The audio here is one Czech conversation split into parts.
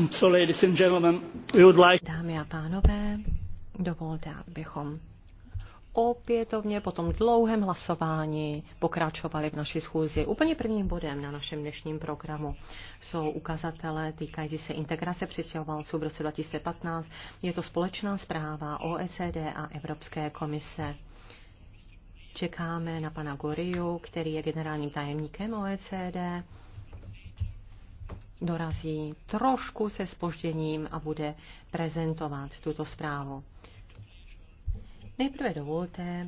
Um, so, ladies and gentlemen, we would like... Dámy a pánové, dovolte, abychom opětovně po tom dlouhém hlasování pokračovali v naší schůzi. Úplně prvním bodem na našem dnešním programu jsou ukazatele týkající se integrace přistěhovalců v roce 2015. Je to společná zpráva OECD a Evropské komise. Čekáme na pana Goriu, který je generálním tajemníkem OECD dorazí trošku se spožděním a bude prezentovat tuto zprávu. Nejprve dovolte,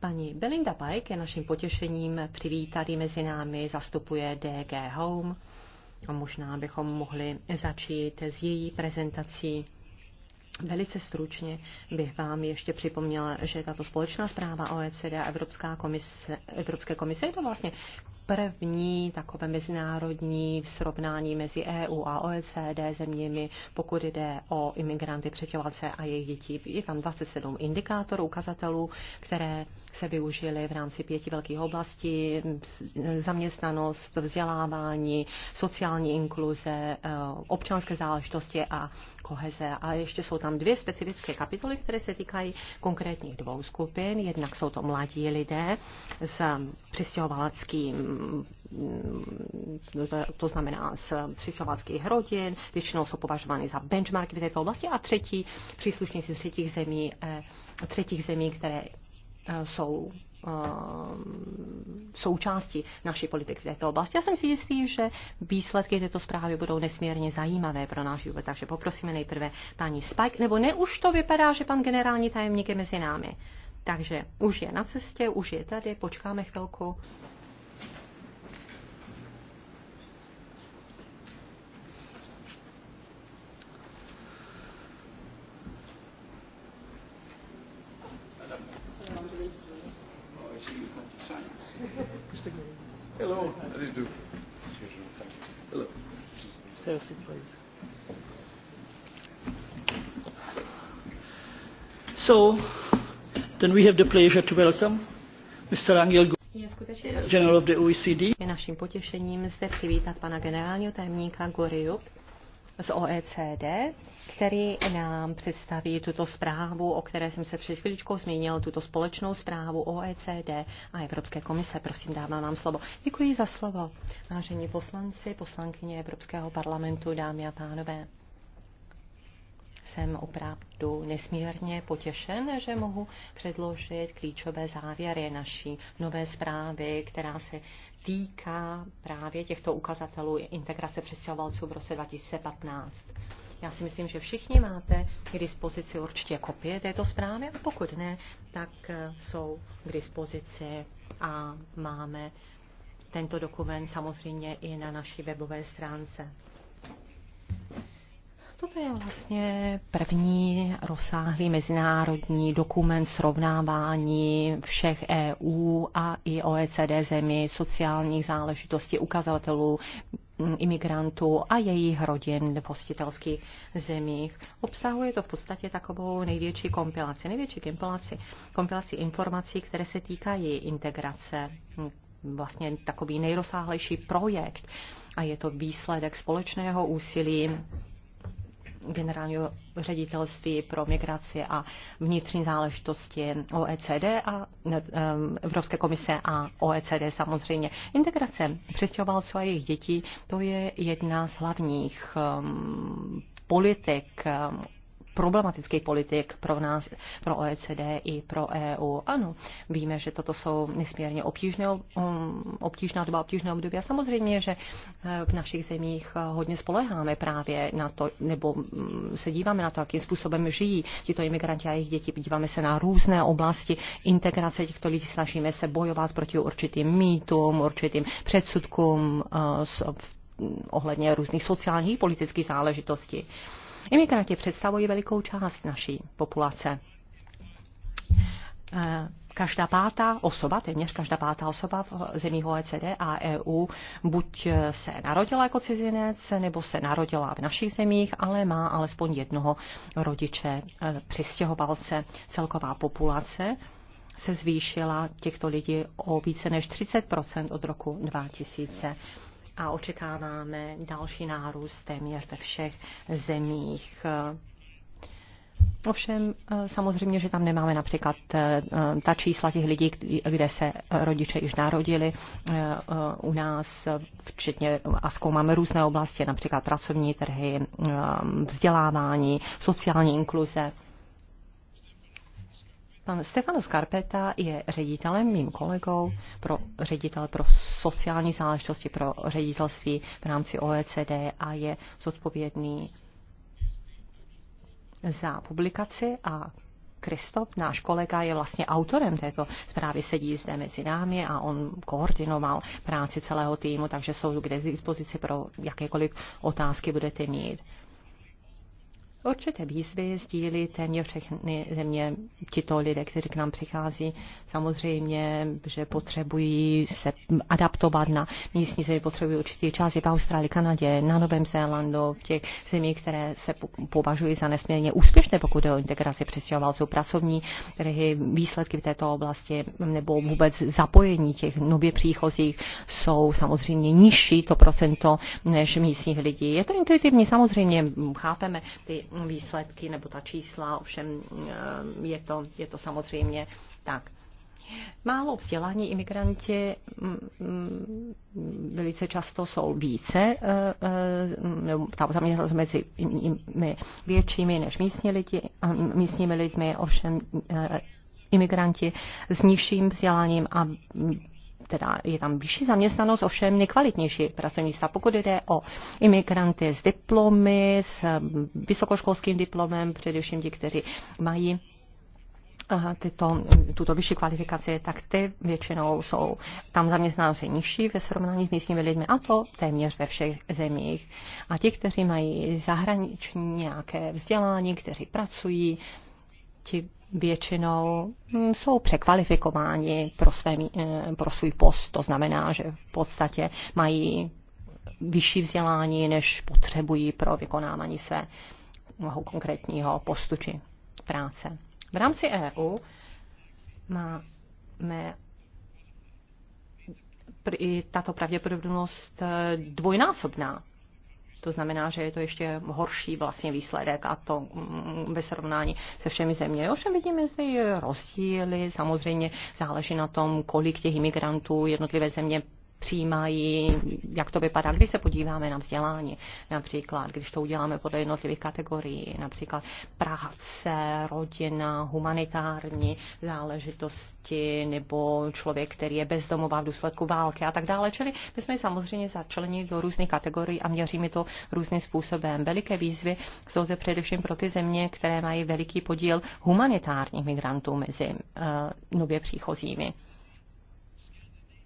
paní Belinda Pike je naším potěšením přivítat mezi námi, zastupuje DG Home. A možná bychom mohli začít s její prezentací Velice stručně bych vám ještě připomněla, že tato společná zpráva OECD a Evropská komise, Evropské komise je to vlastně první takové mezinárodní srovnání mezi EU a OECD zeměmi, pokud jde o imigranty, přetěvalce a jejich dětí. Je tam 27 indikátorů, ukazatelů, které se využily v rámci pěti velkých oblastí, zaměstnanost, vzdělávání, sociální inkluze, eh, občanské záležitosti a koheze. A ještě jsou tam dvě specifické kapitoly, které se týkají konkrétních dvou skupin. Jednak jsou to mladí lidé s přistěhovalackým, mm, to znamená z přistěhovaleckých rodin, většinou jsou považovány za benchmarky v této oblasti a třetí příslušníci třetích zemí, eh, třetích zemí, které eh, jsou Eh, součástí naší politiky v této oblasti. Já jsem si jistý, že výsledky této zprávy budou nesmírně zajímavé pro náš život, takže poprosíme nejprve paní Spike, nebo ne, už to vypadá, že pan generální tajemník je mezi námi. Takže už je na cestě, už je tady, počkáme chvilku. Hello. How do you do? Hello. Seriously, please. So, then we have the pleasure to welcome Mr. Angel je General of the OECD. Je naším potěšením zde přivítat pana generálního tajemníka Goriu, z OECD, který nám představí tuto zprávu, o které jsem se před chvíličkou zmínil, tuto společnou zprávu OECD a Evropské komise. Prosím, dávám vám slovo. Děkuji za slovo, vážení poslanci, poslankyně Evropského parlamentu, dámy a pánové. Jsem opravdu nesmírně potěšen, že mohu předložit klíčové závěry naší nové zprávy, která se týká právě těchto ukazatelů integrace přistěhovalců v roce 2015. Já si myslím, že všichni máte k dispozici určitě kopie této zprávy a pokud ne, tak eh, jsou k dispozici a máme tento dokument samozřejmě i na naší webové stránce. Toto je vlastně první rozsáhlý mezinárodní dokument srovnávání všech EU a i OECD zemí sociálních záležitostí ukazatelů imigrantů a jejich rodin v hostitelských zemích. Obsahuje to v podstatě takovou největší kompilaci, největší kompilaci, kompilaci informací, které se týkají integrace vlastně takový nejrozsáhlejší projekt a je to výsledek společného úsilí generálního ředitelství pro migraci a vnitřní záležitosti OECD a eh, Evropské komise a OECD samozřejmě. Integrace přestěhovalců a jejich dětí, to je jedna z hlavních um, politik eh, problematický politik pro nás, pro OECD i pro EU. Ano, víme, že toto jsou nesmírně obtížné, um, obtížná doba, obtížné období a samozřejmě, že eh, v našich zemích eh, hodně spoleháme právě na to, nebo mm, se díváme na to, jakým způsobem žijí tito imigranti a jejich děti. Díváme se na různé oblasti integrace těchto lidí, snažíme se bojovat proti určitým mýtům, určitým předsudkům eh, ohledně různých sociálních politických záležitostí. Imigranti představují velikou část naší populace. Eh, každá pátá osoba, téměř každá pátá osoba v zemích OECD a EU buď eh, se narodila jako cizinec, nebo se narodila v našich zemích, ale má alespoň jednoho rodiče eh, přistěhovalce. Celková populace se zvýšila těchto lidí o více než 30 od roku 2000 a očekáváme další nárůst téměř ve všech zemích. Ovšem, eh, samozřejmě, že tam nemáme například eh, eh, ta čísla těch lidí, kde se rodiče již narodili u nás, včetně a zkoumáme různé oblasti, například pracovní trhy, vzdělávání, sociální inkluze. Pan Stefano Skarpeta je ředitelem, mým kolegou, pro ředitel pro sociální záležitosti, pro ředitelství v rámci OECD a je zodpovědný za publikaci a Kristop náš kolega, je vlastně autorem této zprávy, sedí zde mezi námi a on koordinoval práci celého týmu, takže jsou k dispozici pro jakékoliv otázky budete mít. Určité výzvy sdílí téměř všechny země tito lidé, kteří k nám přichází. Samozřejmě, že potřebují se adaptovat na místní země, potřebují určitý čas i v Austrálii, Kanadě, na Novém Zélandu, v těch zemích, které se považují za nesmírně úspěšné, pokud je o integraci přistěhovalců, pracovní trhy, výsledky v této oblasti nebo vůbec zapojení těch nově příchozích jsou samozřejmě nižší to procento než místních lidí. Je to intuitivní, samozřejmě chápeme ty výsledky nebo ta čísla, ovšem eh, je to, je to samozřejmě tak. Málo vzdělání imigranti mm, mm, velice často jsou více, eh, eh, tam zaměstnanost mezi většími než místní lidi, místními lidmi, ovšem imigranti s nižším vzděláním a teda je tam vyšší zaměstnanost, ovšem nekvalitnější pracovní místa. Pokud jde o imigranty s diplomy, s vysokoškolským diplomem, především ti, kteří mají eh, tyto, tuto vyšší kvalifikaci, tak ty většinou jsou tam zaměstnanosti nižší ve srovnání s místními lidmi a to téměř ve všech zemích. A ti, kteří mají zahraniční nějaké vzdělání, kteří pracují, ti většinou mm, jsou překvalifikováni pro, své, eh, pro svůj post. To znamená, že v podstatě mají vyšší vzdělání, než potřebují pro vykonávání své konkrétního postu či práce. V rámci EU máme i tato pravděpodobnost eh, dvojnásobná to znamená, že je to ještě horší vlastně výsledek a to mm, ve srovnání se všemi zeměmi. Ovšem vidíme zde rozdíly, samozřejmě záleží na tom, kolik těch imigrantů jednotlivé země přijímají, jak to vypadá, když se podíváme na vzdělání, například, když to uděláme podle jednotlivých kategorií, například práce, rodina, humanitární záležitosti, nebo člověk, který je bezdomová v důsledku války a tak dále. Čili my jsme samozřejmě začleni do různých kategorií a měříme to různým způsobem. Veliké výzvy jsou zde především pro ty země, které mají veliký podíl humanitárních migrantů mezi uh, nově příchozími.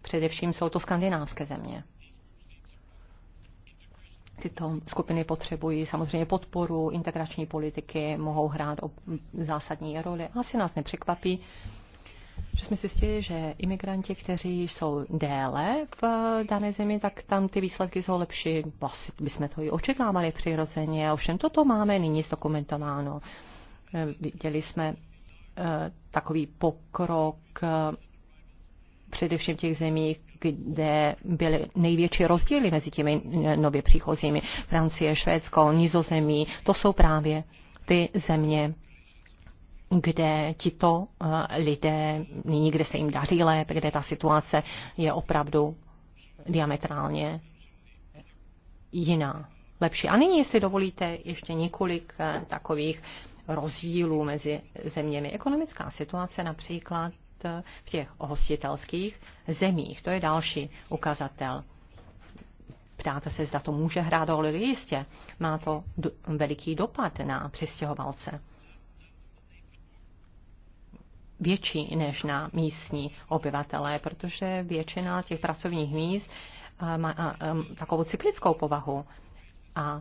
Především jsou to skandinávské země. Tyto skupiny potřebují samozřejmě podporu, integrační politiky mohou hrát o zásadní roli. Asi nás nepřekvapí, že jsme zjistili, že imigranti, kteří jsou déle v dané zemi, tak tam ty výsledky jsou lepší. Asi bychom to i očekávali přirozeně, ovšem toto máme nyní zdokumentováno. Viděli jsme eh, takový pokrok eh, především těch zemí, kde byly největší rozdíly mezi těmi nově příchozími. Francie, Švédsko, Nizozemí, to jsou právě ty země, kde tito eh, lidé, nyní kde se jim daří lépe, kde ta situace je opravdu diametrálně jiná, lepší. A nyní, jestli dovolíte, ještě několik eh, takových rozdílů mezi zeměmi. Ekonomická situace například v těch hostitelských zemích. To je další ukazatel. Ptáte se, zda to může hrát roli, jistě. Má to veliký dopad na přistěhovalce. Větší než na místní obyvatele, protože většina těch pracovních míst eh, má eh, eh, takovou cyklickou povahu. A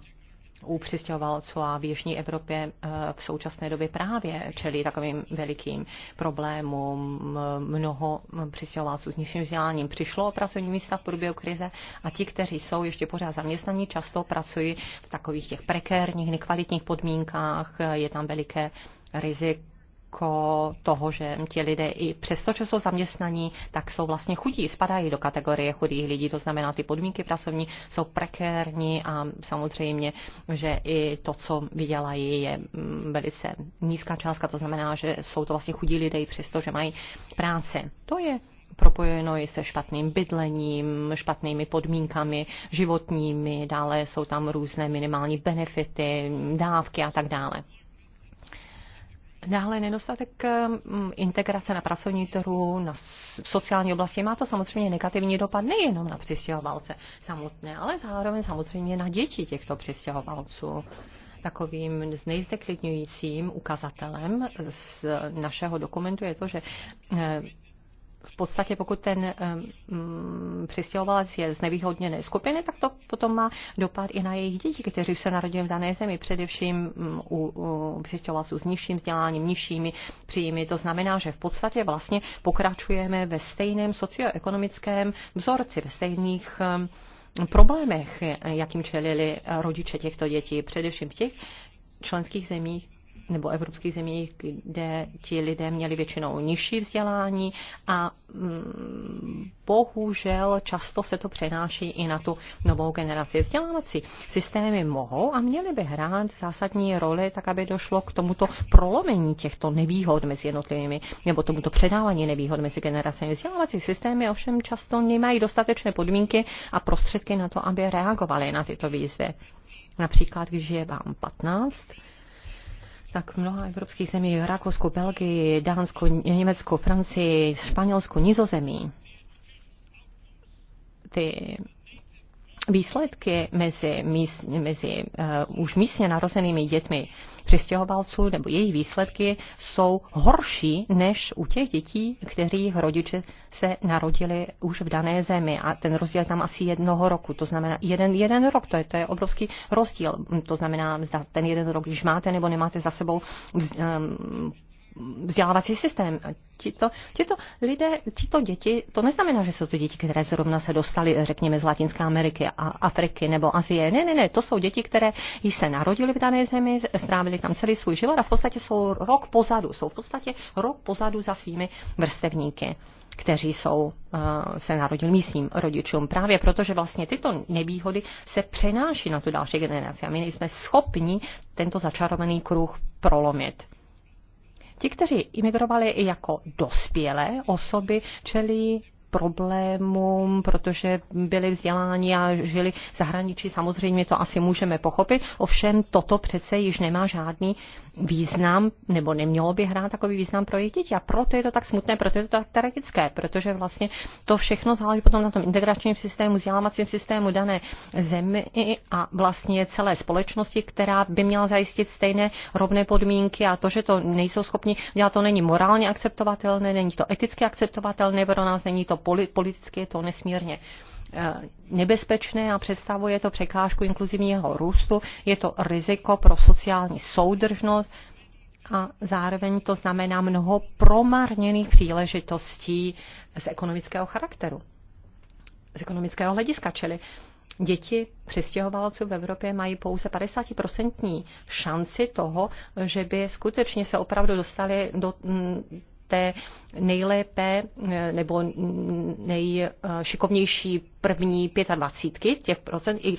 u přistěhovalců a v Jižní Evropě eh, v současné době právě čelí takovým velikým problémům. Mnoho přistěhovalců s nižším vzděláním přišlo o pracovní místa v průběhu krize a ti, kteří jsou ještě pořád zaměstnaní, často pracují v takových těch prekérních, nekvalitních podmínkách. Je tam veliké rizik jako toho, že ti lidé i přesto, že jsou zaměstnaní, tak jsou vlastně chudí, spadají do kategorie chudých lidí, to znamená, ty podmínky pracovní jsou prekérní a samozřejmě, že i to, co vydělají, je mm, velice nízká částka, to znamená, že jsou to vlastně chudí lidé i přesto, že mají práce. To je propojeno i se špatným bydlením, špatnými podmínkami životními, dále jsou tam různé minimální benefity, dávky a tak dále. Dále nedostatek ehm, integrace na pracovní trhu, na sociální oblasti má to samozřejmě negativní dopad nejenom na přistěhovalce samotné, ale zároveň samozřejmě na děti těchto přistěhovalců. Takovým z nejzdeklidňujícím ukazatelem z našeho dokumentu je to, že ehm, v podstatě pokud ten um, přistěhovalec je z nevýhodněné skupiny, tak to potom má dopad i na jejich děti, kteří se narodili v dané zemi, především mm, u, u přistěhovalců s nižším vzděláním, nižšími příjmy. To znamená, že v podstatě vlastně pokračujeme ve stejném socioekonomickém vzorci, ve stejných um, problémech, jakým čelili rodiče těchto dětí, především v těch členských zemích, nebo evropských zemích, kde ti lidé měli většinou nižší vzdělání a mm, bohužel často se to přenáší i na tu novou generaci. Vzdělávací systémy mohou a měly by hrát zásadní roli, tak aby došlo k tomuto prolomení těchto nevýhod mezi jednotlivými, nebo tomuto předávání nevýhod mezi generacemi. Vzdělávací systémy ovšem často nemají dostatečné podmínky a prostředky na to, aby reagovaly na tyto výzvy. Například, když je vám 15, tak v mnoha evropských zemích, Rakousku, Belgii, Dánsku, Německu, Francii, Španělsku, Nizozemí, ty výsledky mezi, mezi uh, už místně narozenými dětmi přistěhovalců nebo jejich výsledky jsou horší než u těch dětí, kterých rodiče se narodili už v dané zemi. A ten rozdíl je tam asi jednoho roku, to znamená jeden, jeden rok, to je, to je obrovský rozdíl. To znamená, zda ten jeden rok když máte nebo nemáte za sebou um, vzdělávací systém. Tito, tito lidé, tito děti, to neznamená, že jsou to děti, které zrovna se dostaly, řekněme, z Latinské Ameriky a Afriky nebo Azie. Ne, ne, ne, to jsou děti, které již se narodili v dané zemi, strávili tam celý svůj život a v podstatě jsou rok pozadu, jsou v podstatě rok pozadu za svými vrstevníky kteří jsou, eh, se narodili místním rodičům. Právě protože vlastně tyto nevýhody se přenáší na tu další generaci a my nejsme schopni tento začarovaný kruh prolomit. Ti, kteří imigrovali i jako dospělé osoby, čelí problémům, protože byli vzděláni a žili v zahraničí, samozřejmě to asi můžeme pochopit. Ovšem toto přece již nemá žádný význam, nebo nemělo by hrát takový význam pro jejich děti. A proto je to tak smutné, proto je to tak tragické, protože vlastně to všechno záleží potom na tom integračním systému, vzdělávacím systému dané zemi a vlastně celé společnosti, která by měla zajistit stejné rovné podmínky a to, že to nejsou schopni dělat, to není morálně akceptovatelné, není to eticky akceptovatelné pro nás, není to politicky je to nesmírně eh, nebezpečné a představuje to překážku inkluzivního růstu. Je to riziko pro sociální soudržnost a zároveň to znamená mnoho promarněných příležitostí z ekonomického charakteru, z ekonomického hlediska, čili Děti přistěhovalců v Evropě mají pouze 50% šanci toho, že by skutečně se opravdu dostali do mm, té nejlépe eh, nebo nejšikovnější první 25 těch procent i eh,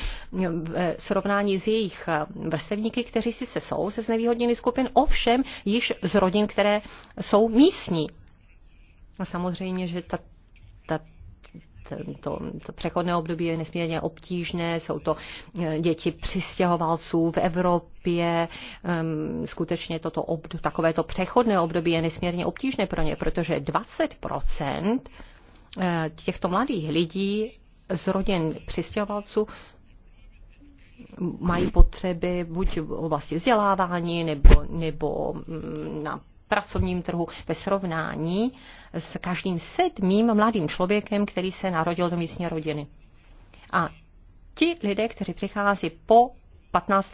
v eh, srovnání s jejich vrstevníky, kteří si se jsou se znevýhodněných skupin, ovšem již z rodin, které jsou místní. A samozřejmě, že ta, ta, to, to přechodné období je nesmírně obtížné, jsou to eh, děti přistěhovalců v Evropě. Ehm, skutečně toto obdu, takovéto přechodné období je nesmírně obtížné pro ně, protože 20 eh, těchto mladých lidí z rodin přistěhovalců mají potřeby buď v oblasti vzdělávání nebo, nebo mm, na pracovním trhu ve srovnání s každým sedmým mladým člověkem, který se narodil do místní rodiny. A ti lidé, kteří přichází po 15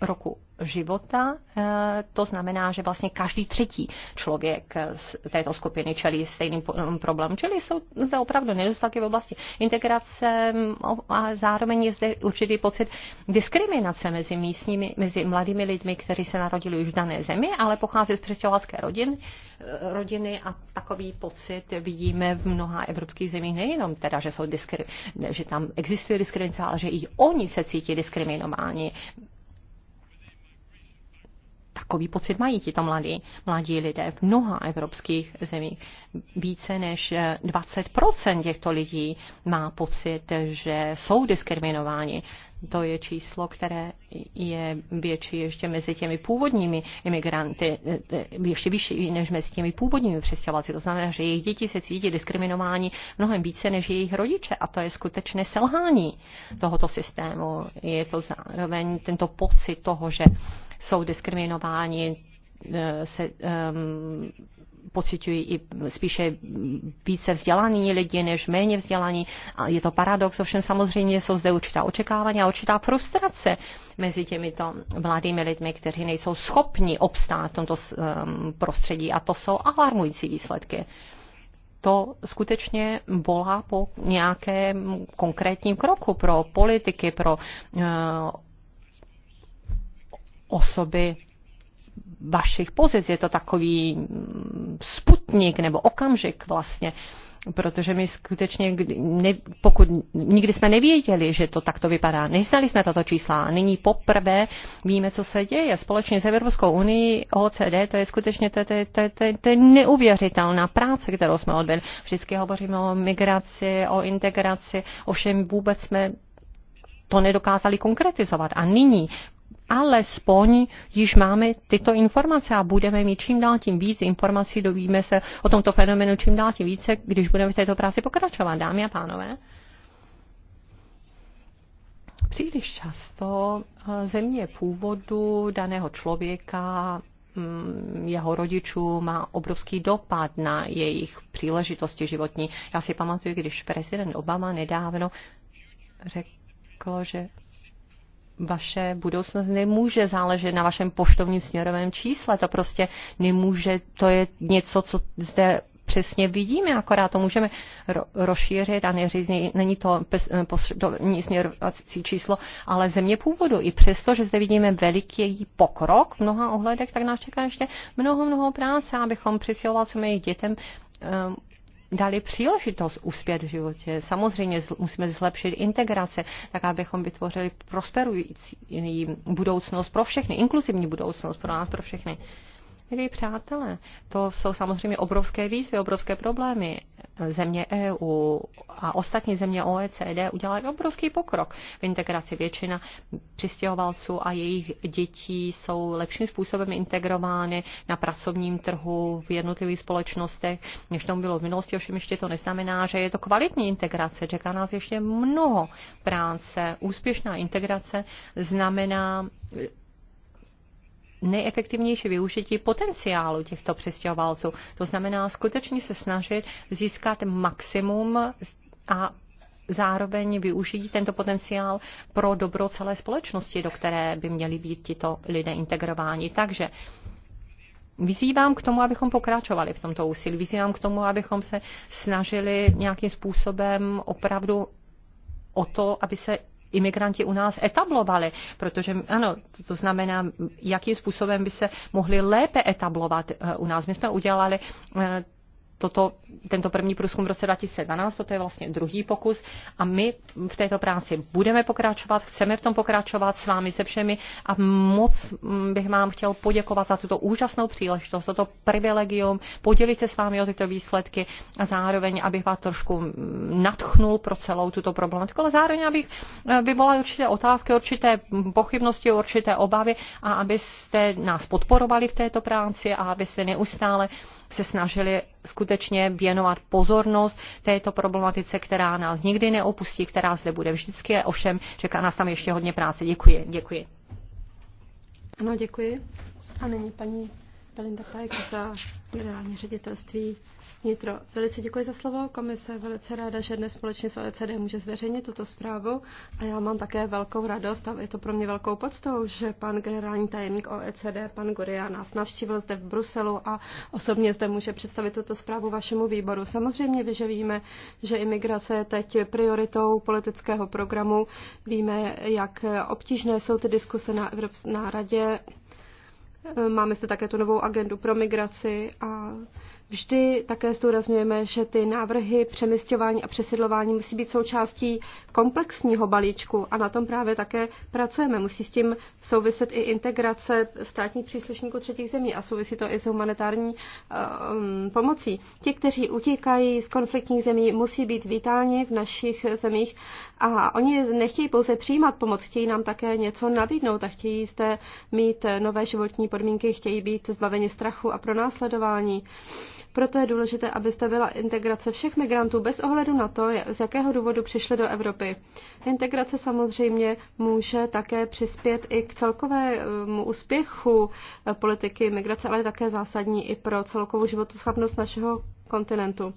roku života. Eh, to znamená, že vlastně každý třetí člověk z této skupiny čelí stejným mm, problémům. Čili jsou zde opravdu nedostatky v oblasti integrace mm, a zároveň je zde určitý pocit diskriminace mezi místními, mezi mladými lidmi, kteří se narodili už v dané zemi, ale pochází z přestěhovalské rodiny, eh, rodiny a takový pocit vidíme v mnoha evropských zemích nejenom teda, že, jsou diskri- že tam existuje diskriminace, ale že i oni se cítí diskriminováni takový pocit mají tito mladí, mladí lidé v mnoha evropských zemích. Více než 20% eh, těchto lidí má pocit, že jsou diskriminováni. To je číslo, které je větší ještě mezi těmi původními imigranty, eh, eh, ještě vyšší než mezi těmi původními přestěhovalci. To znamená, že jejich děti se cítí diskriminováni mnohem více než jejich rodiče a to je skutečné selhání tohoto systému. Je to zároveň tento pocit toho, že jsou diskriminováni, eh, se, um, ehm, pocitují i spíše více vzdělaní lidi než méně vzdělaní. A je to paradox, ovšem samozřejmě jsou zde určitá očekávání a určitá frustrace mezi těmito mladými lidmi, kteří nejsou schopni obstát v tomto um, prostředí. A to jsou alarmující výsledky to skutečně volá po nějakém konkrétním kroku pro politiky, pro eh, osoby vašich pozic. Je to takový sputnik nebo okamžik vlastně, protože my skutečně, ne, pokud nikdy jsme nevěděli, že to takto vypadá, neznali jsme tato čísla a nyní poprvé víme, co se děje. Společně s Evropskou unii, OCD, to je skutečně to, to, to, to, to neuvěřitelná práce, kterou jsme odvedli. Vždycky hovoříme o migraci, o integraci, ovšem vůbec jsme to nedokázali konkretizovat. A nyní alespoň již máme tyto informace a budeme mít čím dál tím víc informací, dovíme se o tomto fenomenu čím dál tím více, když budeme v této práci pokračovat, dámy a pánové. Příliš často eh, země původu daného člověka mm, jeho rodičů má obrovský dopad na jejich příležitosti životní. Já si pamatuju, když prezident Obama nedávno řekl, že vaše budoucnost nemůže záležet na vašem poštovním směrovém čísle. To prostě nemůže, to je něco, co zde přesně vidíme, akorát to můžeme ro- rozšířit a neříct, není to poštovní směrovací číslo, ale země původu. I přesto, že zde vidíme veliký pokrok v mnoha ohledech, tak nás čeká ještě mnoho, mnoho práce, abychom přesilovali co mají dětem dali příležitost uspět v životě. Samozřejmě musíme zlepšit integraci, tak abychom vytvořili prosperující budoucnost pro všechny, inkluzivní budoucnost pro nás, pro všechny. Milí přátelé, to jsou samozřejmě obrovské výzvy, obrovské problémy. Země EU a ostatní země OECD udělají obrovský pokrok v integraci. Většina přistěhovalců a jejich dětí jsou lepším způsobem integrovány na pracovním trhu, v jednotlivých společnostech, než tomu bylo v minulosti, ovšem ještě to neznamená, že je to kvalitní integrace. Čeká nás ještě mnoho práce. Úspěšná integrace znamená nejefektivnější využití potenciálu těchto přistěhovalců. To znamená skutečně se snažit získat maximum a zároveň využít tento potenciál pro dobro celé společnosti, do které by měli být tito lidé integrováni. Takže Vyzývám k tomu, abychom pokračovali v tomto úsilí. Vyzývám k tomu, abychom se snažili nějakým způsobem opravdu o to, aby se imigranti u nás etablovali, protože ano, to znamená, jakým způsobem by se mohli lépe etablovat eh, u nás. My jsme udělali eh, toto, tento první průzkum v roce 2012, toto je vlastně druhý pokus a my v této práci budeme pokračovat, chceme v tom pokračovat s vámi, se všemi a moc mm, bych vám chtěl poděkovat za tuto úžasnou příležitost, toto privilegium, podělit se s vámi o tyto výsledky a zároveň, abych vás trošku mm, natchnul pro celou tuto problematiku, ale zároveň, abych eh, vyvolal určité otázky, určité mm, pochybnosti, určité obavy a abyste nás podporovali v této práci a abyste neustále se snažili skutečně věnovat pozornost této problematice, která nás nikdy neopustí, která zde bude vždycky, ovšem čeká nás tam ještě hodně práce. Děkuji. Děkuji. Ano, děkuji. A nyní paní Belinda Pajek za generální ředitelství Nitro, velice děkuji za slovo. Komise je velice ráda, že dnes společně s OECD může zveřejnit tuto zprávu. A já mám také velkou radost a je to pro mě velkou poctou, že pan generální tajemník OECD, pan Guria, nás navštívil zde v Bruselu a osobně zde může představit tuto zprávu vašemu výboru. Samozřejmě vy, že víme, že imigrace je teď prioritou politického programu. Víme, jak obtížné jsou ty diskuse na, Evrops- na radě. Máme se také tu novou agendu pro migraci a Vždy také zdůrazňujeme, že ty návrhy přemysťování a přesidlování musí být součástí komplexního balíčku a na tom právě také pracujeme. Musí s tím souviset i integrace státních příslušníků třetích zemí a souvisí to i s humanitární um, pomocí. Ti, kteří utíkají z konfliktních zemí, musí být vítáni v našich zemích a oni nechtějí pouze přijímat pomoc, chtějí nám také něco nabídnout a chtějí zde mít nové životní podmínky, chtějí být zbaveni strachu a pronásledování. následování. Proto je důležité, aby stavila integrace všech migrantů bez ohledu na to, z jakého důvodu přišli do Evropy. Integrace samozřejmě může také přispět i k celkovému úspěchu eh, politiky migrace, ale také zásadní i pro celkovou životoschopnost našeho kontinentu.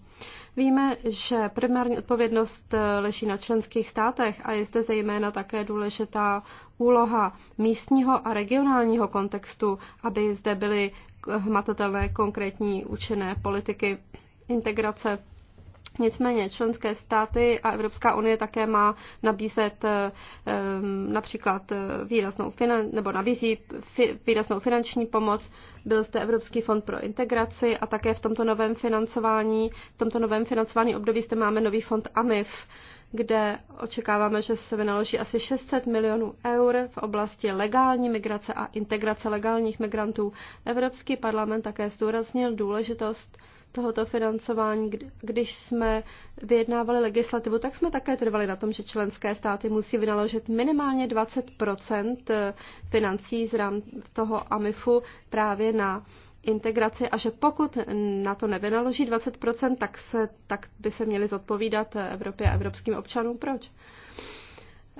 Víme, že primární odpovědnost eh, leží na členských státech a je zde zejména také důležitá úloha místního a regionálního kontextu, aby zde byly hmatatelné konkrétní účinné politiky integrace. Nicméně členské státy a Evropská unie také má nabízet eh, eh, například eh, výraznou finan, nebo nabízí fi, výraznou finanční pomoc. Byl zde Evropský fond pro integraci a také v tomto novém financování, v tomto novém financování období zde máme nový fond AMIF, kde očekáváme, že se vynaloží asi 600 milionů eur v oblasti legální migrace a integrace legálních migrantů. Evropský parlament také zdůraznil důležitost tohoto financování. Když jsme vyjednávali legislativu, tak jsme také trvali na tom, že členské státy musí vynaložit minimálně 20 eh, financí z rám toho AMIFu právě na integraci a že pokud na to nevynaloží 20%, tak, se, tak by se měli zodpovídat Evropě a evropským občanům. Proč?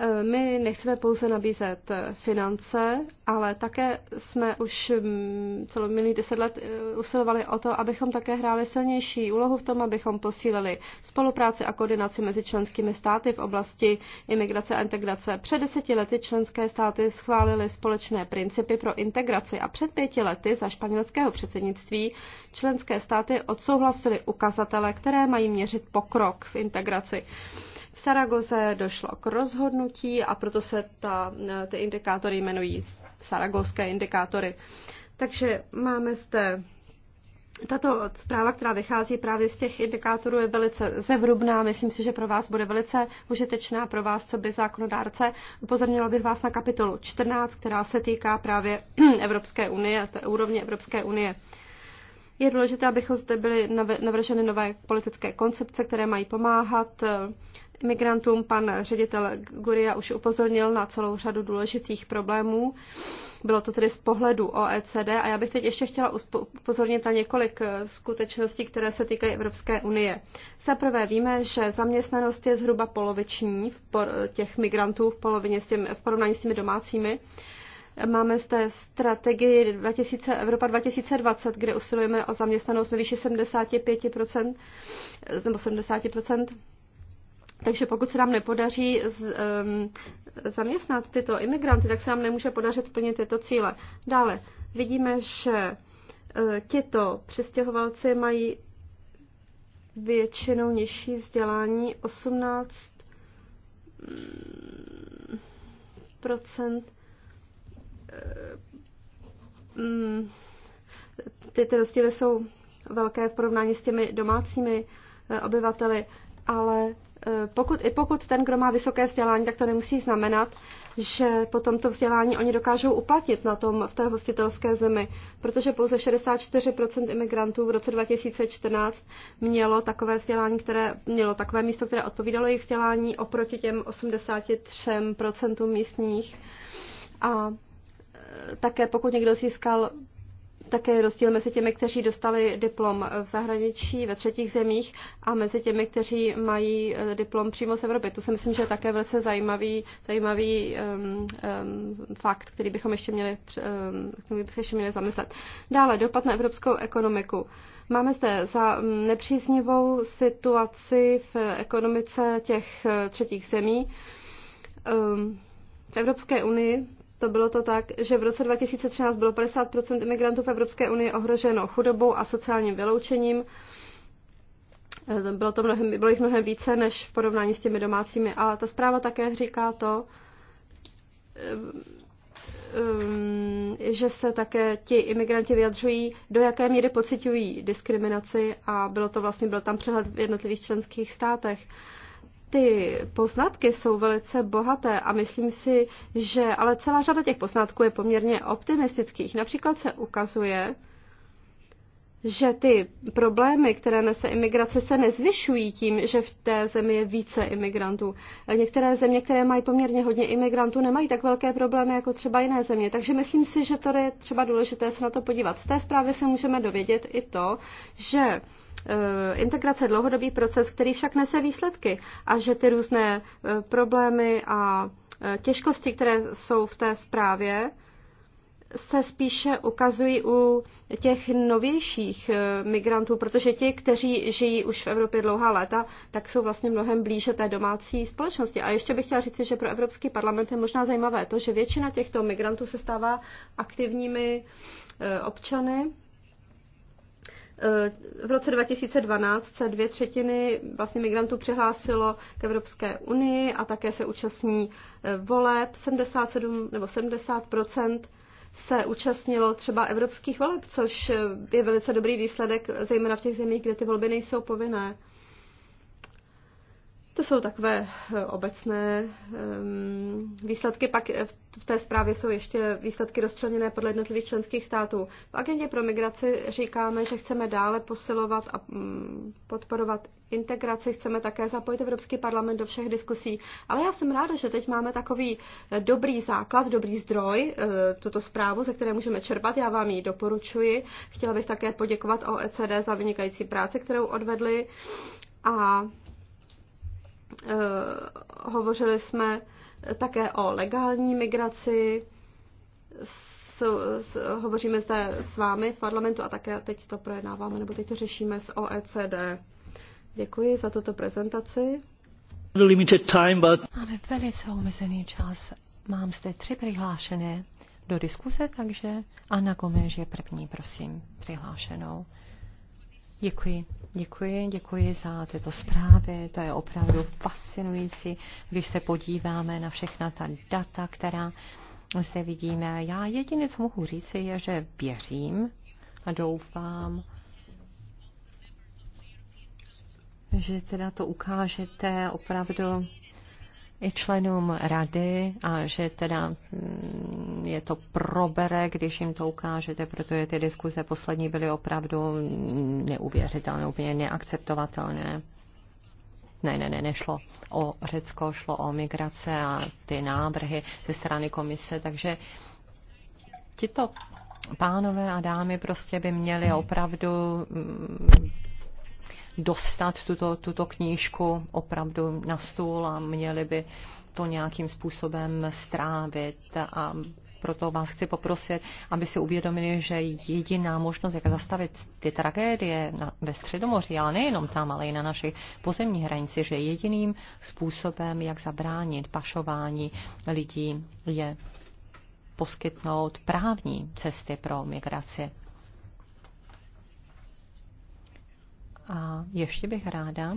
Eh, my nechceme pouze nabízet eh, finance, ale také jsme už mm, celou minulý deset let eh, usilovali o to, abychom také hráli silnější úlohu v tom, abychom posílili spolupráci a koordinaci mezi členskými státy v oblasti imigrace a integrace. Před deseti lety členské státy schválily společné principy pro integraci a před pěti lety za španělského předsednictví členské státy odsouhlasily ukazatele, které mají měřit pokrok v integraci. Saragoze došlo k rozhodnutí a proto se ta, ty indikátory jmenují Saragoské indikátory. Takže máme zde tato zpráva, která vychází právě z těch indikátorů, je velice zevrubná. Myslím si, že pro vás bude velice užitečná, pro vás, co by zákonodárce. Upozornila bych vás na kapitolu 14, která se týká právě Evropské unie, té úrovně Evropské unie. Je důležité, abychom zde byly navrženy nové politické koncepce, které mají pomáhat eh, migrantům. Pan ředitel Guria už upozornil na celou řadu důležitých problémů. Bylo to tedy z pohledu OECD a já bych teď ještě chtěla upozornit na několik eh, skutečností, které se týkají Evropské unie. Za prvé víme, že zaměstnanost je zhruba poloviční těch migrantů v, polovině s těmi, v porovnání s těmi domácími. Máme zde strategii 2000, Evropa 2020, kde usilujeme o zaměstnanost ve výši 75% nebo 70%. Takže pokud se nám nepodaří z, um, zaměstnat tyto imigranty, tak se nám nemůže podařit plnit tyto cíle. Dále vidíme, že uh, tito přistěhovalci mají většinou nižší vzdělání 18 procent eh, mm, ty, ty rozdíly jsou velké v porovnání s těmi domácími eh, obyvateli, ale Eh, pokud, i pokud ten, kdo má vysoké vzdělání, tak to nemusí znamenat, že potom to vzdělání oni dokážou uplatnit na tom, v té hostitelské zemi, protože pouze 64% imigrantů v roce 2014 mělo takové vzdělání, které mělo takové místo, které odpovídalo jejich vzdělání oproti těm 83% místních. A eh, také pokud někdo získal také je rozdíl mezi těmi, kteří dostali diplom v zahraničí, ve třetích zemích a mezi těmi, kteří mají eh, diplom přímo z Evropy. To si myslím, že je také velice zajímavý, zajímavý um, um, fakt, který bychom ještě měli, um, který bychom ještě měli zamyslet. Dále, dopad na evropskou ekonomiku. Máme zde za mm, nepříznivou situaci v ekonomice těch eh, třetích zemí. Um, v Evropské unii to bylo to tak, že v roce 2013 bylo 50 imigrantů v Evropské unii ohroženo chudobou a sociálním vyloučením. E, bylo, to mnohem, bylo jich mnohem více než v porovnání s těmi domácími. A ta zpráva také říká to, e, e, že se také ti imigranti vyjadřují, do jaké míry pocitují diskriminaci a bylo to vlastně, byl tam přehled v jednotlivých členských státech ty poznatky jsou velice bohaté a myslím si, že ale celá řada těch poznatků je poměrně optimistických. Například se ukazuje, že ty problémy, které nese imigrace, se nezvyšují tím, že v té zemi je více imigrantů. Některé země, které mají poměrně hodně imigrantů, nemají tak velké problémy jako třeba jiné země. Takže myslím si, že to je třeba důležité se na to podívat. Z té zprávy se můžeme dovědět i to, že Eh, integrace dlouhodobý proces, který však nese výsledky a že ty různé eh, problémy a eh, těžkosti, které jsou v té zprávě, se spíše ukazují u těch novějších migrantů, protože ti, kteří žijí už v Evropě dlouhá léta, tak jsou vlastně mnohem blíže té domácí společnosti. A ještě bych chtěla říct, že pro Evropský parlament je možná zajímavé to, že většina těchto migrantů se stává aktivními občany Eh, v roce 2012 se dvě třetiny vlastně migrantů přihlásilo k Evropské unii a také se účastní eh, voleb. 77 nebo 70 se účastnilo třeba evropských voleb, což eh, je velice dobrý výsledek, zejména v těch zemích, kde ty volby nejsou povinné. To jsou takové eh, obecné ehm, výsledky. Pak eh, v té zprávě jsou ještě výsledky rozčleněné podle jednotlivých členských států. V agendě pro migraci říkáme, že chceme dále posilovat a mm, podporovat integraci, chceme také zapojit Evropský parlament do všech diskusí. Ale já jsem ráda, že teď máme takový eh, dobrý základ, dobrý zdroj, tuto zprávu, ze které můžeme čerpat. Já vám ji doporučuji. Chtěla bych také poděkovat OECD za vynikající práci, kterou odvedli. A Eh, hovořili jsme také o legální migraci, s, s, hovoříme zde s vámi v parlamentu a také teď to projednáváme, nebo teď to řešíme s OECD. Děkuji za tuto prezentaci. Time, but... Máme velice omezený čas. Mám zde tři přihlášené do diskuse, takže Anna Gomez je první, prosím, přihlášenou. Děkuji. Děkuji, děkuji za tyto zprávy. To je opravdu fascinující, když se podíváme na všechna ta data, která zde vidíme. Já jediné, co mohu říci, je, že věřím a doufám, že teda to ukážete opravdu i členům rady a že teda mm, je to probere, když jim to ukážete, protože ty diskuze poslední byly opravdu neuvěřitelné, úplně neakceptovatelné. Ne, ne, ne, nešlo o Řecko, šlo o migrace a ty návrhy ze strany komise, takže tito pánové a dámy prostě by měli opravdu mm, dostat tuto, tuto knížku opravdu na stůl a měli by to nějakým způsobem strávit a proto vás chci poprosit, aby si uvědomili, že jediná možnost, jak zastavit ty tragédie na, ve Středomoří, ale nejenom tam, ale i na naší pozemní hranici, že jediným způsobem, jak zabránit pašování lidí, je poskytnout právní cesty pro migraci. A ještě bych ráda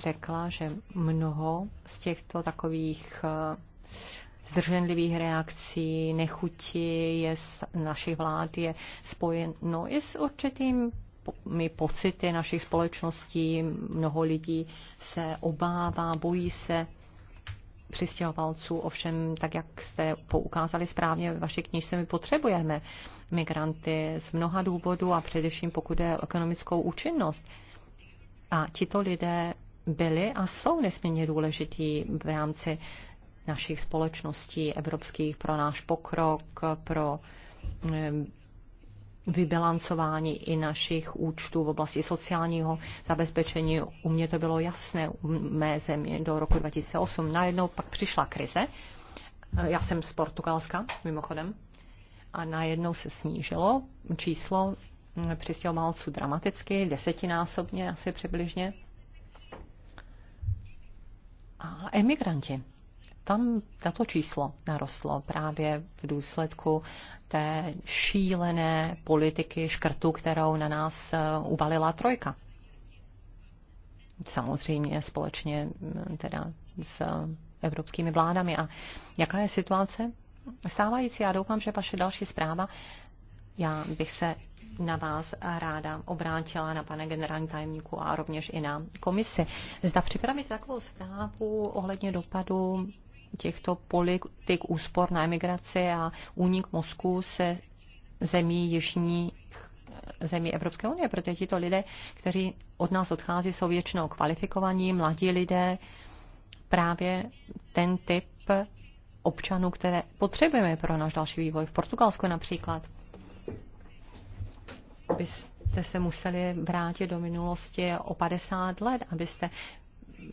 řekla, že mnoho z těchto takových eh, zdrženlivých reakcí, nechutí je z našich vlád je spojeno i s určitým my pocity našich společností. Mnoho lidí se obává, bojí se přistěhovalců. Ovšem, tak jak jste poukázali správně ve vaší knižce, my potřebujeme migranty z mnoha důvodů a především pokud je o ekonomickou účinnost. A tito lidé byli a jsou nesmírně důležití v rámci našich společností evropských pro náš pokrok, pro vybilancování i našich účtů v oblasti sociálního zabezpečení. U mě to bylo jasné, u mé země do roku 2008. Najednou pak přišla krize. Já jsem z Portugalska, mimochodem a najednou se snížilo číslo mm, přistěhovalců dramaticky, desetinásobně asi přibližně. A emigranti. Tam tato číslo narostlo právě v důsledku té šílené politiky škrtu, kterou na nás eh, uvalila trojka. Samozřejmě společně mm, teda s eh, evropskými vládami. A jaká je situace? stávající. Já doufám, že vaše další zpráva, já bych se na vás ráda obrátila, na pane generální tajemníku a rovněž i na komisi. Zda připravit takovou zprávu ohledně dopadu těchto politik úspor na emigraci a únik mozku se zemí jižních zemí Evropské unie, protože tito lidé, kteří od nás odchází, jsou většinou kvalifikovaní, mladí lidé. Právě ten typ občanů, které potřebujeme pro náš další vývoj. V Portugalsku například byste se museli vrátit do minulosti o 50 let, abyste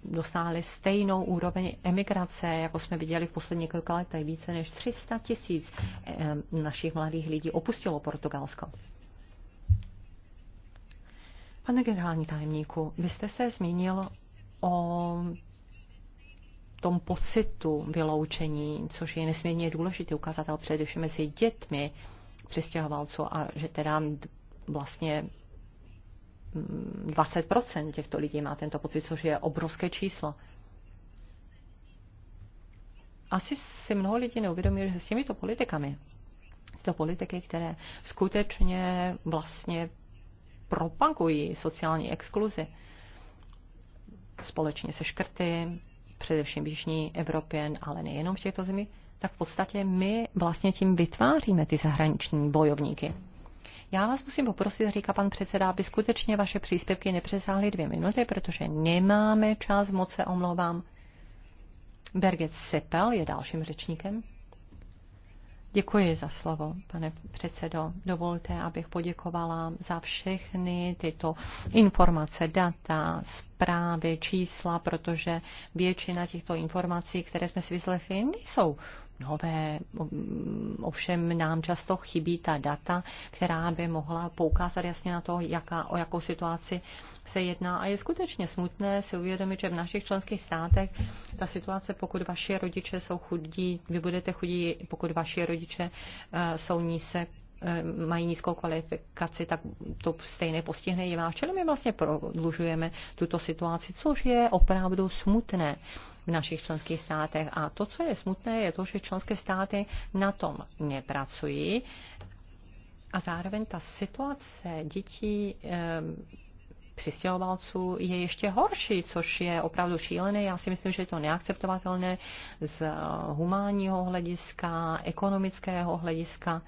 dosáhli stejnou úroveň emigrace, jako jsme viděli v posledních několika letech. Více než 300 tisíc eh, našich mladých lidí opustilo Portugalsko. Pane generální tajemníku, vy jste se zmínil o tom pocitu vyloučení, což je nesmírně důležitý ukazatel především mezi dětmi přistěhovalců a že teda vlastně 20% mm, těchto lidí má tento pocit, což je obrovské číslo. Asi si mnoho lidí neuvědomuje, že s těmito politikami, to politiky, které skutečně vlastně propagují sociální exkluzi, společně se škrty, především v Jižní Evropě, ale nejenom v těchto zemích, tak v podstatě my vlastně tím vytváříme ty zahraniční bojovníky. Já vás musím poprosit, říká pan předseda, aby skutečně vaše příspěvky nepřesáhly dvě minuty, protože nemáme čas, moc se omlouvám. Berget Sepel je dalším řečníkem. Děkuji za slovo, pane předsedo. Dovolte, abych poděkovala za všechny tyto informace, data, zprávy, čísla, protože většina těchto informací, které jsme si vyslechli, nejsou nové, ovšem nám často chybí ta data, která by mohla poukázat jasně na to, jaká, o jakou situaci se jedná. A je skutečně smutné si uvědomit, že v našich členských státech ta situace, pokud vaši rodiče jsou chudí, vy budete chudí, pokud vaši rodiče eh, jsou nízek, eh, mají nízkou kvalifikaci, tak to stejné postihne i vás. Čili my vlastně prodlužujeme tuto situaci, což je opravdu smutné v našich členských státech. A to, co je smutné, je to, že členské státy na tom nepracují. A zároveň ta situace dětí přistěhovalců je ještě horší, což je opravdu šílené. Já si myslím, že je to neakceptovatelné z humánního hlediska, ekonomického hlediska.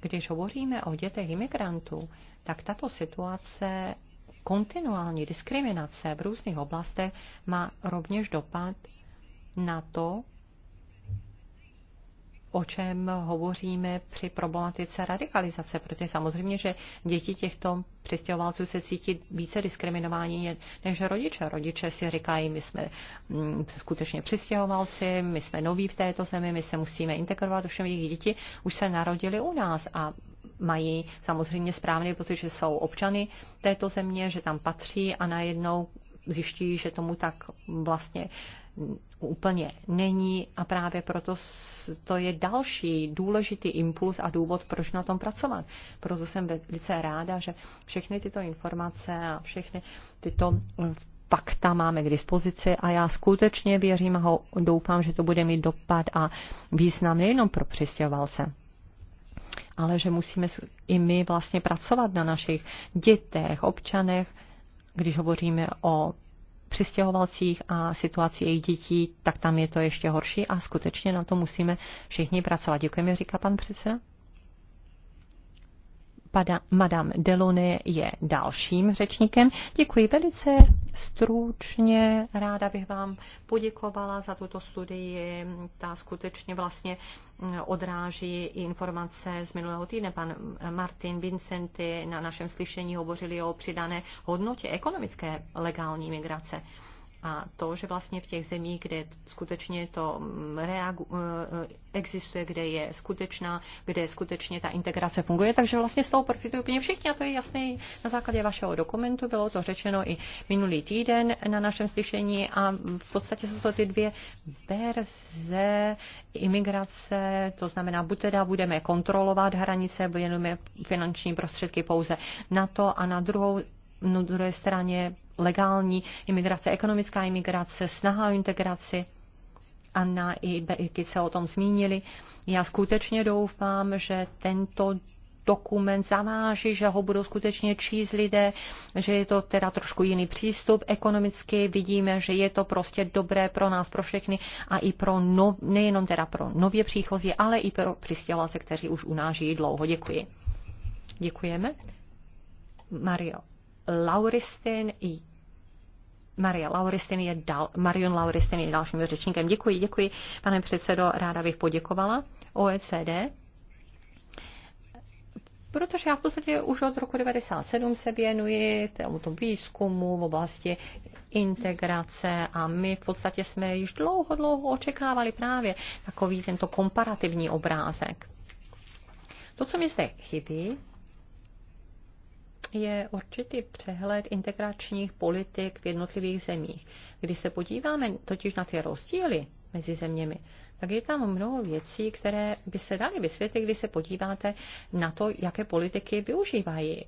Když hovoříme o dětech imigrantů, tak tato situace kontinuální diskriminace v různých oblastech má rovněž dopad na to, o čem hovoříme při problematice radikalizace, protože samozřejmě, že děti těchto přistěhovalců se cítí více diskriminování než rodiče. Rodiče si říkají, my jsme mm, skutečně přistěhovalci, my jsme noví v této zemi, my se musíme integrovat, ovšem jejich děti už se narodili u nás a mají samozřejmě správný pocit, že jsou občany této země, že tam patří a najednou zjiští, že tomu tak vlastně úplně není a právě proto to je další důležitý impuls a důvod, proč na tom pracovat. Proto jsem velice ráda, že všechny tyto informace a všechny tyto eh, fakta máme k dispozici a já skutečně věřím a doufám, že to bude mít dopad a význam nejenom pro přistěhovalce, ale že musíme i my vlastně pracovat na našich dětech, občanech, když hovoříme o přistěhovalcích a situaci jejich dětí, tak tam je to ještě horší a skutečně na to musíme všichni pracovat. Děkujeme, říká pan předseda. Pada, Madame Delony je dalším řečníkem. Děkuji velice stručně. Ráda bych vám poděkovala za tuto studii. Ta skutečně vlastně mm, odráží informace z minulého týdne. Pan Martin Vincenty na našem slyšení hovořili o přidané hodnotě ekonomické legální migrace a to, že vlastně v těch zemích, kde skutečně to mm, reagu, eh, eh, existuje, kde je skutečná, kde skutečně ta integrace funguje, takže vlastně z toho profitují úplně všichni a to je jasné na základě vašeho dokumentu, bylo to řečeno i minulý týden na našem slyšení a v podstatě jsou to ty dvě verze imigrace, to znamená, buď teda budeme kontrolovat hranice, budeme finanční prostředky pouze na to a na druhou na druhé straně legální imigrace, ekonomická imigrace, snaha o integraci. Anna i Becky se o tom zmínili. Já skutečně doufám, že tento dokument zaváží, že ho budou skutečně číst lidé, že je to teda trošku jiný přístup ekonomicky. Vidíme, že je to prostě dobré pro nás, pro všechny a i pro no, nejenom teda pro nově příchozí, ale i pro přistěhovalce, kteří už u nás žijí dlouho. Děkuji. Děkujeme. Mario Lauristin i Maria Lauristin je dal, Marion Lauristin je dalším řečníkem. Děkuji, děkuji, pane předsedo, ráda bych poděkovala OECD, protože já v podstatě už od roku 1997 se věnuji tomuto výzkumu v oblasti integrace a my v podstatě jsme již dlouho, dlouho očekávali právě takový tento komparativní obrázek. To, co mi zde chybí, je určitý přehled integračních politik v jednotlivých zemích. Když se podíváme totiž na ty rozdíly mezi zeměmi, tak je tam mnoho věcí, které by se daly vysvětlit, když se podíváte na to, jaké politiky využívají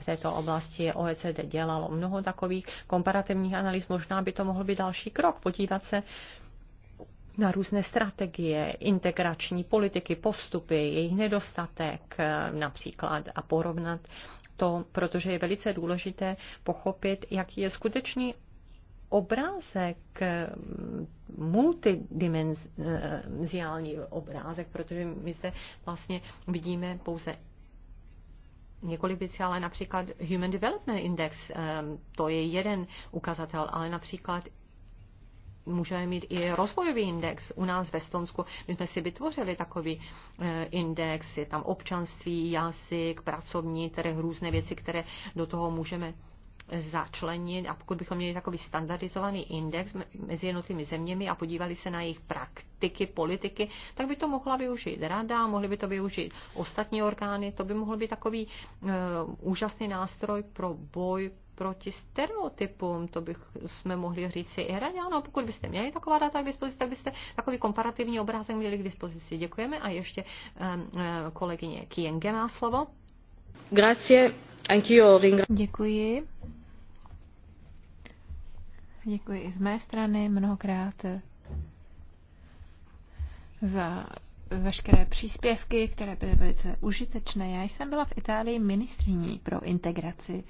v této oblasti OECD dělalo mnoho takových komparativních analýz. Možná by to mohl být další krok, podívat se na různé strategie, integrační politiky, postupy, jejich nedostatek například a porovnat to, protože je velice důležité pochopit, jaký je skutečný obrázek, mm, multidimenziální obrázek, protože my zde vlastně vidíme pouze několik věcí, ale například Human Development Index, eh, to je jeden ukazatel, ale například můžeme mít i rozvojový index. U nás ve Stonsku my jsme si vytvořili takový eh, index, je tam občanství, jazyk, pracovní které různé věci, které do toho můžeme eh, začlenit a pokud bychom měli takový standardizovaný index mezi jednotlivými zeměmi a podívali se na jejich praktiky, politiky, tak by to mohla využít rada, mohly by to využít ostatní orgány, to by mohl být takový uh, úžasný nástroj pro boj proti stereotypům, to bych jsme mohli říct si i hraně. Ano, pokud byste měli taková data k dispozici, tak byste takový komparativní obrázek měli k dispozici. Děkujeme. A ještě um, kolegyně Kienge má slovo. Grazie. Anch'io ringra... Děkuji. Děkuji i z mé strany mnohokrát eh, za veškeré příspěvky, které byly velice užitečné. Já jsem byla v Itálii ministriní pro integraci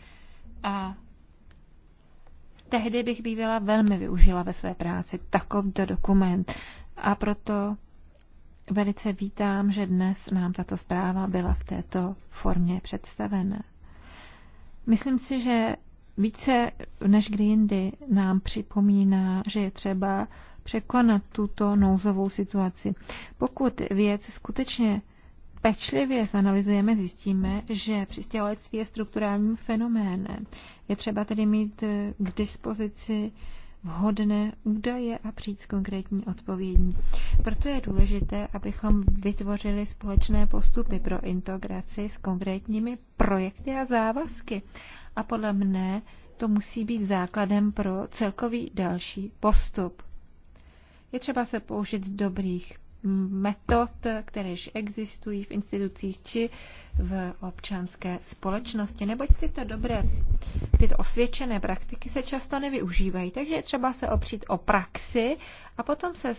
a tehdy bych bývala velmi využila ve své práci takovýto dokument. A proto velice vítám, že dnes nám tato zpráva byla v této formě představena. Myslím si, že více než kdy jindy nám připomíná, že je třeba překonat tuto nouzovou situaci. Pokud věc skutečně pečlivě zanalizujeme, zjistíme, že přistěhovalectví je strukturálním fenoménem. Je třeba tedy mít eh, k dispozici vhodné údaje a přijít s konkrétní odpovědí. Proto je důležité, abychom vytvořili společné postupy pro integraci s konkrétními projekty a závazky. A podle mne to musí být základem pro celkový další postup. Je třeba se použít dobrých metod, kteréž existují v institucích či v občanské společnosti. Neboť tyto dobré, tyto osvědčené praktiky se často nevyužívají, takže je třeba se opřít o praxi a potom se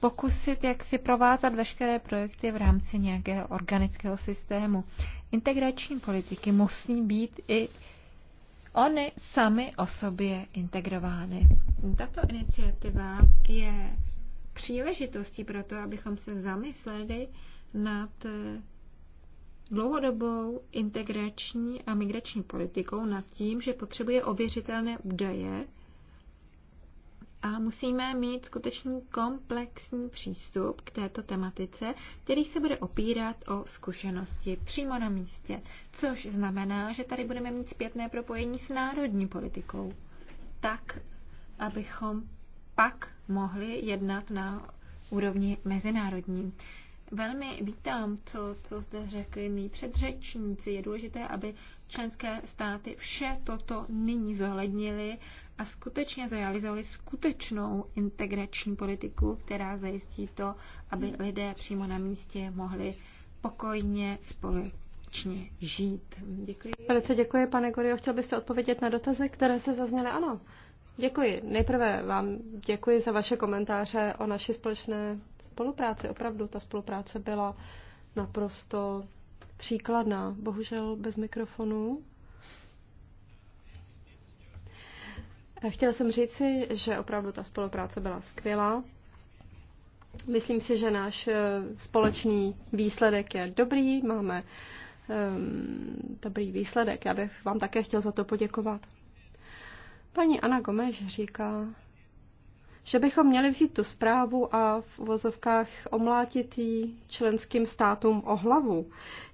pokusit, jak si provázat veškeré projekty v rámci nějakého organického systému. Integrační politiky musí být i Ony sami o sobě integrovány. Tato iniciativa je příležitosti pro to, abychom se zamysleli nad eh, dlouhodobou integrační a migrační politikou, nad tím, že potřebuje ověřitelné údaje a musíme mít skutečný komplexní přístup k této tematice, který se bude opírat o zkušenosti přímo na místě, což znamená, že tady budeme mít zpětné propojení s národní politikou, tak, abychom pak mohli jednat na úrovni mezinárodní. Velmi vítám, co, co zde řekli mý předřečníci. Je důležité, aby členské státy vše toto nyní zohlednili a skutečně zrealizovali skutečnou integrační politiku, která zajistí to, aby lidé přímo na místě mohli pokojně společně žít. Děkuji. Velice děkuji, pane Gorio. Chtěl byste odpovědět na dotazy, které se zazněly? Ano. Děkuji. Nejprve vám děkuji za vaše komentáře o naší společné spolupráci. Opravdu ta spolupráce byla naprosto příkladná. Bohužel bez mikrofonu. Chtěla jsem říci, že opravdu ta spolupráce byla skvělá. Myslím si, že náš eh, společný výsledek je dobrý, máme um, dobrý výsledek. Já bych vám také chtěl za to poděkovat. Paní Ana Gomeš říká, že bychom měli vzít tu zprávu a v uvozovkách omlátit ji členským státům o hlavu.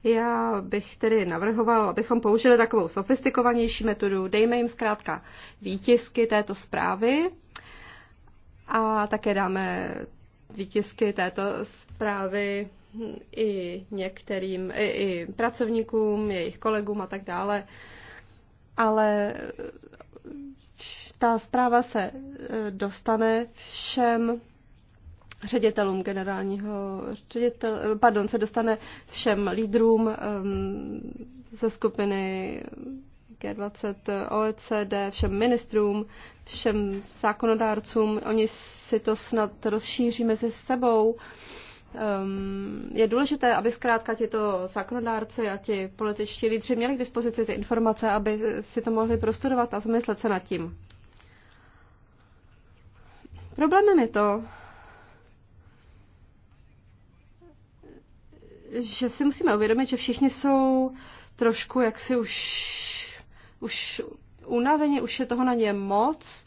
Já bych tedy navrhoval, abychom použili takovou sofistikovanější metodu. Dejme jim zkrátka výtisky této zprávy a také dáme výtisky této zprávy i některým, i, i pracovníkům, jejich kolegům a tak dále. Ale ta zpráva se e, dostane všem ředitelům generálního ředitel, e, pardon, se dostane všem lídrům e, ze skupiny G20, OECD, všem ministrům, všem zákonodárcům. Oni si to snad rozšíří mezi sebou. Ehm, je důležité, aby zkrátka to zákonodárci a ti političtí lídři měli k dispozici ty informace, aby si to mohli prostudovat a zamyslet se nad tím. Problémem je to, že si musíme uvědomit, že všichni jsou trošku jaksi už, už unaveni, už je toho na ně moc,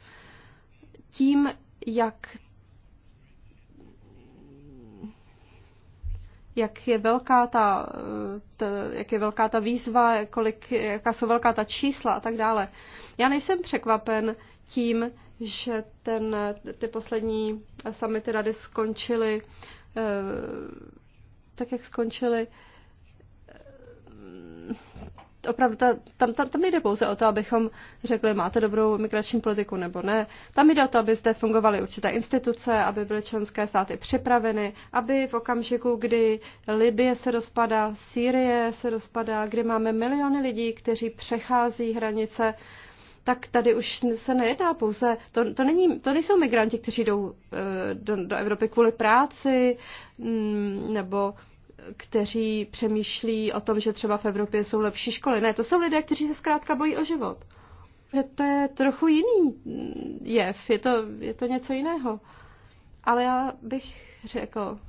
tím, jak jak je velká ta, ta, jak je velká ta výzva, kolik, jaká jsou velká ta čísla a tak dále. Já nejsem překvapen tím, že ten, ty poslední samity rady skončily eh, tak, jak skončily opravdu ta, tam, tam, tam nejde pouze o to, abychom řekli, máte dobrou migrační politiku nebo ne. Tam jde o to, aby zde fungovaly určité instituce, aby byly členské státy připraveny, aby v okamžiku, kdy Libie se rozpadá, Sýrie se rozpadá, kdy máme miliony lidí, kteří přechází hranice, tak tady už se nejedná pouze, to, to, není, to nejsou migranti, kteří jdou eh, do, do Evropy kvůli práci mm, nebo kteří přemýšlí o tom, že třeba v Evropě jsou lepší školy. Ne, to jsou lidé, kteří se zkrátka bojí o život. Že to je trochu jiný jev, je to, je to něco jiného. Ale já bych řekl,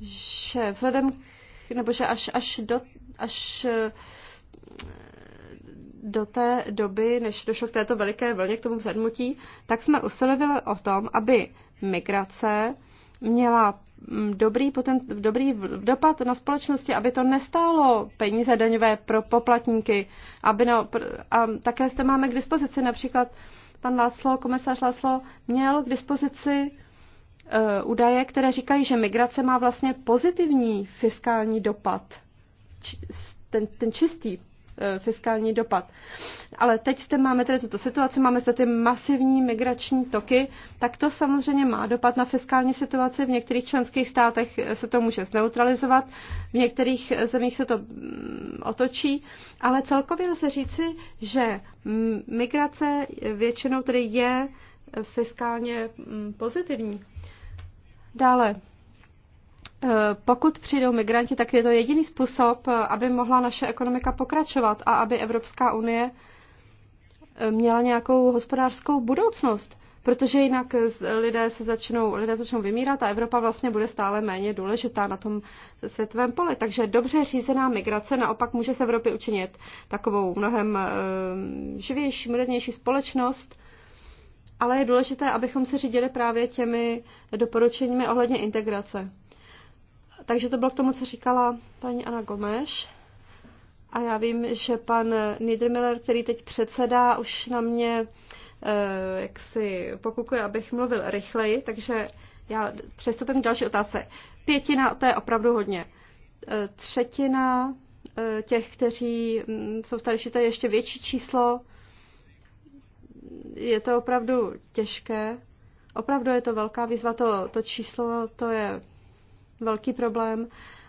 že vzhledem, nebo že až, až, do, až eh, do té doby, než došlo k této veliké vlně, k tomu vzedmutí, tak jsme usilovali o tom, aby migrace měla Mm, dobrý, potent, dobrý dopad na společnosti, aby to nestálo peníze daňové pro poplatníky. Aby no, a také zde máme k dispozici například pan Láslo, komisař Láslo, měl k dispozici uh, údaje, které říkají, že migrace má vlastně pozitivní fiskální dopad. ten, ten čistý Eh, fiskální dopad. Ale teď zde máme tedy tuto situaci, máme zde ty masivní migrační toky, tak to samozřejmě má dopad na fiskální situaci. V některých členských státech eh, se to může zneutralizovat, v některých eh, zemích se to mm, otočí, ale celkově lze říci, že mm, migrace většinou tedy je fiskálně mm, pozitivní. Dále, Eh, pokud přijdou migranti, tak je to jediný způsob, eh, aby mohla naše ekonomika pokračovat a aby Evropská unie eh, měla nějakou hospodářskou budoucnost, protože jinak lidé se začnou, lidé začnou vymírat a Evropa vlastně bude stále méně důležitá na tom světovém poli. Takže dobře řízená migrace naopak může z Evropy učinit takovou mnohem živější, modernější společnost, ale je důležité, abychom se řídili právě těmi doporučeními ohledně integrace. Takže to bylo k tomu, co říkala paní Ana Gomeš. A já vím, že pan Niedermiller, který teď předsedá, už na mě eh, jak si pokukuje, abych mluvil rychleji, takže já přestupím k další otázce. Pětina, to je opravdu hodně. Eh, třetina eh, těch, kteří mm, jsou starší, to je ještě větší číslo. Je to opravdu těžké. Opravdu je to velká výzva, to, to číslo, to je velký problém.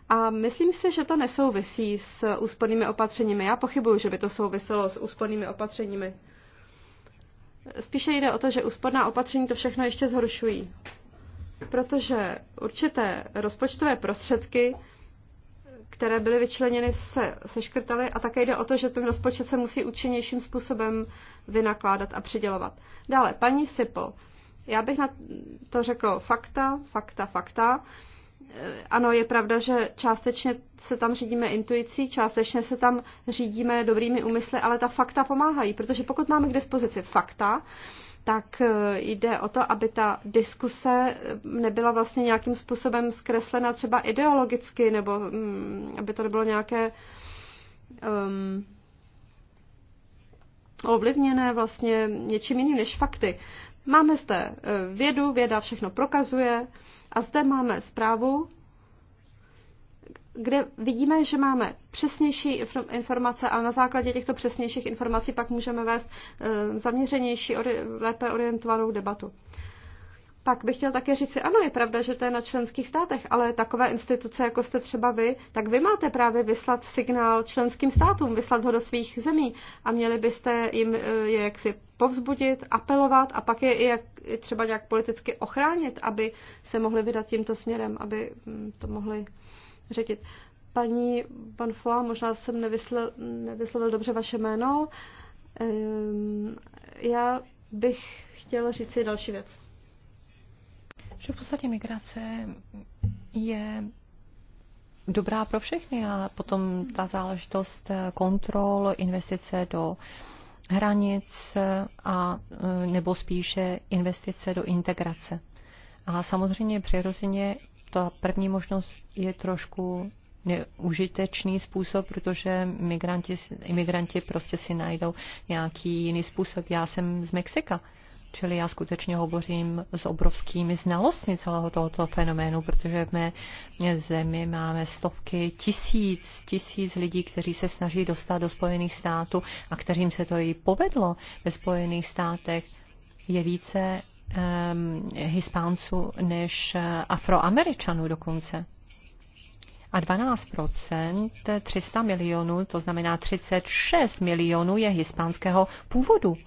A myslím si, že to nesouvisí s úspornými opatřeními. Já pochybuju, že by to souviselo s úspornými opatřeními. Spíše jde o to, že úsporná opatření to všechno ještě zhoršují. Protože určité rozpočtové prostředky, které byly vyčleněny, se seškrtaly a také jde o to, že ten rozpočet se musí účinnějším způsobem vynakládat a přidělovat. Dále, paní Sipl. Já bych na to řekl fakta, fakta, fakta. Eh, ano, je pravda, že částečně se tam řídíme intuicí, částečně se tam řídíme dobrými úmysly, ale ta fakta pomáhají, protože pokud máme k dispozici fakta, tak eh, jde o to, aby ta diskuse eh, nebyla vlastně nějakým způsobem zkreslena třeba ideologicky, nebo um, aby to nebylo nějaké um, ovlivněné vlastně něčím jiným než fakty. Máme zde vědu, věda všechno prokazuje, uh, a zde máme zprávu, kde vidíme, že máme přesnější informace a na základě těchto přesnějších informací pak můžeme vést eh, zaměřenější, lépe orientovanou debatu. Pak bych chtěl také říct, si, ano, je pravda, že to je na členských státech, ale takové instituce, jako jste třeba vy, tak vy máte právě vyslat signál členským státům, vyslat ho do svých zemí a měli byste jim eh, je jaksi povzbudit, apelovat a pak je i jak, třeba nějak politicky ochránit, aby se mohli vydat tímto směrem, aby hm, to mohli řetit. Paní Banfoa, možná jsem nevyslovil, nevyslovil dobře vaše jméno. Ehm, já bych chtěla říct si další věc že v podstatě migrace je dobrá pro všechny a potom ta záležitost kontrol, investice do hranic a e, nebo spíše investice do integrace. A samozřejmě přirozeně ta první možnost je trošku neužitečný způsob, protože migranti, imigranti prostě si najdou nějaký jiný způsob. Já jsem z Mexika Čili já skutečně hovořím s obrovskými znalostmi celého tohoto fenoménu, protože v mé zemi máme stovky tisíc, tisíc lidí, kteří se snaží dostat do Spojených států a kterým se to i povedlo ve Spojených státech. Je více um, hispánců než eh, afroameričanů dokonce a 12 300 milionů, to znamená 36 milionů je hispánského původu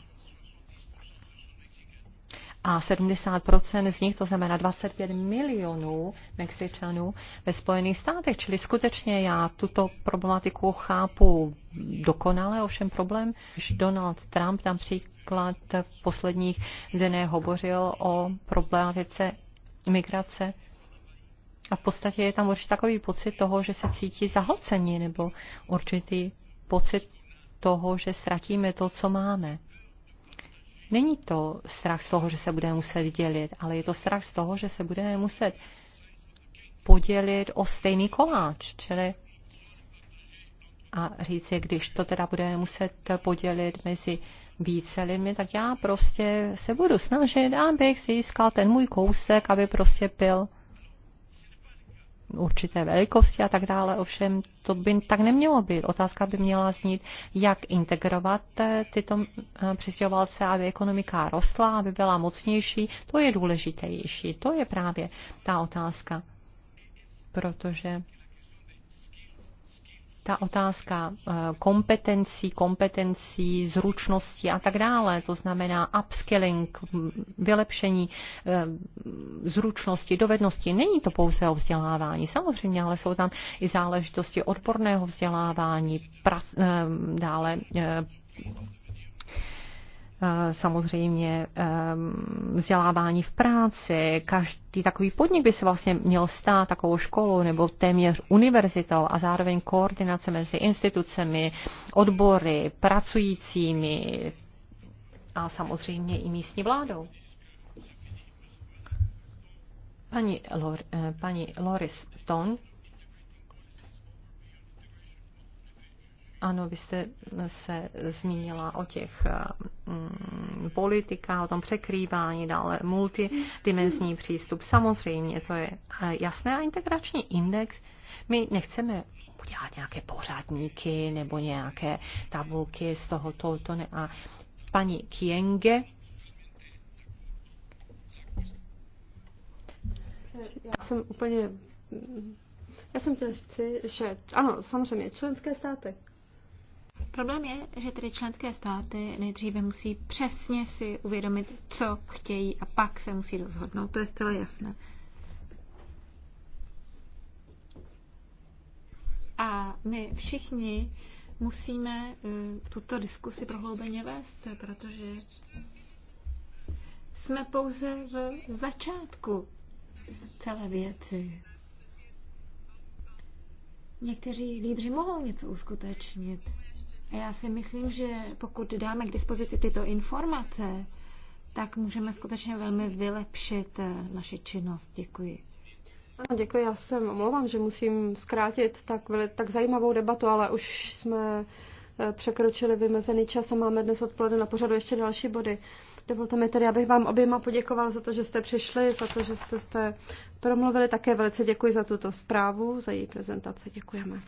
a 70% z nich, to znamená 25 milionů Mexičanů ve Spojených státech. Čili skutečně já tuto problematiku chápu dokonale, ovšem problém, že Donald Trump například v posledních dnech hovořil o problematice migrace a v podstatě je tam určitě takový pocit toho, že se cítí zahlcení nebo určitý pocit toho, že ztratíme to, co máme. Není to strach z toho, že se budeme muset dělit, ale je to strach z toho, že se budeme muset podělit o stejný koláč, čili a říci, když to teda budeme muset podělit mezi více lidmi, tak já prostě se budu snažit, abych získal ten můj kousek, aby prostě byl určité velikosti a tak dále. Ovšem to by tak nemělo být. Otázka by měla znít, jak integrovat eh, tyto eh, přistěhovalce, aby ekonomika rostla, aby byla mocnější. To je důležitější. To je právě ta otázka. Protože ta otázka eh, kompetencí, kompetencí, zručnosti a tak dále, to znamená upskilling, vylepšení eh, zručnosti, dovednosti. Není to pouze o vzdělávání, samozřejmě, ale jsou tam i záležitosti odborného vzdělávání, pras, eh, dále Eh, samozřejmě ehm, vzdělávání v práci. Každý takový podnik by se vlastně měl stát takovou školou nebo téměř univerzitou a zároveň koordinace mezi institucemi, odbory, pracujícími a samozřejmě i místní vládou. Pani, Lor, eh, Loris Ton Ano, vy jste se zmínila o těch mm, politikách, o tom překrývání, dále multidimenzní přístup. Samozřejmě, to je eh, jasné. A integrační index, my nechceme udělat nějaké pořádníky nebo nějaké tabulky z toho, to, to ne. A paní Kienge, Já jsem úplně já jsem chtěla říct, že ano, samozřejmě, členské státy Problém je, že tedy členské státy nejdříve musí přesně si uvědomit, co chtějí a pak se musí rozhodnout. To je zcela jasné. A my všichni musíme eh, tuto diskusi prohloubeně vést, protože jsme pouze v začátku celé věci. Někteří lídři mohou něco uskutečnit, já si myslím, že pokud dáme k dispozici tyto informace, tak můžeme skutečně velmi vylepšit eh, naši činnost. Děkuji. Ano, děkuji. Já se omlouvám, že musím zkrátit tak, tak zajímavou debatu, ale už jsme eh, překročili vymezený čas a máme dnes odpoledne na pořadu ještě další body. Dovolte mi tedy, abych vám oběma poděkoval za to, že jste přišli, za to, že jste, jste promluvili. Také velice děkuji za tuto zprávu, za její prezentaci. Děkujeme.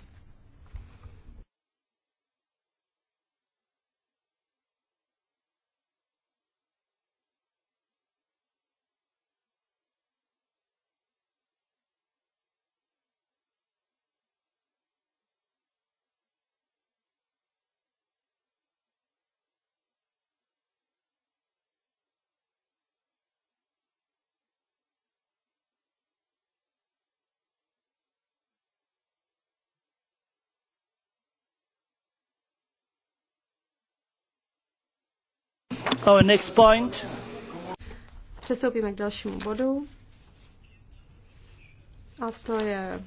Our next point. Přestoupíme k dalšímu bodu. A to je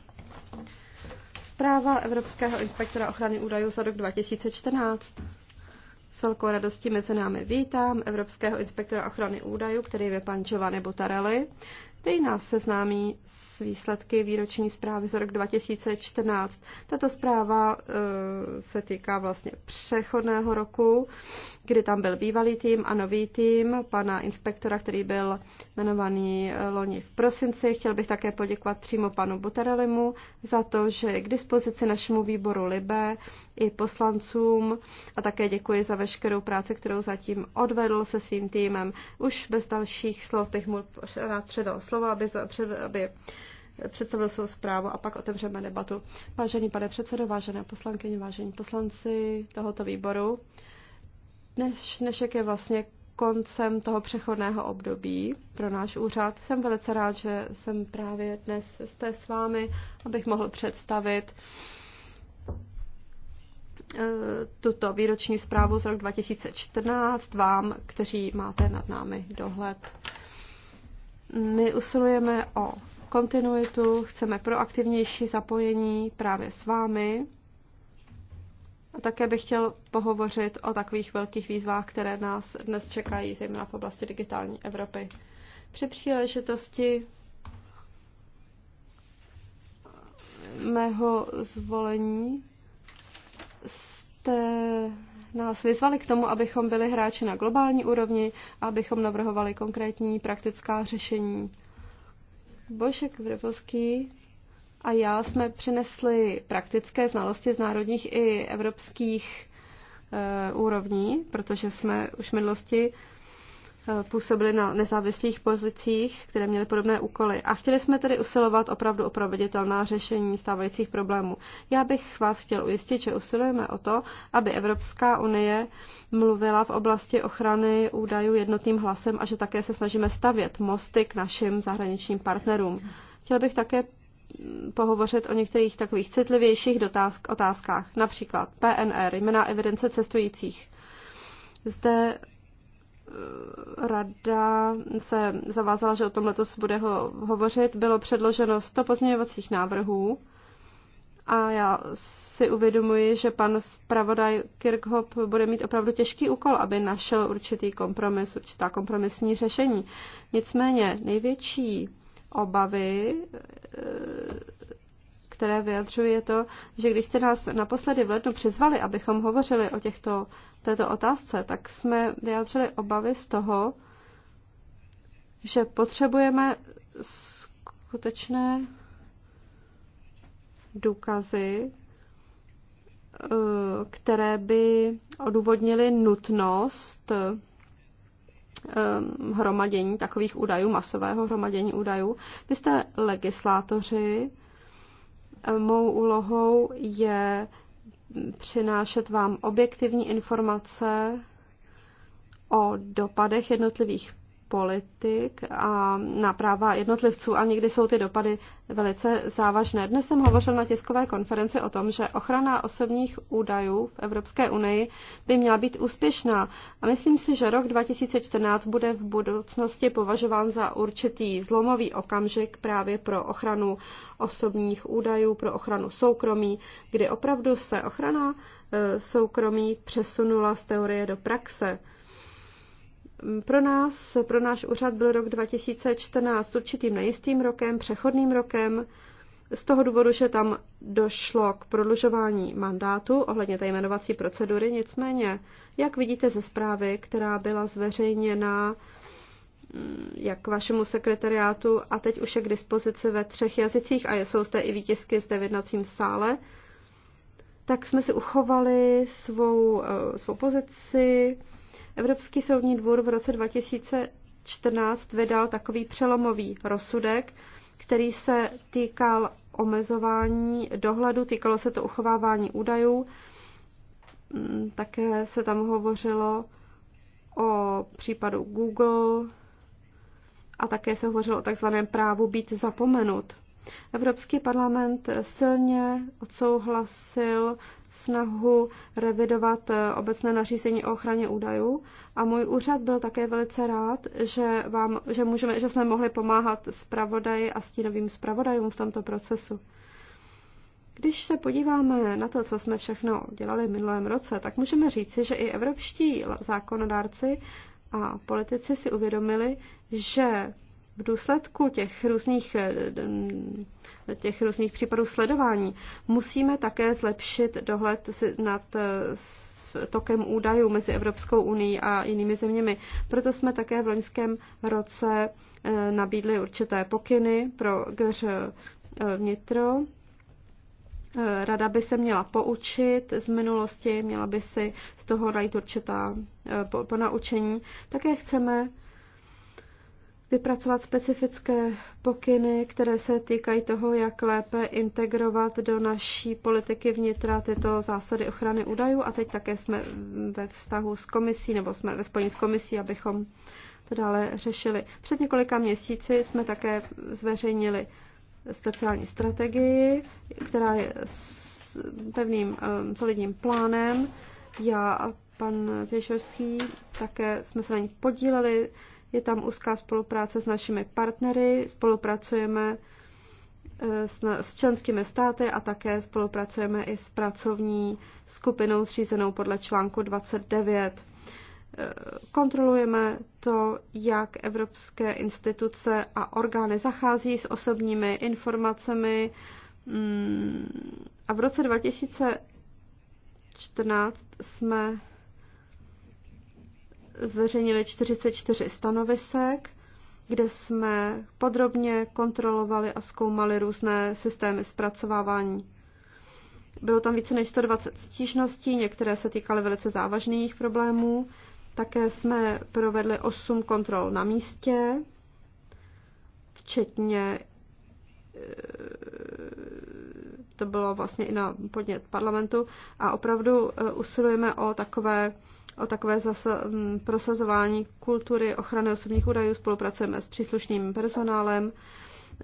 zpráva Evropského inspektora ochrany údajů za rok 2014. S velkou radostí mezi námi vítám Evropského inspektora ochrany údajů, který je pan Giovanni Butarelli který nás seznámí s výsledky výroční zprávy za rok 2014. Tato zpráva e, se týká vlastně přechodného roku, kdy tam byl bývalý tým a nový tým pana inspektora, který byl jmenovaný e, loni v prosinci. Chtěl bych také poděkovat přímo panu Buterelimu za to, že je k dispozici našemu výboru Libe i poslancům a také děkuji za veškerou práci, kterou zatím odvedl se svým týmem. Už bez dalších slov bych mu rád předal slovo slovo, aby, aby představil svou zprávu a pak otevřeme debatu. Vážený pane předsedo, vážené poslankyně, vážení poslanci tohoto výboru, dneš, dnešek je vlastně koncem toho přechodného období pro náš úřad. Jsem velice rád, že jsem právě dnes jste s vámi, abych mohl představit eh, tuto výroční zprávu z roku 2014 vám, kteří máte nad námi dohled. My usilujeme o kontinuitu, chceme proaktivnější zapojení právě s vámi. A také bych chtěl pohovořit o takových velkých výzvách, které nás dnes čekají, zejména v oblasti digitální Evropy. Při příležitosti mého zvolení jste nás vyzvali k tomu, abychom byli hráči na globální úrovni a abychom navrhovali konkrétní praktická řešení. Bojšek Vrbovský a já jsme přinesli praktické znalosti z národních i evropských e, úrovní, protože jsme už v minulosti působili na nezávislých pozicích, které měly podobné úkoly. A chtěli jsme tedy usilovat opravdu o proveditelná řešení stávajících problémů. Já bych vás chtěl ujistit, že usilujeme o to, aby Evropská unie mluvila v oblasti ochrany údajů jednotným hlasem a že také se snažíme stavět mosty k našim zahraničním partnerům. Chtěl bych také pohovořit o některých takových citlivějších otázkách, například PNR, jména evidence cestujících. Zde rada se zavázala, že o tom letos bude ho, hovořit. Bylo předloženo 100 pozměňovacích návrhů a já si uvědomuji, že pan zpravodaj Kirkhop bude mít opravdu těžký úkol, aby našel určitý kompromis, určitá kompromisní řešení. Nicméně největší obavy které vyjadřuje je to, že když jste nás naposledy v lednu přizvali, abychom hovořili o těchto, této otázce, tak jsme vyjádřili obavy z toho, že potřebujeme skutečné důkazy, eh, které by odůvodnily nutnost eh, hromadění takových údajů, masového hromadění údajů. Vy jste legislátoři, Mou úlohou je přinášet vám objektivní informace o dopadech jednotlivých politik a na práva jednotlivců a někdy jsou ty dopady velice závažné. Dnes jsem hovořil na tiskové konferenci o tom, že ochrana osobních údajů v Evropské unii by měla být úspěšná a myslím si, že rok 2014 bude v budoucnosti považován za určitý zlomový okamžik právě pro ochranu osobních údajů, pro ochranu soukromí, kdy opravdu se ochrana e, soukromí přesunula z teorie do praxe. Pro nás, pro náš úřad byl rok 2014 určitým nejistým rokem, přechodným rokem, z toho důvodu, že tam došlo k prodlužování mandátu ohledně té jmenovací procedury. Nicméně, jak vidíte ze zprávy, která byla zveřejněna mm, jak vašemu sekretariátu a teď už je k dispozici ve třech jazycích a jsou zde i výtisky zde v jednacím sále, tak jsme si uchovali svou, eh, svou pozici, Evropský soudní dvůr v roce 2014 vydal takový přelomový rozsudek, který se týkal omezování dohledu, týkalo se to uchovávání údajů. Mm, také se tam hovořilo o případu Google a také se hovořilo o takzvaném právu být zapomenut. Evropský parlament silně odsouhlasil snahu revidovat eh, obecné nařízení o ochraně údajů a můj úřad byl také velice rád, že, vám, že, můžeme, že jsme mohli pomáhat zpravodaji a stínovým zpravodajům v tomto procesu. Když se podíváme na to, co jsme všechno dělali v minulém roce, tak můžeme říci, že i evropští zákonodárci a politici si uvědomili, že v důsledku těch různých, eh, těch různých případů sledování musíme také zlepšit dohled nad eh, tokem údajů mezi Evropskou unii a jinými zeměmi. Proto jsme také v loňském roce eh, nabídli určité pokyny pro GŘ vnitro. Rada by se měla poučit z minulosti, měla by si z toho najít určitá ponaučení. Také chceme vypracovat specifické pokyny, které se týkají toho, jak lépe integrovat do naší politiky vnitra tyto zásady ochrany údajů. A teď také jsme ve vztahu s komisí, nebo jsme ve spojení s komisí, abychom to dále řešili. Před několika měsíci jsme také zveřejnili speciální strategii, která je s pevným um, solidním plánem. Já a pan Věšovský také jsme se na ní podíleli je tam úzká spolupráce s našimi partnery, spolupracujeme eh, s členskými státy a také spolupracujeme i s pracovní skupinou zřízenou podle článku 29. Eh, kontrolujeme to, jak evropské instituce a orgány zachází s osobními informacemi. Mm, a v roce 2014 jsme zveřejnili 44 stanovisek, kde jsme podrobně kontrolovali a zkoumali různé systémy zpracovávání. Bylo tam více než 120 stížností, některé se týkaly velice závažných problémů. Také jsme provedli 8 kontrol na místě, včetně e, to bylo vlastně i na podnět parlamentu a opravdu e, usilujeme o takové o takové zasa- mm, prosazování kultury ochrany osobních údajů, spolupracujeme s příslušným personálem,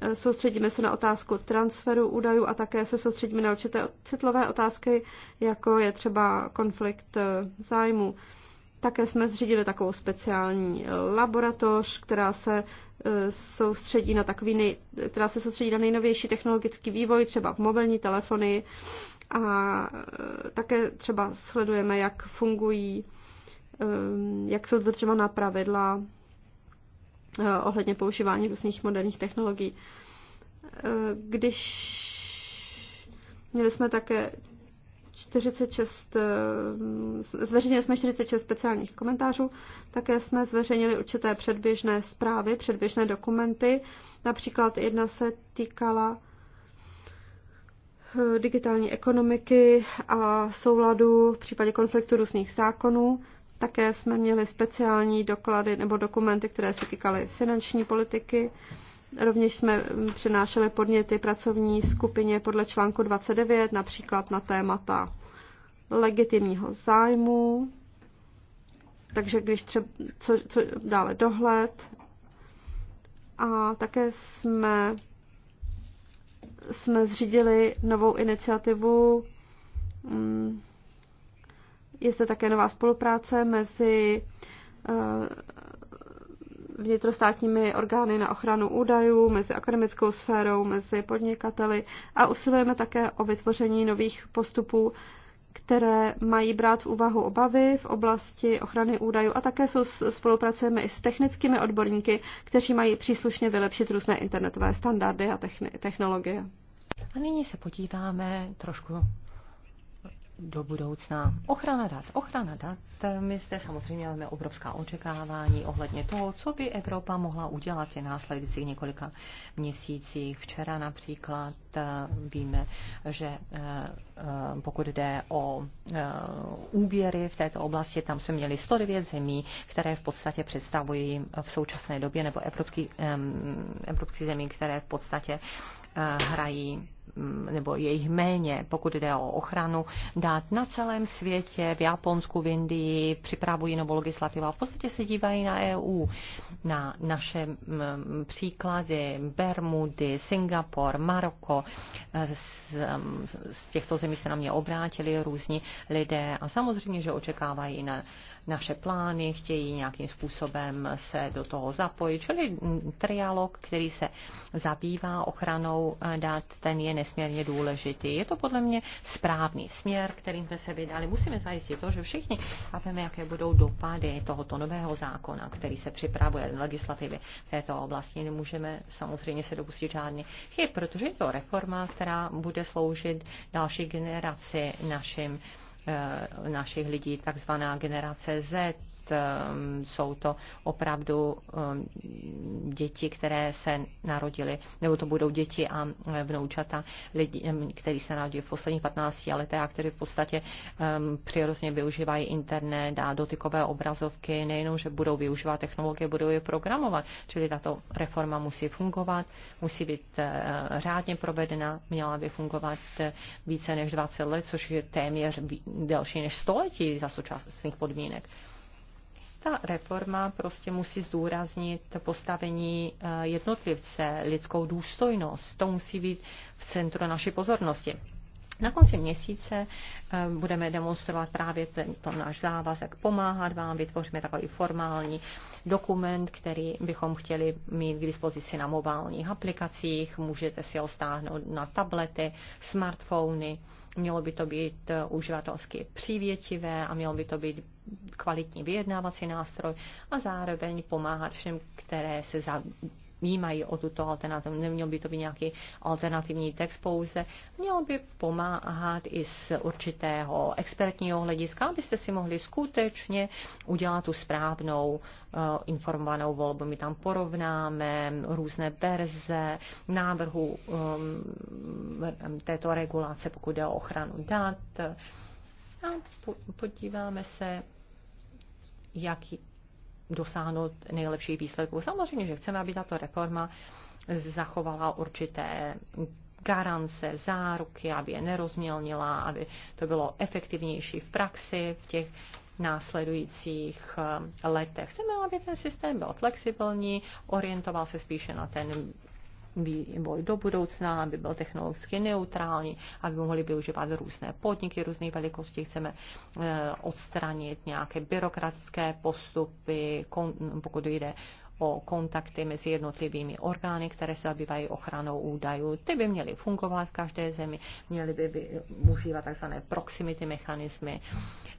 e, soustředíme se na otázku transferu údajů a také se soustředíme na určité citlové otázky, jako je třeba konflikt e, zájmu. Také jsme zřídili takovou speciální laboratoř, která se e, soustředí na takový nej, která se soustředí na nejnovější technologický vývoj, třeba v mobilní telefony a také třeba sledujeme, jak fungují Ehm, jak jsou dodržována pravidla eh, ohledně používání různých moderních technologií. Eh, když měli jsme také 46, eh, zveřejnili jsme 46 speciálních komentářů, také jsme zveřejnili určité předběžné zprávy, předběžné dokumenty. Například jedna se týkala digitální ekonomiky a souladu v případě konfliktu různých zákonů. Také jsme měli speciální doklady nebo dokumenty, které se týkaly finanční politiky. Rovněž jsme mm, přinášeli podněty pracovní skupině podle článku 29, například na témata legitimního zájmu, takže když třeba, co, co dále dohled. A také jsme, jsme zřídili novou iniciativu mm, je zde také nová spolupráce mezi eh, vnitrostátními orgány na ochranu údajů, mezi akademickou sférou, mezi podnikateli a usilujeme také o vytvoření nových postupů, které mají brát v úvahu obavy v oblasti ochrany údajů a také jsou, spolupracujeme i s technickými odborníky, kteří mají příslušně vylepšit různé internetové standardy a technologie. A nyní se podíváme trošku do budoucna. Ochrana dat. Ochrana dat. My zde samozřejmě máme obrovská očekávání ohledně toho, co by Evropa mohla udělat v následujících několika měsících. Včera například eh, víme, že eh, eh, pokud jde o úvěry v této oblasti, tam jsme měli 109 zemí, které v podstatě představují v současné době, nebo evropské evropský zemí, které v podstatě Eh, hrají mm, nebo jejich méně, pokud jde o ochranu dát na celém světě, v Japonsku, v Indii, připravují novou legislativu a v podstatě se dívají na EU, na naše mm, příklady Bermudy, Singapur, Maroko. Z, eh, z mm, těchto zemí se na mě obrátili různí lidé a samozřejmě, že očekávají na naše plány, chtějí nějakým způsobem se do toho zapojit. Čili trialog, který se zabývá ochranou dat, ten je nesmírně důležitý. Je to podle mě správný směr, kterým jsme se vydali. Musíme zajistit to, že všichni chápeme, jaké budou dopady tohoto nového zákona, který se připravuje legislativy v této oblasti. Nemůžeme samozřejmě se dopustit žádný chyb, protože je to reforma, která bude sloužit další generaci našim Eh, našich lidí, takzvaná generace Z, Ehm, jsou to opravdu ehm, děti, které se narodily, nebo to budou děti a eh, vnoučata, lidi, ehm, který se narodili v posledních 15 letech a kteří v podstatě přirozeně využívají internet a dotykové obrazovky, nejenom, že budou využívat technologie, budou je programovat. Čili tato reforma musí fungovat, musí být eh, řádně provedena, měla by fungovat eh, více než 20 let, což je téměř delší než století za současných podmínek. Ta reforma prostě musí zdůraznit postavení eh, jednotlivce, lidskou důstojnost. To musí být v centru naší pozornosti. Na konci měsíce eh, budeme demonstrovat právě ten, to náš závazek pomáhat vám, vytvoříme takový formální dokument, který bychom chtěli mít k dispozici na mobilních aplikacích, můžete si ho stáhnout na tablety, smartfony, mělo by to být eh, uživatelsky přívětivé a mělo by to být kvalitní vyjednávací nástroj a zároveň pomáhat všem, které se zajímají o tuto alternativu. Neměl by to být nějaký alternativní text pouze, měl by pomáhat i z určitého expertního hlediska, abyste si mohli skutečně udělat tu správnou eh, informovanou volbu. My tam porovnáme různé verze návrhu ehm, této regulace, pokud jde o ochranu dat. A podíváme se jak dosáhnout nejlepších výsledků. Samozřejmě, že chceme, aby tato reforma zachovala určité garance, záruky, aby je nerozmělnila, aby to bylo efektivnější v praxi, v těch následujících eh, letech. Chceme, aby ten systém byl flexibilní, orientoval se spíše na ten vývoj do budoucna, aby byl technologicky neutrální, aby mohli využívat různé podniky, různé velikosti. Chceme eh, odstranit nějaké byrokratické postupy, pokud jde o kontakty mezi jednotlivými orgány, které se zabývají ochranou údajů. Ty by měly fungovat v každé zemi, měly by užívat tzv. proximity mechanismy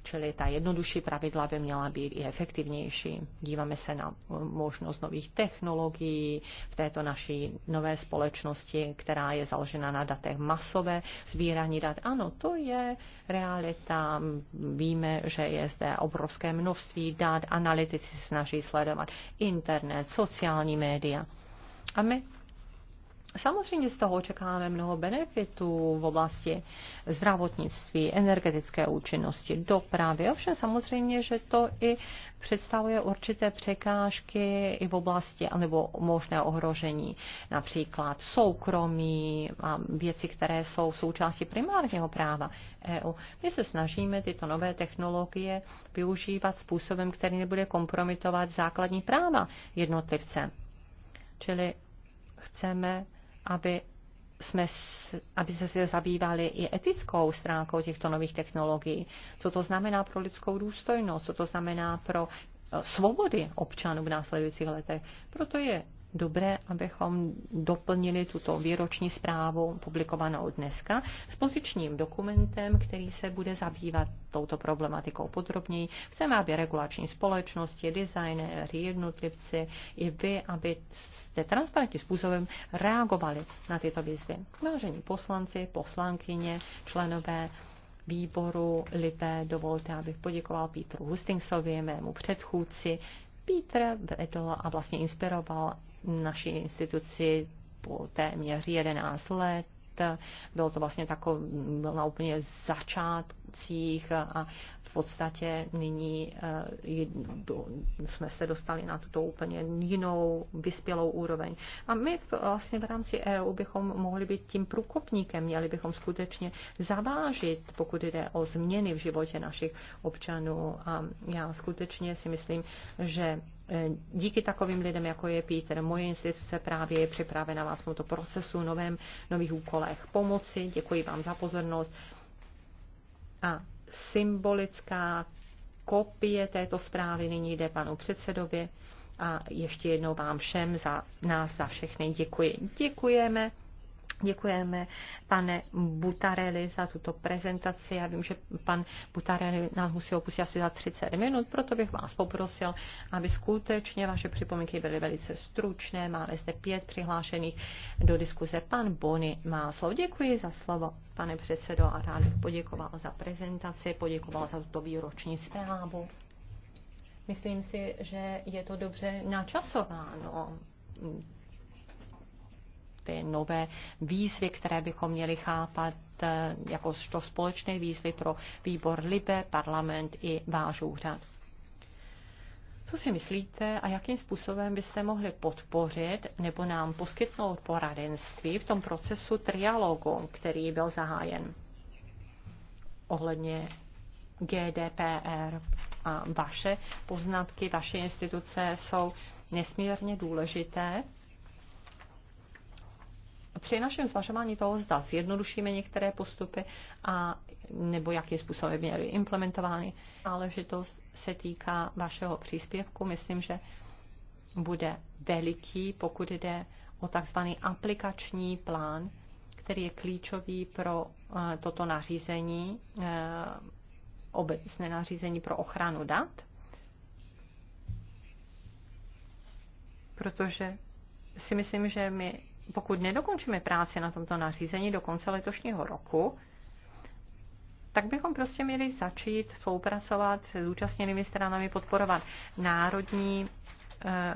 čili ta jednodušší pravidla by měla být i efektivnější. Díváme se na možnost nových technologií v této naší nové společnosti, která je založena na datech masové sbírání dat. Ano, to je realita. Víme, že je zde obrovské množství dat, analytici se snaží sledovat internet, sociální média. A my Samozřejmě z toho očekáváme mnoho benefitů v oblasti zdravotnictví, energetické účinnosti, dopravy. Ovšem samozřejmě, že to i představuje určité překážky i v oblasti nebo možné ohrožení, například soukromí a věci, které jsou součástí primárního práva EU. My se snažíme tyto nové technologie využívat způsobem, který nebude kompromitovat základní práva jednotlivce. Čili chceme aby jsme, aby se, zabývali i etickou stránkou těchto nových technologií. Co to znamená pro lidskou důstojnost, co to znamená pro eh, svobody občanů v následujících letech. Proto je dobré, abychom doplnili tuto výroční zprávu publikovanou dneska s pozičním dokumentem, který se bude zabývat touto problematikou podrobněji. Chceme, aby regulační společnosti, designéři, jednotlivci i vy, aby jste transparentním způsobem reagovali na tyto výzvy. Vážení poslanci, poslankyně, členové výboru Libe, dovolte, abych poděkoval Petru Hustingsovi, mému předchůdci, Petr vedl a vlastně inspiroval naší instituci po téměř 11 let. Bylo to vlastně takové bylo na úplně začátcích a v podstatě nyní eh, jsme se dostali na tuto úplně jinou, vyspělou úroveň. A my vlastně v rámci EU bychom mohli být tím průkopníkem, měli bychom skutečně zavážit, pokud jde o změny v životě našich občanů. A já skutečně si myslím, že Eh, díky takovým lidem, jako je Peter, moje instituce právě je připravena vám v tomto procesu, novém, nových úkolech pomoci. Děkuji vám za pozornost. A symbolická kopie této zprávy nyní jde panu předsedovi a ještě jednou vám všem za nás, za všechny děkuji. Děkujeme. Děkujeme, pane Butareli, za tuto prezentaci. Já vím, že pan Butareli nás musí opustit asi za 30 minut, proto bych vás poprosil, aby skutečně vaše připomínky byly velice stručné. Máme zde pět přihlášených do diskuze. Pan Bony má slovo. Děkuji za slovo, pane předsedo, a rád bych poděkoval za prezentaci, poděkoval za tuto výroční zprávu. Myslím si, že je to dobře načasováno ty nové výzvy, které bychom měli chápat eh, jako to společné výzvy pro výbor LIBE, parlament i váš úřad. Co si myslíte a jakým způsobem byste mohli podpořit nebo nám poskytnout poradenství v tom procesu trialogu, který byl zahájen ohledně GDPR a vaše poznatky, vaše instituce jsou nesmírně důležité při našem zvažování toho, zda zjednodušíme některé postupy a nebo jakým způsobem měly implementovány. Záležitost se týká vašeho příspěvku. Myslím, že bude veliký, pokud jde o takzvaný aplikační plán, který je klíčový pro eh, toto nařízení, eh, obecné nařízení pro ochranu dat, protože si myslím, že my pokud nedokončíme práci na tomto nařízení do konce letošního roku, tak bychom prostě měli začít spolupracovat s zúčastněnými stranami, podporovat národní eh,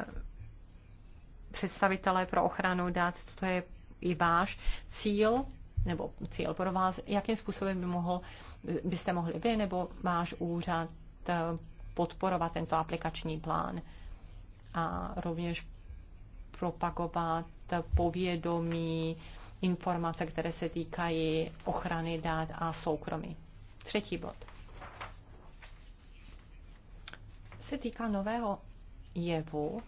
představitelé pro ochranu dat. To je i váš cíl, nebo cíl pro vás, jakým způsobem by mohl, byste mohli vy nebo váš úřad eh, podporovat tento aplikační plán a rovněž propagovat povědomí, informace, které se týkají ochrany dát a soukromí. Třetí bod se týká nového jevu,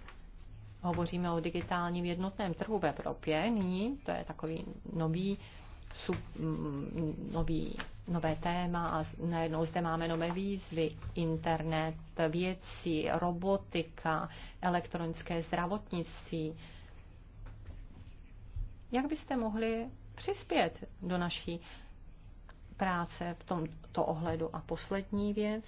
hovoříme o digitálním jednotném trhu v Evropě nyní, to je takový nový, sub, mm, nový nové téma a najednou zde máme nové výzvy, internet, věci, robotika, elektronické zdravotnictví, jak byste mohli přispět do naší práce v tomto ohledu? A poslední věc.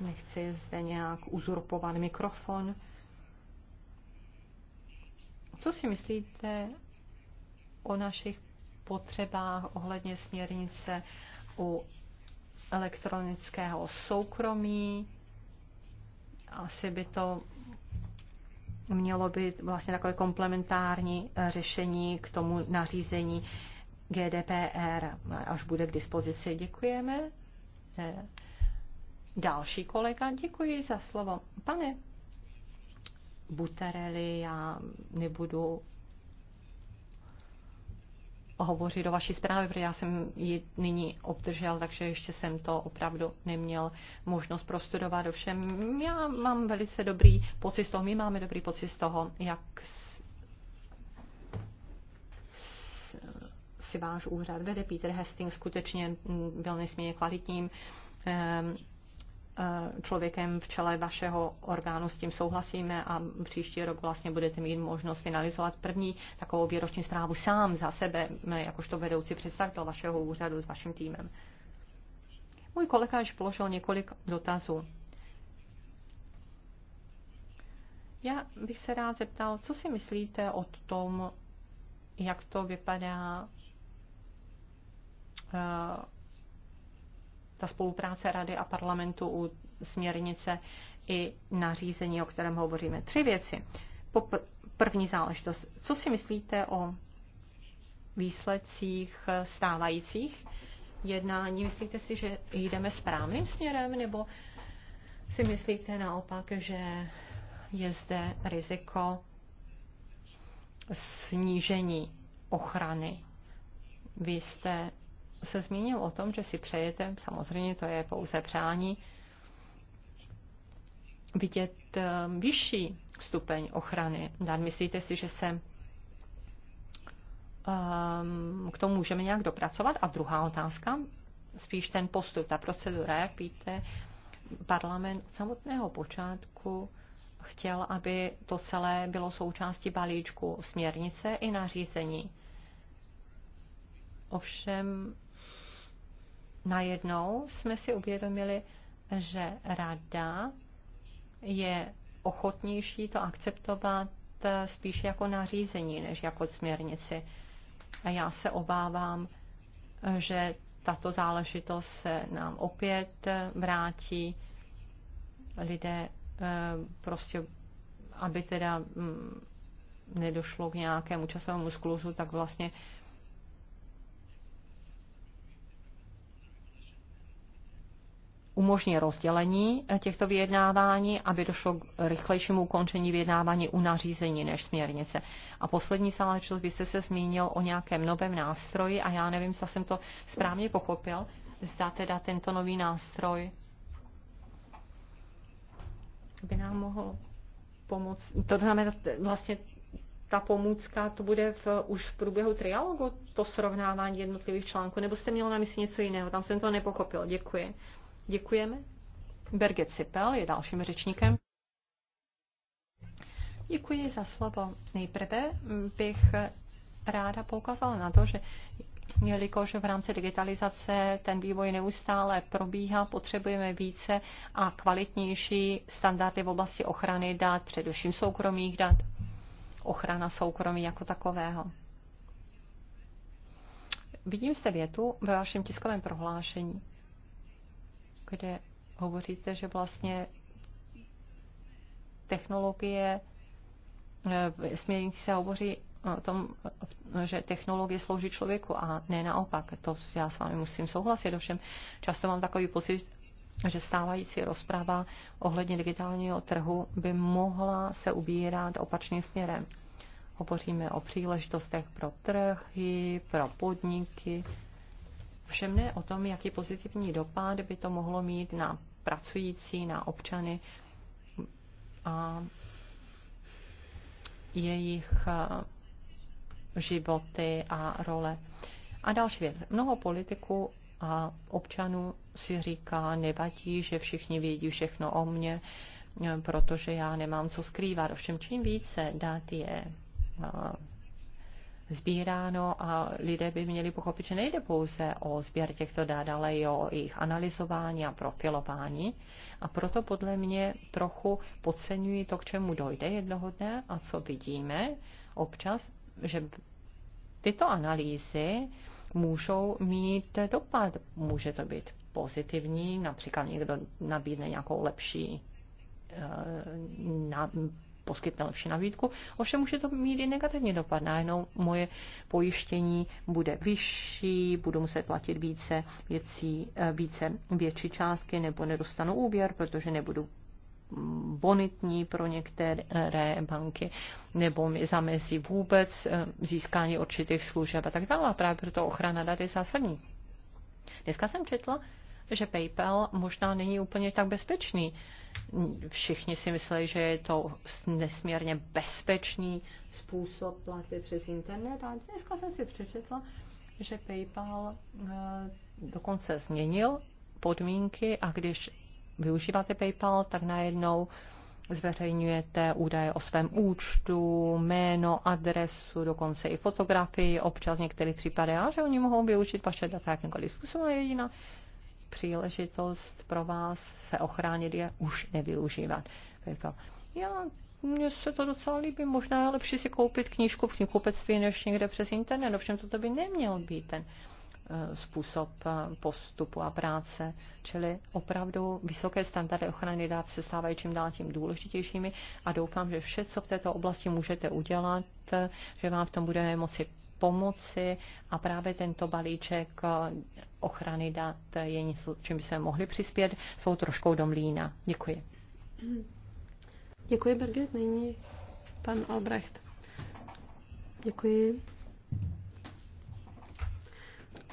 Nechci zde nějak uzurpovat mikrofon. Co si myslíte o našich potřebách ohledně směrnice u elektronického soukromí? Asi by to mělo by vlastně takové komplementární eh, řešení k tomu nařízení GDPR, eh, až bude k dispozici. Děkujeme. Eh, další kolega, děkuji za slovo. Pane Butereli, já nebudu hovoří do vaší zprávy, protože já jsem ji nyní obdržel, takže ještě jsem to opravdu neměl možnost prostudovat. Ovšem já mám velice dobrý pocit z toho, my máme dobrý pocit z toho, jak si váš úřad vede. Peter Hastings skutečně byl mm, nesmírně kvalitním ehm, Eh, člověkem v čele vašeho orgánu, s tím souhlasíme a příští rok vlastně budete mít možnost finalizovat první takovou výroční zprávu sám za sebe, eh, jakožto vedoucí představitel vašeho úřadu s vaším týmem. Můj kolega již položil několik dotazů. Já bych se rád zeptal, co si myslíte o tom, jak to vypadá eh, ta spolupráce Rady a parlamentu u směrnice i nařízení, o kterém hovoříme. Tři věci. První záležitost. Co si myslíte o výsledcích stávajících jednání? Myslíte si, že jdeme správným směrem, nebo si myslíte naopak, že je zde riziko snížení ochrany? Vy jste se zmínil o tom, že si přejete, samozřejmě to je pouze přání, vidět eh, vyšší stupeň ochrany. Dát myslíte si, že se ehm, k tomu můžeme nějak dopracovat? A druhá otázka, spíš ten postup, ta procedura, jak víte, parlament od samotného počátku chtěl, aby to celé bylo součástí balíčku směrnice i nařízení. Ovšem najednou jsme si uvědomili, že rada je ochotnější to akceptovat eh, spíše jako nařízení, než jako směrnici. A já se obávám, že tato záležitost se nám opět eh, vrátí. Lidé eh, prostě, aby teda mm, nedošlo k nějakému časovému skluzu, tak vlastně umožní rozdělení eh, těchto vyjednávání, aby došlo k rychlejšímu ukončení vyjednávání u nařízení než směrnice. A poslední záležitost, byste se zmínil o nějakém novém nástroji a já nevím, zda jsem to správně pochopil, zda teda tento nový nástroj by nám mohl pomoct. To znamená, vlastně ta pomůcka, to bude v, už v průběhu trialogu, to srovnávání jednotlivých článků, nebo jste měl na mysli něco jiného, tam jsem to nepochopil, děkuji. Děkujeme. Birgit Sipel je dalším řečníkem. Děkuji za slovo. Nejprve bych ráda poukázala na to, že jelikož v rámci digitalizace ten vývoj neustále probíhá, potřebujeme více a kvalitnější standardy v oblasti ochrany dat, především soukromých dat, ochrana soukromí jako takového. Vidím zde větu ve vašem tiskovém prohlášení kde hovoříte, že vlastně technologie, v eh, směrnici se hovoří o tom, že technologie slouží člověku a ne naopak. To já s vámi musím souhlasit, ovšem často mám takový pocit, že stávající rozprava ohledně digitálního trhu by mohla se ubírat opačným směrem. Hovoříme o příležitostech pro trhy, pro podniky, Všem ne o tom, jaký pozitivní dopad by to mohlo mít na pracující, na občany a jejich eh, životy a role. A další věc. Mnoho politiků a občanů si říká, nevadí, že všichni vědí všechno o mně, eh, protože já nemám co skrývat. Ovšem čím více dát je eh, sbíráno a lidé by měli pochopit, že nejde pouze o sběr těchto dat, ale i o jejich analyzování a profilování. A proto podle mě trochu podceňují to, k čemu dojde jednoho dne a co vidíme občas, že tyto analýzy můžou mít dopad. Může to být pozitivní, například někdo nabídne nějakou lepší eh, na poskytne lepší nabídku. Ovšem může to mít i negativní dopad. Najednou moje pojištění bude vyšší, budu muset platit více věcí, eh, více větší částky nebo nedostanu úvěr, protože nebudu mm, bonitní pro některé banky, nebo mi zamezí vůbec eh, získání určitých služeb a tak dále. A právě proto ochrana dat je zásadní. Dneska jsem četla, že PayPal možná není úplně tak bezpečný Všichni si mysleli, že je to nesmírně bezpečný způsob platby přes internet a dneska jsem si přečetla, že PayPal eh, dokonce změnil podmínky a když využíváte PayPal, tak najednou zveřejňujete údaje o svém účtu, jméno, adresu, dokonce i fotografii, občas v některých případech, a že oni mohou využít vaše data jakýmkoliv způsobem. Jediná příležitost pro vás se ochránit je už nevyužívat. Já mně se to docela líbí. Možná je lepší si koupit knížku v knihkupectví než někde přes internet. Ovšem toto by neměl být ten eh, způsob eh, postupu a práce. Čili opravdu vysoké standardy ochrany dát se stávají čím dál tím důležitějšími a doufám, že vše, co v této oblasti můžete udělat, eh, že vám v tom budeme moci pomoci a právě tento balíček eh, ochrany dat je něco, čím by se mohli přispět, jsou troškou do mlína. Děkuji. Děkuji, Birgit. Nyní pan Albrecht. Děkuji.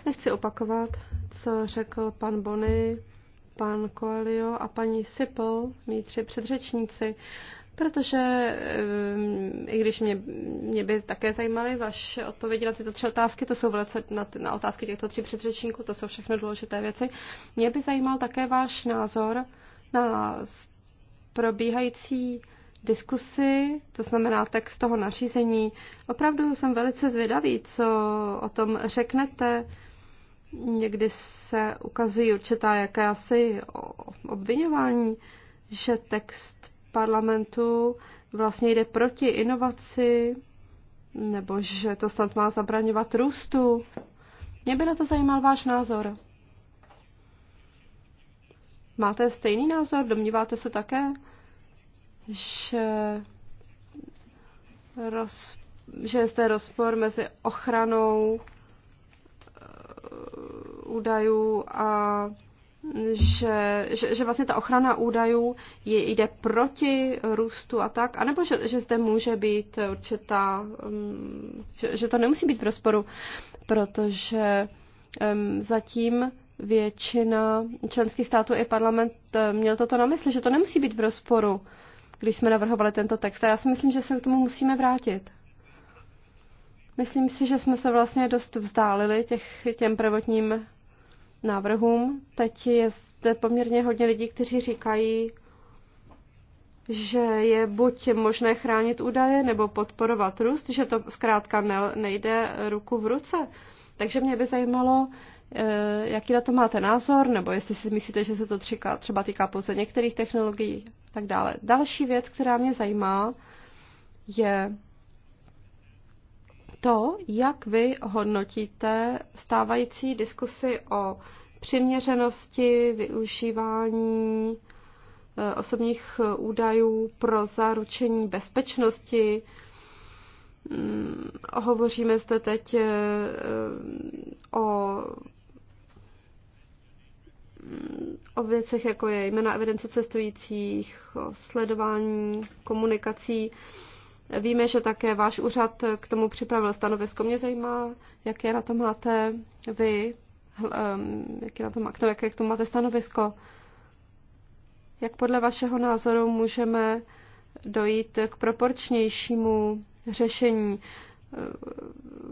Nechci opakovat, co řekl pan Bony, pan Coelho a paní Sipl, mý tři předřečníci protože ehm, i když mě, mě by také zajímaly vaše odpovědi na tyto tři otázky, to jsou velice na, na otázky těchto tří předřečníků, to jsou všechno důležité věci, mě by zajímal také váš názor na probíhající diskusy, to znamená text toho nařízení. Opravdu jsem velice zvědavý, co o tom řeknete. Někdy se ukazují určitá jakási obvinování, že text parlamentu vlastně jde proti inovaci, nebo že to snad má zabraňovat růstu. Mě by na to zajímal váš názor. Máte stejný názor? Domníváte se také, že, roz, že je zde rozpor mezi ochranou eh, údajů a že, že, že vlastně ta ochrana údajů je, jde proti růstu a tak, anebo že, že zde může být určitá, um, že, že to nemusí být v rozporu, protože um, zatím většina členských států i parlament eh, měl toto na mysli, že to nemusí být v rozporu, když jsme navrhovali tento text. A já si myslím, že se k tomu musíme vrátit. Myslím si, že jsme se vlastně dost vzdálili těch, těm prvotním návrhům. Teď je zde poměrně hodně lidí, kteří říkají, že je buď možné chránit údaje nebo podporovat růst, že to zkrátka nejde ruku v ruce. Takže mě by zajímalo, eh, jaký na to máte názor, nebo jestli si myslíte, že se to třeba, třeba týká pouze některých technologií tak dále. Další věc, která mě zajímá, je to, jak vy hodnotíte stávající diskusy o přiměřenosti využívání eh, osobních eh, údajů pro zaručení bezpečnosti. Mm, hovoříme zde teď eh, o mm, o věcech, jako je jména evidence cestujících, o sledování komunikací. Víme, že také váš úřad k tomu připravil stanovisko. Mě zajímá, jaké na to máte vy, jaké, na to, má, jaké k tomu máte stanovisko. Jak podle vašeho názoru můžeme dojít k proporčnějšímu řešení?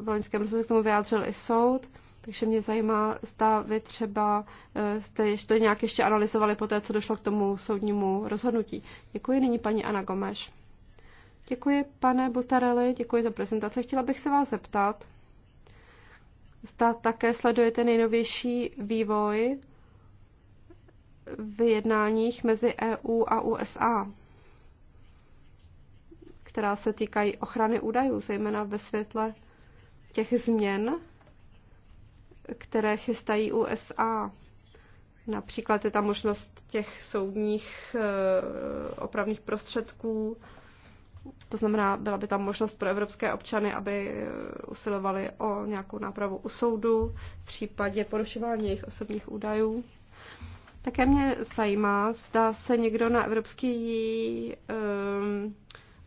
V loňském roce se k tomu vyjádřil i soud. Takže mě zajímá, zda vy třeba eh, jste ještě nějak ještě analyzovali po té, co došlo k tomu soudnímu rozhodnutí. Děkuji nyní paní Ana Gomeš. Děkuji, pane Butarelli, děkuji za prezentaci. Chtěla bych se vás zeptat, zda také sledujete nejnovější vývoj v jednáních mezi EU a USA, která se týkají ochrany údajů, zejména ve světle těch změn, které chystají USA. Například je tam možnost těch soudních eh, opravných prostředků, to znamená, byla by tam možnost pro evropské občany, aby eh, usilovali o nějakou nápravu u soudu, v případě porušování jejich osobních údajů. Také mě zajímá, zda se někdo na Evropský um,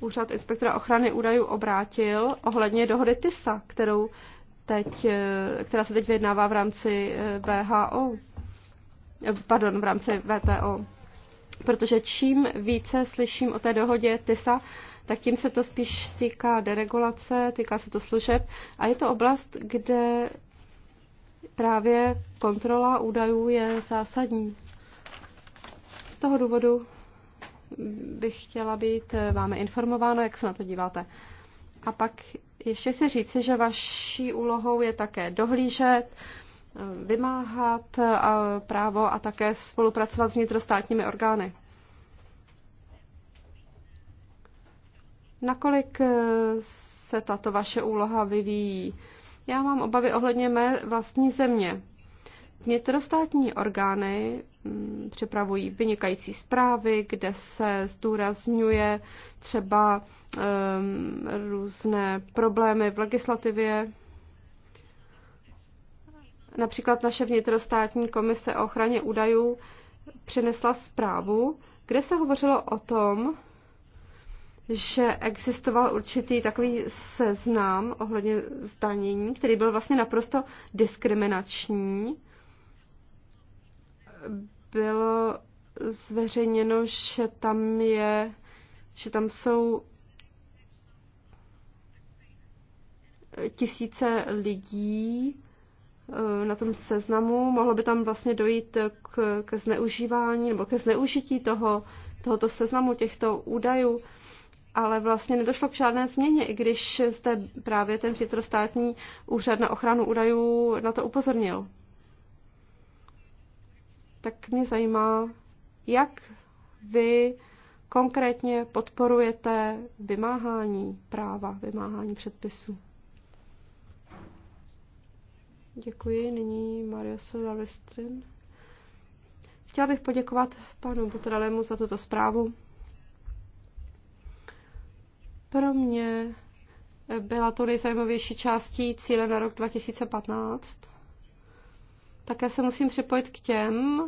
úřad inspektora ochrany údajů obrátil ohledně dohody TISA, kterou teď, eh, která se teď vyjednává v rámci VHO, pardon, v rámci VTO. Protože čím více slyším o té dohodě TISA, tak tím se to spíš týká deregulace, týká se to služeb a je to oblast, kde právě kontrola údajů je zásadní. Z toho důvodu bych chtěla být vámi informována, jak se na to díváte. A pak ještě si říci, že vaší úlohou je také dohlížet, vymáhat právo a také spolupracovat s vnitrostátními orgány. Nakolik eh, se tato vaše úloha vyvíjí? Já mám obavy ohledně mé vlastní země. Vnitrostátní orgány mm, připravují vynikající zprávy, kde se zdůrazňuje třeba um, různé problémy v legislativě. Například naše vnitrostátní komise o ochraně údajů přinesla zprávu, kde se hovořilo o tom, že existoval určitý takový seznam ohledně zdanění, který byl vlastně naprosto diskriminační. Bylo zveřejněno, že tam je, že tam jsou tisíce lidí eh, na tom seznamu. Mohlo by tam vlastně dojít k, k zneužívání nebo ke zneužití toho, tohoto seznamu těchto údajů ale vlastně nedošlo k žádné změně, i když zde právě ten vnitrostátní úřad na ochranu údajů na to upozornil. Tak mě zajímá, jak vy konkrétně podporujete vymáhání práva, vymáhání předpisů. Děkuji. Nyní Mario Solalistrin. Chtěla bych poděkovat panu Butralemu za tuto zprávu. Pro mě byla to nejzajímavější částí cíle na rok 2015. Také se musím připojit k těm,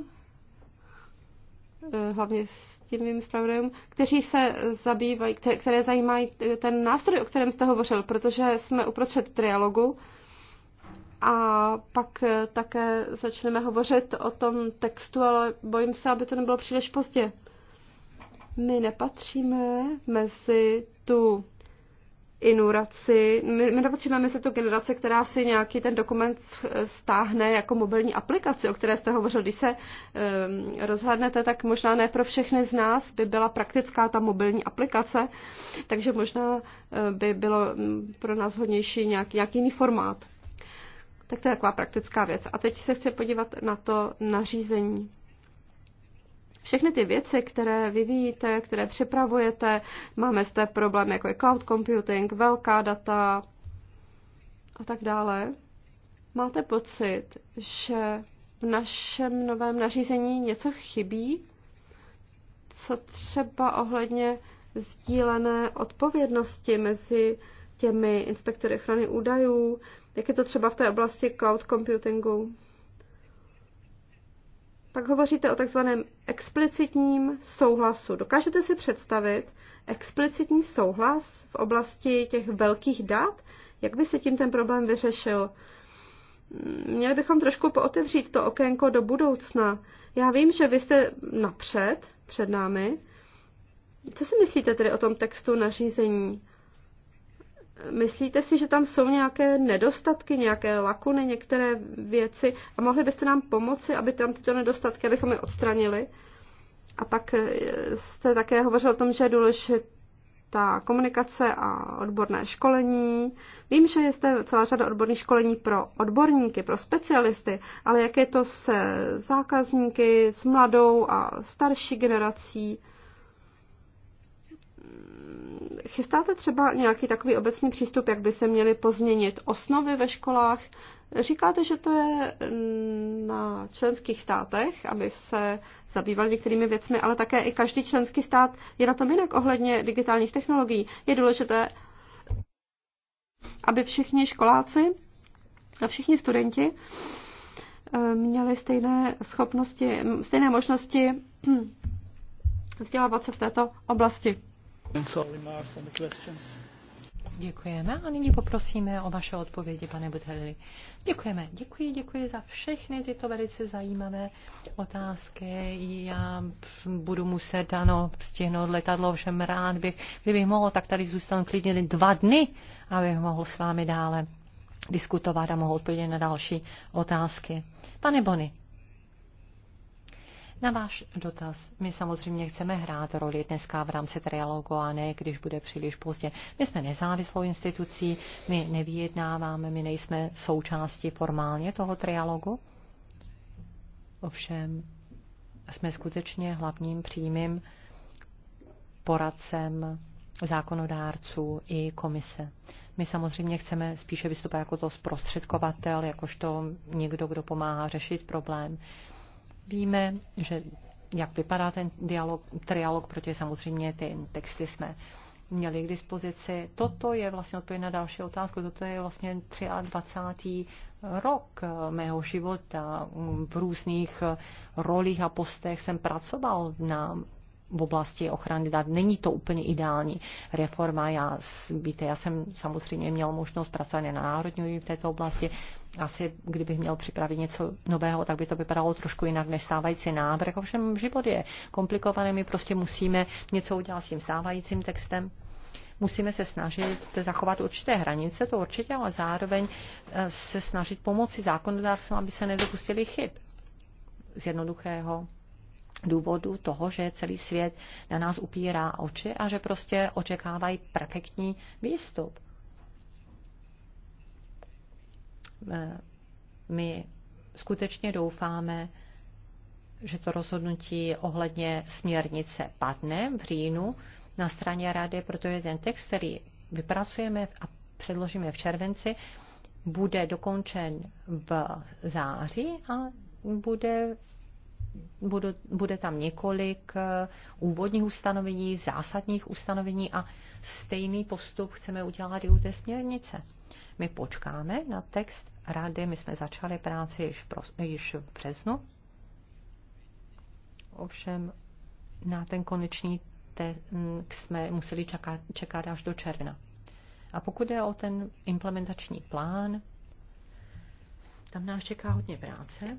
eh, hlavně s tím mým zpravodajům, kteří se zabývají, které zajímají ten nástroj, o kterém jste hovořil, protože jsme uprostřed trialogu a pak eh, také začneme hovořit o tom textu, ale bojím se, aby to nebylo příliš pozdě. My nepatříme mezi tu inuraci, my, my nepatříme mezi tu generaci, která si nějaký ten dokument stáhne jako mobilní aplikaci, o které jste hovořil. Když se um, rozhlednete, tak možná ne pro všechny z nás by byla praktická ta mobilní aplikace, takže možná uh, by bylo mm, pro nás hodnější nějaký, nějaký jiný formát. Tak to je taková praktická věc. A teď se chci podívat na to nařízení. Všechny ty věci, které vyvíjíte, které připravujete, máme zde problém, jako je cloud computing, velká data a tak dále. Máte pocit, že v našem novém nařízení něco chybí? Co třeba ohledně sdílené odpovědnosti mezi těmi inspektory ochrany údajů? Jak je to třeba v té oblasti cloud computingu? Pak hovoříte o takzvaném explicitním souhlasu. Dokážete si představit explicitní souhlas v oblasti těch velkých dat? Jak by se tím ten problém vyřešil? Měli bychom trošku pootevřít to okénko do budoucna. Já vím, že vy jste napřed, před námi. Co si myslíte tedy o tom textu nařízení? Myslíte si, že tam jsou nějaké nedostatky, nějaké lakuny, některé věci a mohli byste nám pomoci, aby tam tyto nedostatky, abychom je odstranili? A pak eh, jste také hovořil o tom, že je důležitá komunikace a odborné školení. Vím, že je zde celá řada odborných školení pro odborníky, pro specialisty, ale jak je to se zákazníky, s mladou a starší generací? Chystáte třeba nějaký takový obecný přístup, jak by se měly pozměnit osnovy ve školách? Říkáte, že to je mm, na členských státech, aby se zabýval některými věcmi, ale také i každý členský stát je na tom jinak ohledně digitálních technologií. Je důležité, aby všichni školáci a všichni studenti eh, měli stejné schopnosti, stejné možnosti vzdělávat se v této oblasti. Děkujeme a nyní poprosíme o vaše odpovědi, pane Buteli. Děkujeme, děkuji, děkuji za všechny tyto velice zajímavé otázky. Já budu muset, ano, stihnout letadlo, všem rád bych, kdybych mohl, tak tady zůstanu klidně dva dny, abych mohl s vámi dále diskutovat a mohl odpovědět na další otázky. Pane Bony, na váš dotaz. My samozřejmě chceme hrát roli dneska v rámci trialogu a ne, když bude příliš pozdě. My jsme nezávislou institucí, my nevyjednáváme, my nejsme součástí formálně toho trialogu. Ovšem jsme skutečně hlavním přímým poradcem zákonodárců i komise. My samozřejmě chceme spíše vystupovat jako to zprostředkovatel, jakožto někdo, kdo pomáhá řešit problém. Víme, že jak vypadá ten dialog, trialog, protože samozřejmě ty texty jsme měli k dispozici. Toto je vlastně odpověď na další otázku. Toto je vlastně 23. rok mého života. V různých rolích a postech jsem pracoval na v oblasti ochrany dat. Není to úplně ideální reforma. Já, víte, já jsem samozřejmě měl možnost pracovat na národní úrovni v této oblasti. Asi kdybych měl připravit něco nového, tak by to vypadalo trošku jinak než stávající návrh. Ovšem život je komplikovaný, my prostě musíme něco udělat s tím stávajícím textem musíme se snažit zachovat určité hranice, to určitě, ale zároveň eh, se snažit pomoci zákonodárcům, aby se nedopustili chyb z jednoduchého důvodu toho, že celý svět na nás upírá oči a že prostě očekávají perfektní výstup. E, my skutečně doufáme, že to rozhodnutí ohledně směrnice padne v říjnu na straně rady, protože ten text, který vypracujeme a předložíme v červenci, bude dokončen v září a bude budu, bude tam několik eh, úvodních ustanovení, zásadních ustanovení a stejný postup chceme udělat i u té směrnice. My počkáme na text rady, my jsme začali práci již, pro, již v březnu. Ovšem na ten konečný text mm, jsme museli čekat, čekat až do června. A pokud je o ten implementační plán, tam nás čeká hodně práce.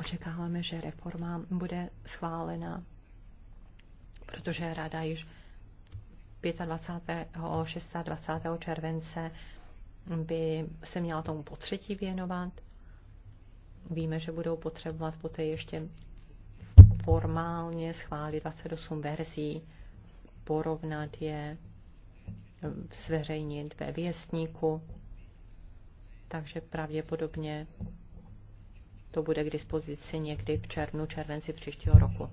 Očekáváme, že reforma bude schválena, protože rada již 25. a 26. července by se měla tomu potřetí věnovat. Víme, že budou potřebovat poté ještě formálně schválit 28 verzí, porovnat je, zveřejnit ve věstníku, takže pravděpodobně to bude k dispozici někdy v červnu, červenci příštího roku.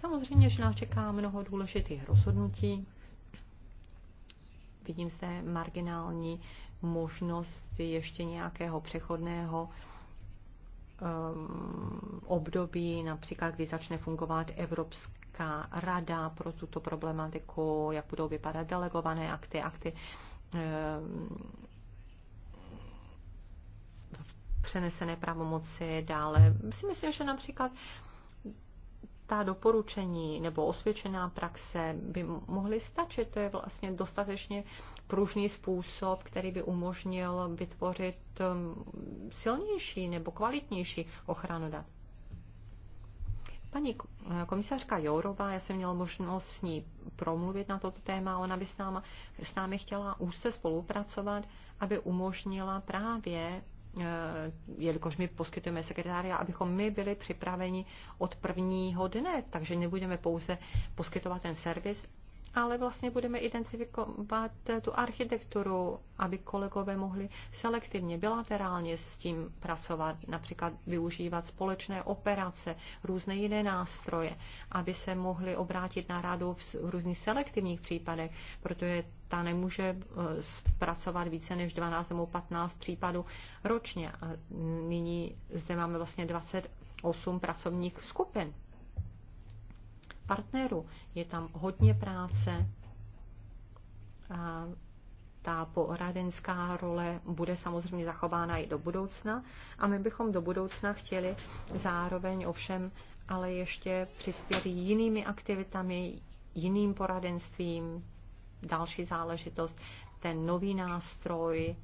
Samozřejmě, že nás čeká mnoho důležitých rozhodnutí. Vidím zde marginální možnost ještě nějakého přechodného ehm, období, například kdy začne fungovat Evropská rada pro tuto problematiku, jak budou vypadat delegované akty, akty ehm, přenesené pravomoci, dále si myslím, že například ta doporučení nebo osvědčená praxe by mohly stačit. To je vlastně dostatečně pružný způsob, který by umožnil vytvořit um, silnější nebo kvalitnější ochranu dat. Paní komisařka Jourová, já jsem měla možnost s ní promluvit na toto téma, ona by s námi, s námi chtěla úzce spolupracovat, aby umožnila právě Eh, jelikož my poskytujeme sekretária, abychom my byli připraveni od prvního dne, takže nebudeme pouze poskytovat ten servis, ale vlastně budeme identifikovat tu architekturu, aby kolegové mohli selektivně, bilaterálně s tím pracovat, například využívat společné operace, různé jiné nástroje, aby se mohli obrátit na radu v různých selektivních případech, protože ta nemůže e, zpracovat více než 12 nebo 15 případů ročně. A nyní zde máme vlastně 28 pracovních skupin partnerů. Je tam hodně práce a ta poradenská role bude samozřejmě zachována i do budoucna a my bychom do budoucna chtěli zároveň ovšem ale ještě přispět jinými aktivitami, jiným poradenstvím, další záležitost, ten nový nástroj,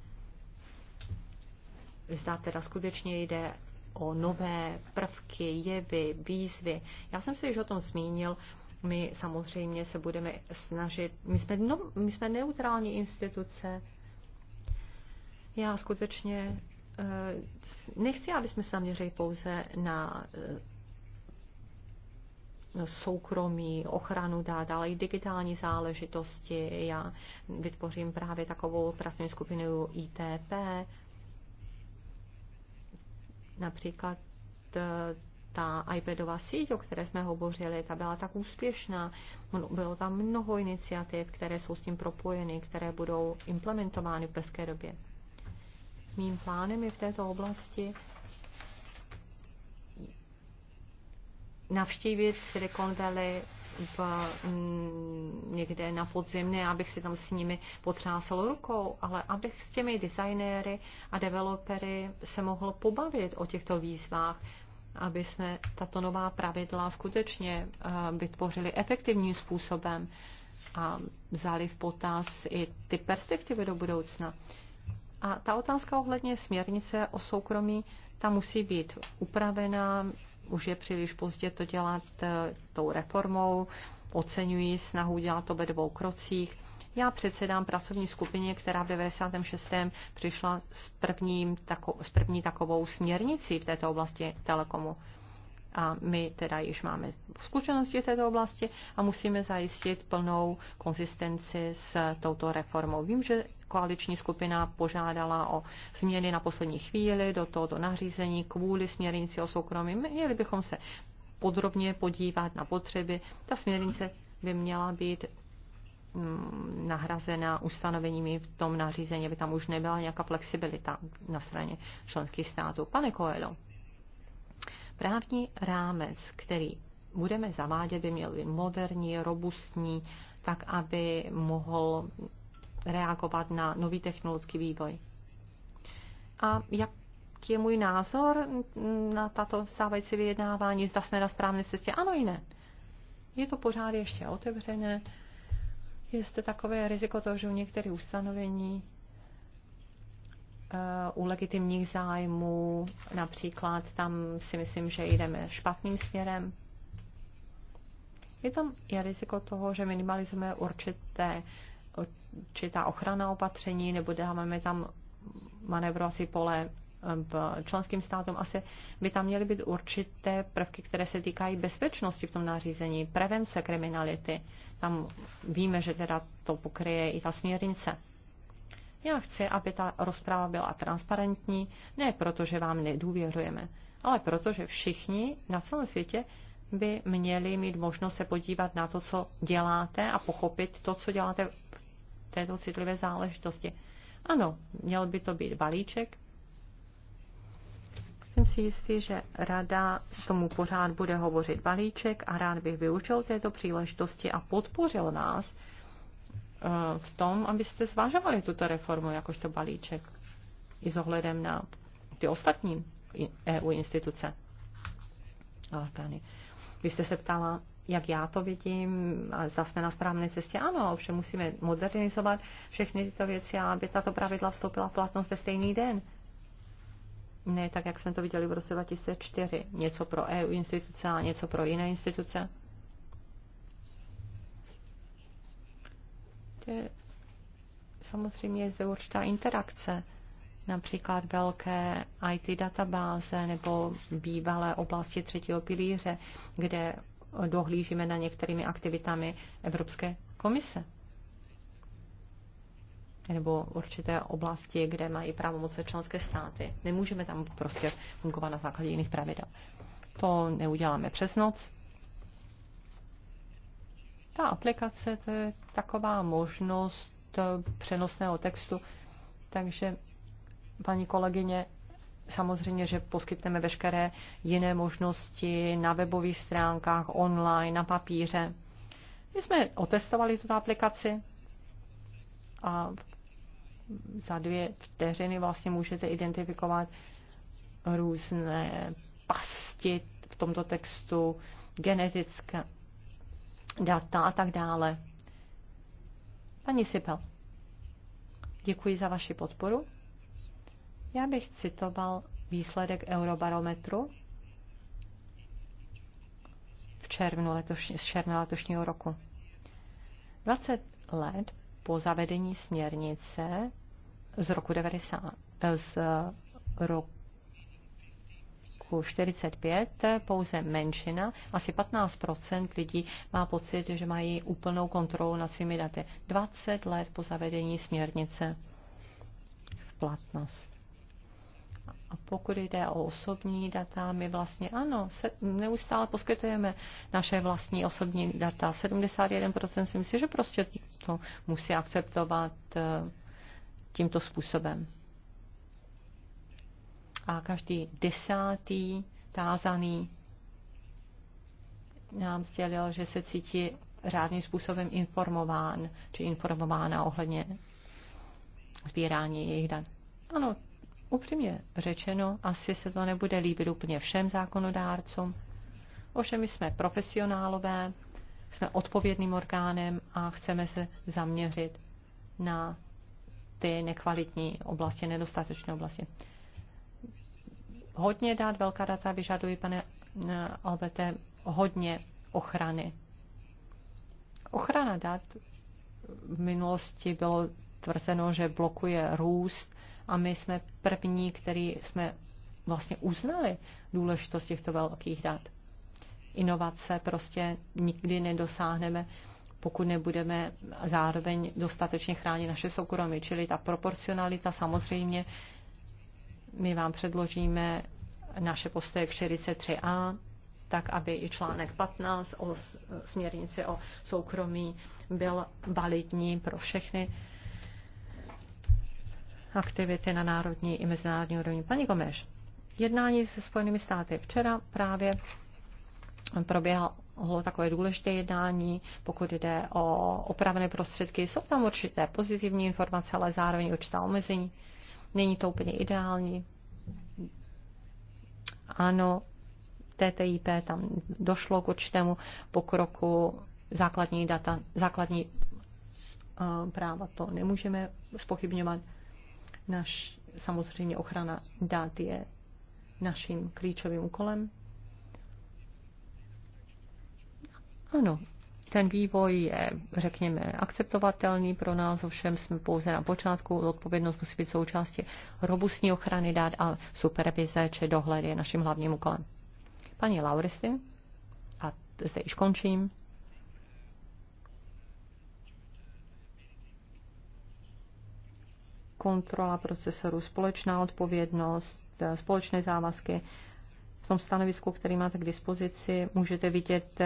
zda teda skutečně jde o nové prvky, jevy, výzvy. Já jsem se již o tom zmínil. My samozřejmě se budeme snažit, my jsme, no, my jsme neutrální instituce. Já skutečně eh, nechci, aby jsme se zaměřili pouze eh, na soukromí, ochranu dát, ale i digitální záležitosti. Já vytvořím právě takovou pracovní skupinu ITP, Například e, ta iPadová síť, o které jsme hovořili, ta byla tak úspěšná. Bylo tam mnoho iniciativ, které jsou s tím propojeny, které budou implementovány v brzké době. Mým plánem je v této oblasti navštívit Silicon Valley v, mm, někde na podzimné, abych si tam s nimi potřásal rukou, ale abych s těmi designéry a developery se mohl pobavit o těchto výzvách, aby jsme tato nová pravidla skutečně eh, vytvořili efektivním způsobem a vzali v potaz i ty perspektivy do budoucna. A ta otázka ohledně směrnice o soukromí, ta musí být upravená už je příliš pozdě to dělat eh, tou reformou. Oceňuji snahu dělat to ve dvou krocích. Já předsedám pracovní skupině, která v 96. přišla s, prvním, tako, s první takovou směrnicí v této oblasti telekomu a my teda již máme zkušenosti v této oblasti a musíme zajistit plnou konzistenci s touto reformou. Vím, že koaliční skupina požádala o změny na poslední chvíli do tohoto nařízení kvůli směrnici o soukromí. Měli bychom se podrobně podívat na potřeby. Ta směrnice by měla být mm, nahrazena ustanoveními v tom nařízení, aby tam už nebyla nějaká flexibilita na straně členských států. Pane Coelho, Právní rámec, který budeme zavádět, by měl být moderní, robustní, tak aby mohl reagovat na nový technologický vývoj. A jak je můj názor na tato stávající vyjednávání, zda jsme na správné cestě? Ano i ne. Je to pořád ještě otevřené. Je zde takové riziko toho, že u některých ustanovení Eh, u legitimních zájmů, například tam si myslím, že jdeme špatným směrem. Je tam i riziko toho, že minimalizujeme určité, určitá ochrana opatření nebo dáváme tam asi pole eh, v členským státům. Asi by tam měly být určité prvky, které se týkají bezpečnosti v tom nařízení, prevence kriminality. Tam víme, že teda to pokryje i ta směrnice. Já chci, aby ta rozpráva byla transparentní, ne proto, že vám nedůvěřujeme, ale proto, že všichni na celém světě by měli mít možnost se podívat na to, co děláte a pochopit to, co děláte v této citlivé záležitosti. Ano, měl by to být balíček. Jsem si jistý, že rada tomu pořád bude hovořit balíček a rád bych využil této příležitosti a podpořil nás v tom, abyste zvažovali tuto reformu jakožto balíček i s ohledem na ty ostatní EU instituce orgány. Vy jste se ptala, jak já to vidím, a zda jsme na správné cestě. Ano, ovšem musíme modernizovat všechny tyto věci, a aby tato pravidla vstoupila v platnost ve stejný den. Ne tak, jak jsme to viděli v roce 2004. Něco pro EU instituce a něco pro jiné instituce. prostě samozřejmě je zde určitá interakce, například velké IT databáze nebo bývalé oblasti třetího pilíře, kde dohlížíme na některými aktivitami Evropské komise nebo určité oblasti, kde mají pravomoce členské státy. Nemůžeme tam prostě fungovat na základě jiných pravidel. To neuděláme přes noc, ta aplikace to je taková možnost eh, přenosného textu, takže paní kolegyně, samozřejmě, že poskytneme veškeré jiné možnosti na webových stránkách, online, na papíře. My jsme otestovali tuto aplikaci a za dvě vteřiny vlastně můžete identifikovat různé pasti v tomto textu, genetické, data a tak dále. Paní Sipel, děkuji za vaši podporu. Já bych citoval výsledek Eurobarometru v červnu letošní, z června letošního roku. 20 let po zavedení směrnice z roku 90, eh, z roku článku 45 pouze menšina, asi 15 lidí má pocit, že mají úplnou kontrolu nad svými daty. 20 let po zavedení směrnice v platnost. A pokud jde o osobní data, my vlastně ano, se, neustále poskytujeme naše vlastní osobní data. 71% si myslí, že prostě to musí akceptovat eh, tímto způsobem a každý desátý tázaný nám sdělil, že se cítí řádným způsobem informován či informována ohledně sbírání jejich dat. Ano, upřímně řečeno, asi se to nebude líbit úplně všem zákonodárcům. Ovšem my jsme profesionálové, jsme odpovědným orgánem a chceme se zaměřit na ty nekvalitní oblasti, nedostatečné oblasti hodně dát, velká data vyžadují, pane eh, Albete, hodně ochrany. Ochrana dat v minulosti bylo tvrzeno, že blokuje růst a my jsme první, který jsme vlastně uznali důležitost těchto velkých dat. Inovace prostě nikdy nedosáhneme, pokud nebudeme zároveň dostatečně chránit naše soukromí. Čili ta proporcionalita samozřejmě my vám předložíme naše postoje k 43a, tak aby i článek 15 o směrnici o soukromí byl validní pro všechny aktivity na národní i mezinárodní úrovni. Paní Gomeš, jednání se Spojenými státy. Včera právě proběhlo takové důležité jednání, pokud jde o opravné prostředky. Jsou tam určité pozitivní informace, ale zároveň určitá omezení. Není to úplně ideální. Ano, TTIP tam došlo k určitému pokroku, základní data, základní eh, práva to nemůžeme spochybňovat. Naš, samozřejmě ochrana dat je naším klíčovým úkolem. Ano, ten vývoj je, řekněme, akceptovatelný pro nás, ovšem jsme pouze na počátku, odpovědnost musí být součástí robustní ochrany dát a supervize či dohled je naším hlavním úkolem. Paní Lauristy, a zde již končím. kontrola procesoru, společná odpovědnost, společné závazky. V tom stanovisku, který máte k dispozici, můžete vidět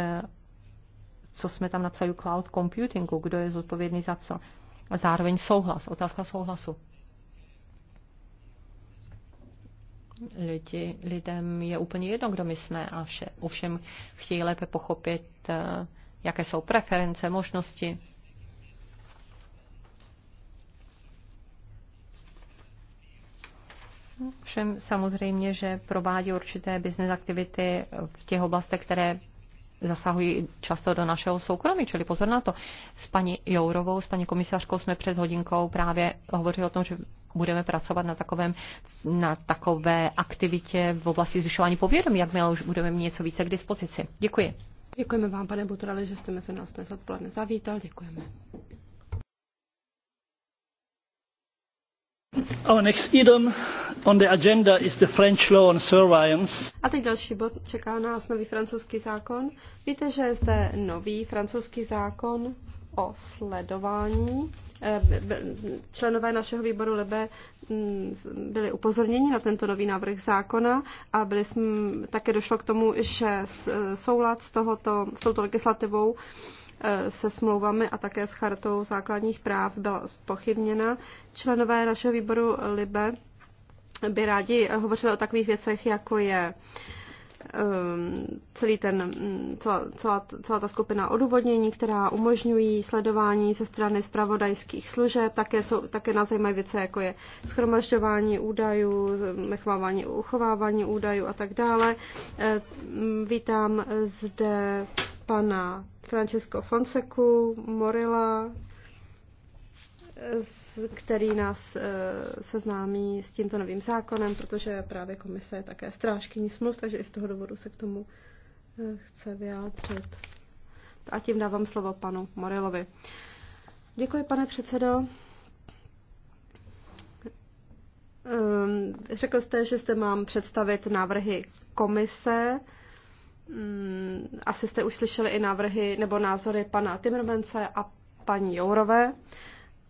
co jsme tam napsali u cloud computingu, kdo je zodpovědný za co. A zároveň souhlas, otázka souhlasu. Lidi, lidem je úplně jedno, kdo my jsme a vše. Ovšem chtějí lépe pochopit, eh, jaké jsou preference, možnosti. Všem samozřejmě, že provádí určité business aktivity v těch oblastech, které zasahují často do našeho soukromí, čili pozor na to. S paní Jourovou, s paní komisařkou jsme před hodinkou právě hovořili o tom, že budeme pracovat na, takovém, na takové aktivitě v oblasti zvyšování povědomí, jakmile už budeme mít něco více k dispozici. Děkuji. Děkujeme vám, pane Butrali, že jste mezi nás dnes odpoledne zavítal. Děkujeme. Our next item on the agenda is the French law on surveillance. A teď další bod čeká nás nový francouzský zákon. Víte, že je zde nový francouzský zákon o sledování. Eh, členové našeho výboru Lebe mm, byli upozorněni na tento nový návrh zákona a byli jsme, také došlo k tomu, že eh, soulad s, tohoto, s touto legislativou Eh, se smlouvami a také s chartou základních práv byla spochybněna. Členové našeho výboru LIBE by rádi hovořili o takových věcech, jako je ehm, celý ten, mm, celá, celá, celá ta skupina odůvodnění, která umožňují sledování ze strany zpravodajských služeb. Také, jsou, také nás zajímají věce, jako je schromažďování údajů, nechvávání, uchovávání údajů a tak dále. Eh, vítám zde pana Francesco Fonseku, Morila, který nás eh, seznámí s tímto novým zákonem, protože právě komise je také strážkyní smluv, takže i z toho důvodu se k tomu eh, chce vyjádřit. A tím dávám slovo panu Morilovi. Děkuji, pane předsedo. Ehm, řekl jste, že jste mám představit návrhy komise Mm, asi jste už slyšeli i návrhy nebo názory pana Timrmence a paní Jourové,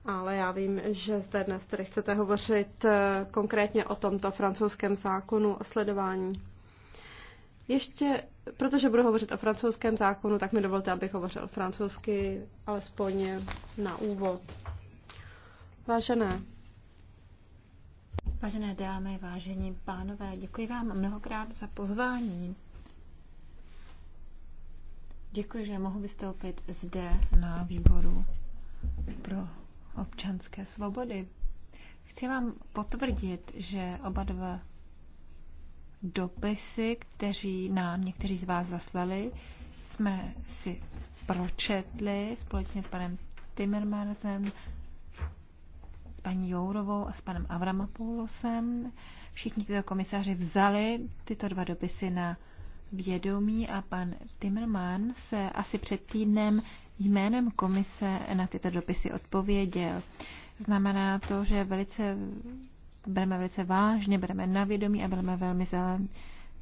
ale já vím, že zde dnes tedy chcete hovořit eh, konkrétně o tomto francouzském zákonu o sledování. Ještě, protože budu hovořit o francouzském zákonu, tak mi dovolte, abych hovořil francouzsky, alespoň na úvod. Vážené. Vážené dámy, vážení pánové, děkuji vám mnohokrát za pozvání. Děkuji, že mohu vystoupit zde na výboru pro občanské svobody. Chci vám potvrdit, že oba dva dopisy, kteří nám někteří z vás zaslali, jsme si pročetli společně s panem Timmermansem, s paní Jourovou a s panem Avramopoulosem. Všichni tyto komisaři vzali tyto dva dopisy na vědomí a pan Timmerman se asi před týdnem jménem komise na tyto dopisy odpověděl. Znamená to, že velice, bereme velice vážně, bereme na vědomí a bereme velmi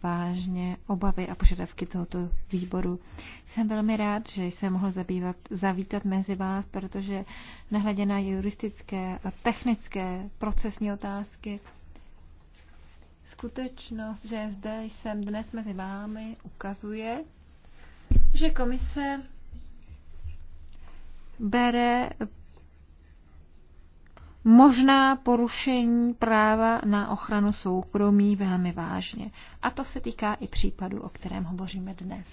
vážně obavy a požadavky tohoto výboru. Jsem velmi rád, že jsem mohl zabývat, zavítat mezi vás, protože nahledě na juristické a technické procesní otázky Skutečnost, že zde jsem dnes mezi vámi, ukazuje, že komise bere možná porušení práva na ochranu soukromí velmi vážně. A to se týká i případu, o kterém hovoříme dnes.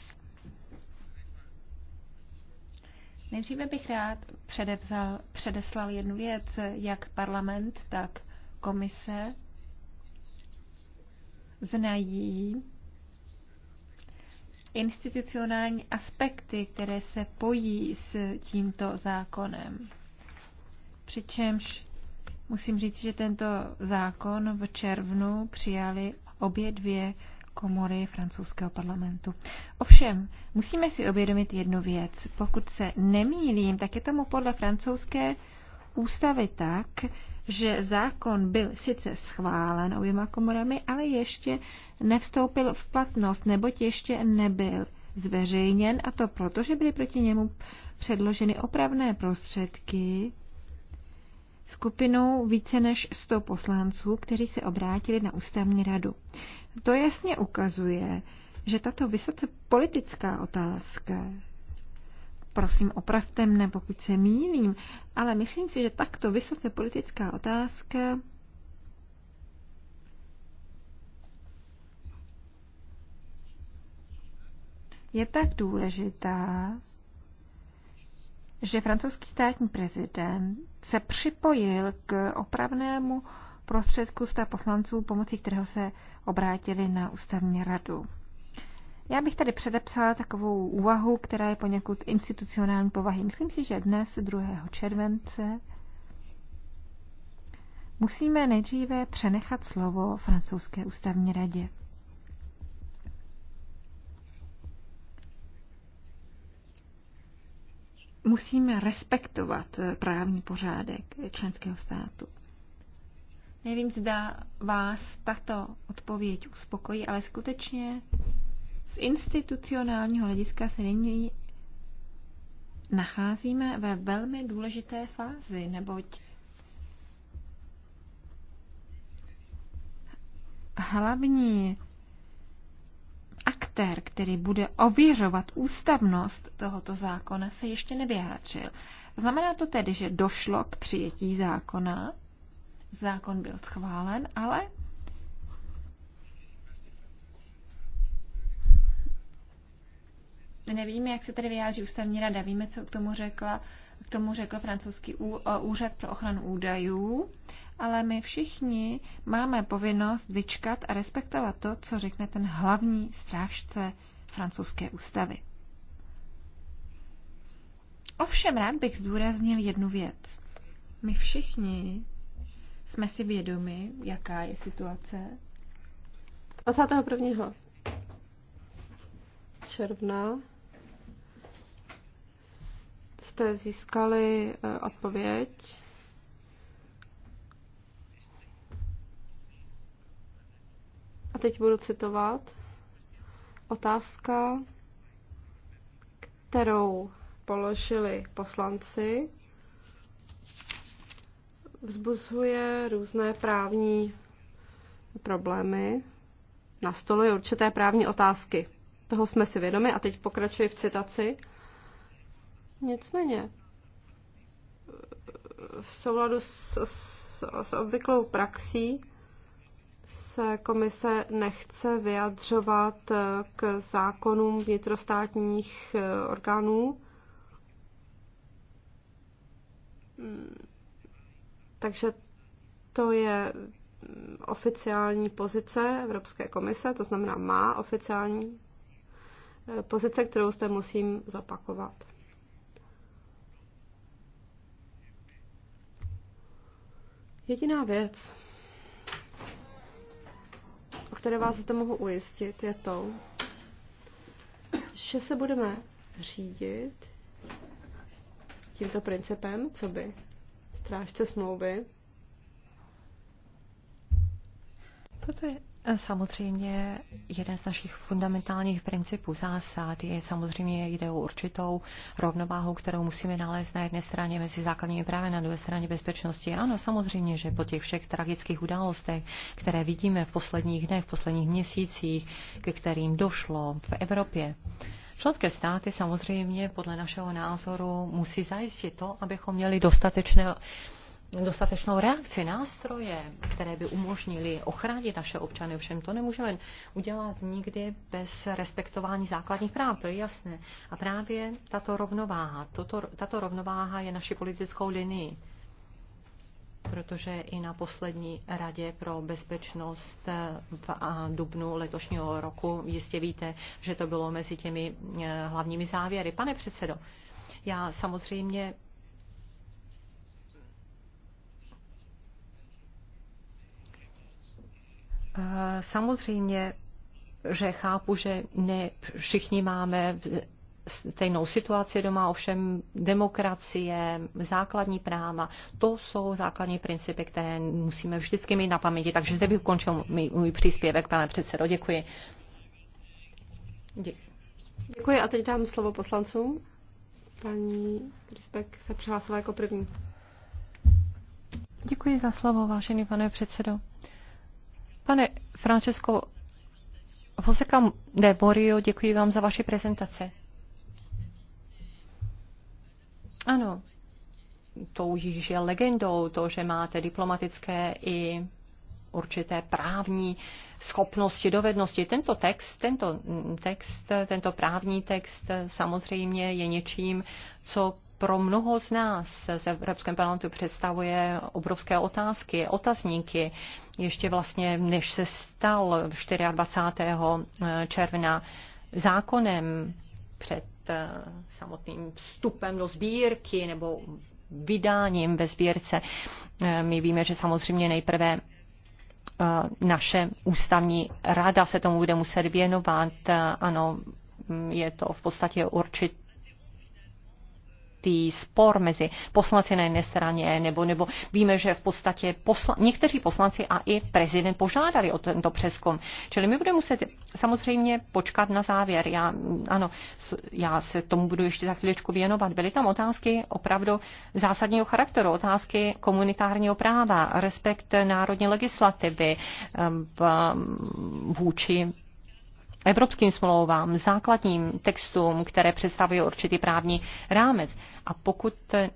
Nejdříve bych rád předevzal, předeslal jednu věc, jak parlament, tak komise znají institucionální aspekty, které se pojí s tímto zákonem. Přičemž musím říct, že tento zákon v červnu přijali obě dvě komory francouzského parlamentu. Ovšem, musíme si uvědomit jednu věc. Pokud se nemýlím, tak je tomu podle francouzské ústavy tak, že zákon byl sice schválen oběma komorami, ale ještě nevstoupil v platnost, neboť ještě nebyl zveřejněn, a to proto, že byly proti němu předloženy opravné prostředky skupinou více než 100 poslanců, kteří se obrátili na ústavní radu. To jasně ukazuje, že tato vysoce politická otázka prosím opravte mne, pokud se mýlím, ale myslím si, že takto vysoce politická otázka je tak důležitá, že francouzský státní prezident se připojil k opravnému prostředku sta poslanců, pomocí kterého se obrátili na ústavní radu. Já bych tady předepsala takovou úvahu, která je poněkud institucionální povahy. Myslím si, že dnes, 2. července, musíme nejdříve přenechat slovo francouzské ústavní radě. Musíme respektovat právní pořádek členského státu. Nevím, zda vás tato odpověď uspokojí, ale skutečně z institucionálního hlediska se nyní nacházíme ve velmi důležité fázi, neboť hlavní aktér, který bude ověřovat ústavnost tohoto zákona, se ještě nevyháčil. Znamená to tedy, že došlo k přijetí zákona, zákon byl schválen, ale nevíme, jak se tady vyjádří ústavní rada. Víme, co k tomu řekla, k tomu řekl francouzský eh, úřad pro ochranu údajů, ale my všichni máme povinnost vyčkat a respektovat to, co řekne ten hlavní strážce francouzské ústavy. Ovšem rád bych zdůraznil jednu věc. My všichni jsme si vědomi, jaká je situace. 21. června jste získali eh, odpověď. A teď budu citovat. Otázka, kterou položili poslanci, vzbuzuje různé právní problémy, nastoluje určité právní otázky. Toho jsme si vědomi a teď pokračuji v citaci. Nicméně v souladu s, s, s obvyklou praxí se komise nechce vyjadřovat k zákonům vnitrostátních eh, orgánů. Takže to je oficiální pozice Evropské komise, to znamená má oficiální eh, pozice, kterou zde musím zopakovat. Jediná věc, o které vás zde mohu ujistit, je to, že se budeme řídit tímto principem, co by strážce smlouvy. Proto je Samozřejmě jeden z našich fundamentálních principů zásad je samozřejmě jde o určitou rovnováhu, kterou musíme nalézt na jedné straně mezi základními právy, na druhé straně bezpečnosti. Ano, samozřejmě, že po těch všech tragických událostech, které vidíme v posledních dnech, v posledních měsících, ke kterým došlo v Evropě, Členské státy samozřejmě podle našeho názoru musí zajistit to, abychom měli dostatečné dostatečnou reakci, nástroje, které by umožnili ochránit naše občany. Všem to nemůžeme udělat nikdy bez respektování základních práv, to je jasné. A právě tato rovnováha, toto, tato rovnováha je naší politickou linií protože i na poslední radě pro bezpečnost v dubnu letošního roku jistě víte, že to bylo mezi těmi eh, hlavními závěry. Pane předsedo, já samozřejmě Eh, samozřejmě, že chápu, že ne všichni máme stejnou situaci doma, ovšem demokracie, základní práva, to jsou základní principy, které musíme vždycky mít na paměti. Takže zde bych ukončil můj, můj příspěvek, pane předsedo. Děkuji. Děkuji. Děkuji a teď dám slovo poslancům. Paní Prispek se přihlásila jako první. Děkuji za slovo, vážený pane předsedo. Pane Francesco Voseka de Borio, děkuji vám za vaši prezentaci. Ano, to už je legendou, to, že máte diplomatické i určité právní schopnosti, dovednosti. Tento text, tento text, tento právní text samozřejmě je něčím, co pro mnoho z nás z Evropském parlamentu představuje obrovské otázky, otazníky, ještě vlastně než se stal 24. Eh, června zákonem před eh, samotným vstupem do sbírky nebo vydáním ve sbírce. Eh, my víme, že samozřejmě nejprve naše ústavní rada se tomu bude muset věnovat. Ano, mm, je to v podstatě určit určitý spor mezi poslanci na jedné straně, nebo, nebo víme, že v podstatě posla, někteří poslanci a i prezident požádali o tento přeskum. Čili my budeme muset samozřejmě počkat na závěr. Já, ano, já se tomu budu ještě za chvíličku věnovat. Byly tam otázky opravdu zásadního charakteru, otázky komunitárního práva, respekt národní legislativy ehm, vůči evropským smlouvám, základním textům, které představují určitý právní rámec. A pokud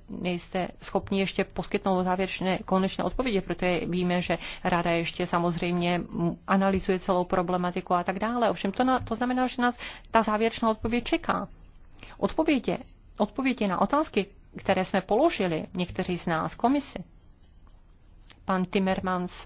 nejste schopni ještě poskytnout závěrečné konečné odpovědi, protože víme, že rada ještě samozřejmě analyzuje celou problematiku a tak dále. Ovšem to, na, to znamená, že nás ta závěrečná odpověď čeká. Odpovědě, odpovědě na otázky, které jsme položili někteří z nás komisi. Pan Timmermans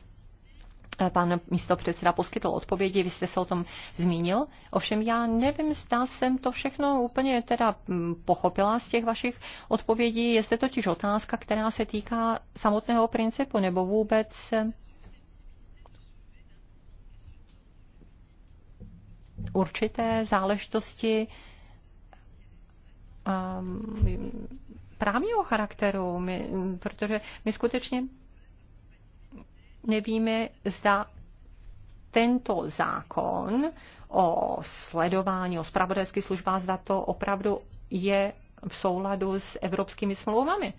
Eh, pan místo předseda poskytl odpovědi, vy jste se o tom zmínil. Ovšem já nevím, zda jsem to všechno úplně teda hm, pochopila z těch vašich odpovědí. Je zde totiž otázka, která se týká samotného principu nebo vůbec eh, určité záležitosti um, právního charakteru, my, protože my skutečně nevíme, zda tento zákon o sledování, o spravodajských službách, zda to opravdu je v souladu s evropskými smlouvami.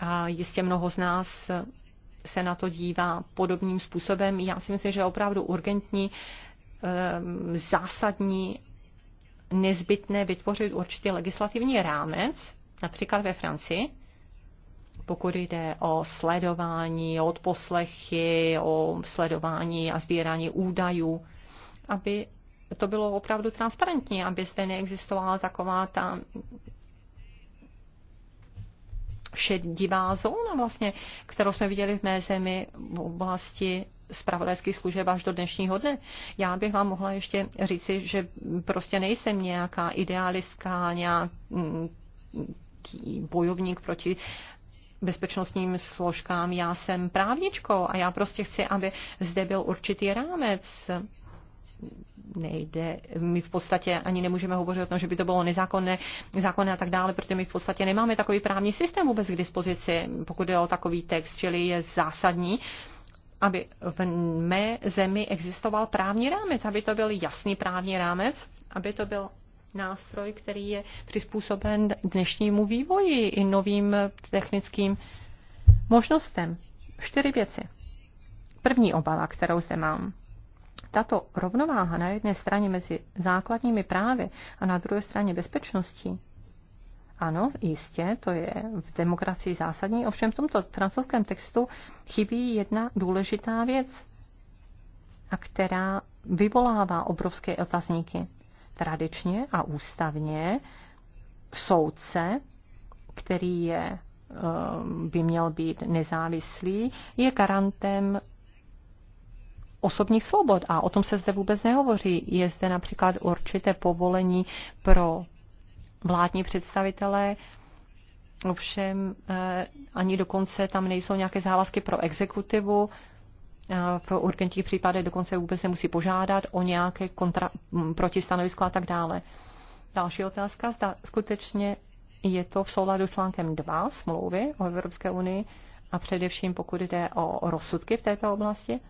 A jistě mnoho z nás se na to dívá podobným způsobem. Já si myslím, že je opravdu urgentní, ehm, zásadní, nezbytné vytvořit určitě legislativní rámec, například ve Francii, pokud jde o sledování, o odposlechy, o sledování a sbírání údajů, aby to bylo opravdu transparentní, aby zde neexistovala taková ta šedivá zóna vlastně, kterou jsme viděli v mé zemi v oblasti spravodajských služeb až do dnešního dne. Já bych vám mohla ještě říci, že prostě nejsem nějaká idealistka, nějaký bojovník proti bezpečnostním složkám. Já jsem právničkou a já prostě chci, aby zde byl určitý rámec nejde. My v podstatě ani nemůžeme hovořit o tom, že by to bylo nezákonné, zákonné a tak dále, protože my v podstatě nemáme takový právní systém vůbec k dispozici, pokud je o takový text, čili je zásadní, aby v mé zemi existoval právní rámec, aby to byl jasný právní rámec, aby to byl nástroj, který je přizpůsoben dnešnímu vývoji i novým technickým možnostem. Čtyři věci. První obava, kterou zde mám. Tato rovnováha na jedné straně mezi základními právy a na druhé straně bezpečností ano, jistě, to je v demokracii zásadní, ovšem v tomto francouzském textu chybí jedna důležitá věc, a která vyvolává obrovské otazníky tradičně a ústavně soudce, který je, eh, by měl být nezávislý, je garantem osobních svobod. A o tom se zde vůbec nehovoří. Je zde například určité povolení pro vládní představitele, ovšem eh, ani dokonce tam nejsou nějaké závazky pro exekutivu, v urgentních případech dokonce vůbec nemusí požádat o nějaké kontra, protistanovisko a tak dále. Další otázka, zda skutečně je to v souladu s článkem 2 smlouvy o Evropské unii a především pokud jde o rozsudky v této oblasti.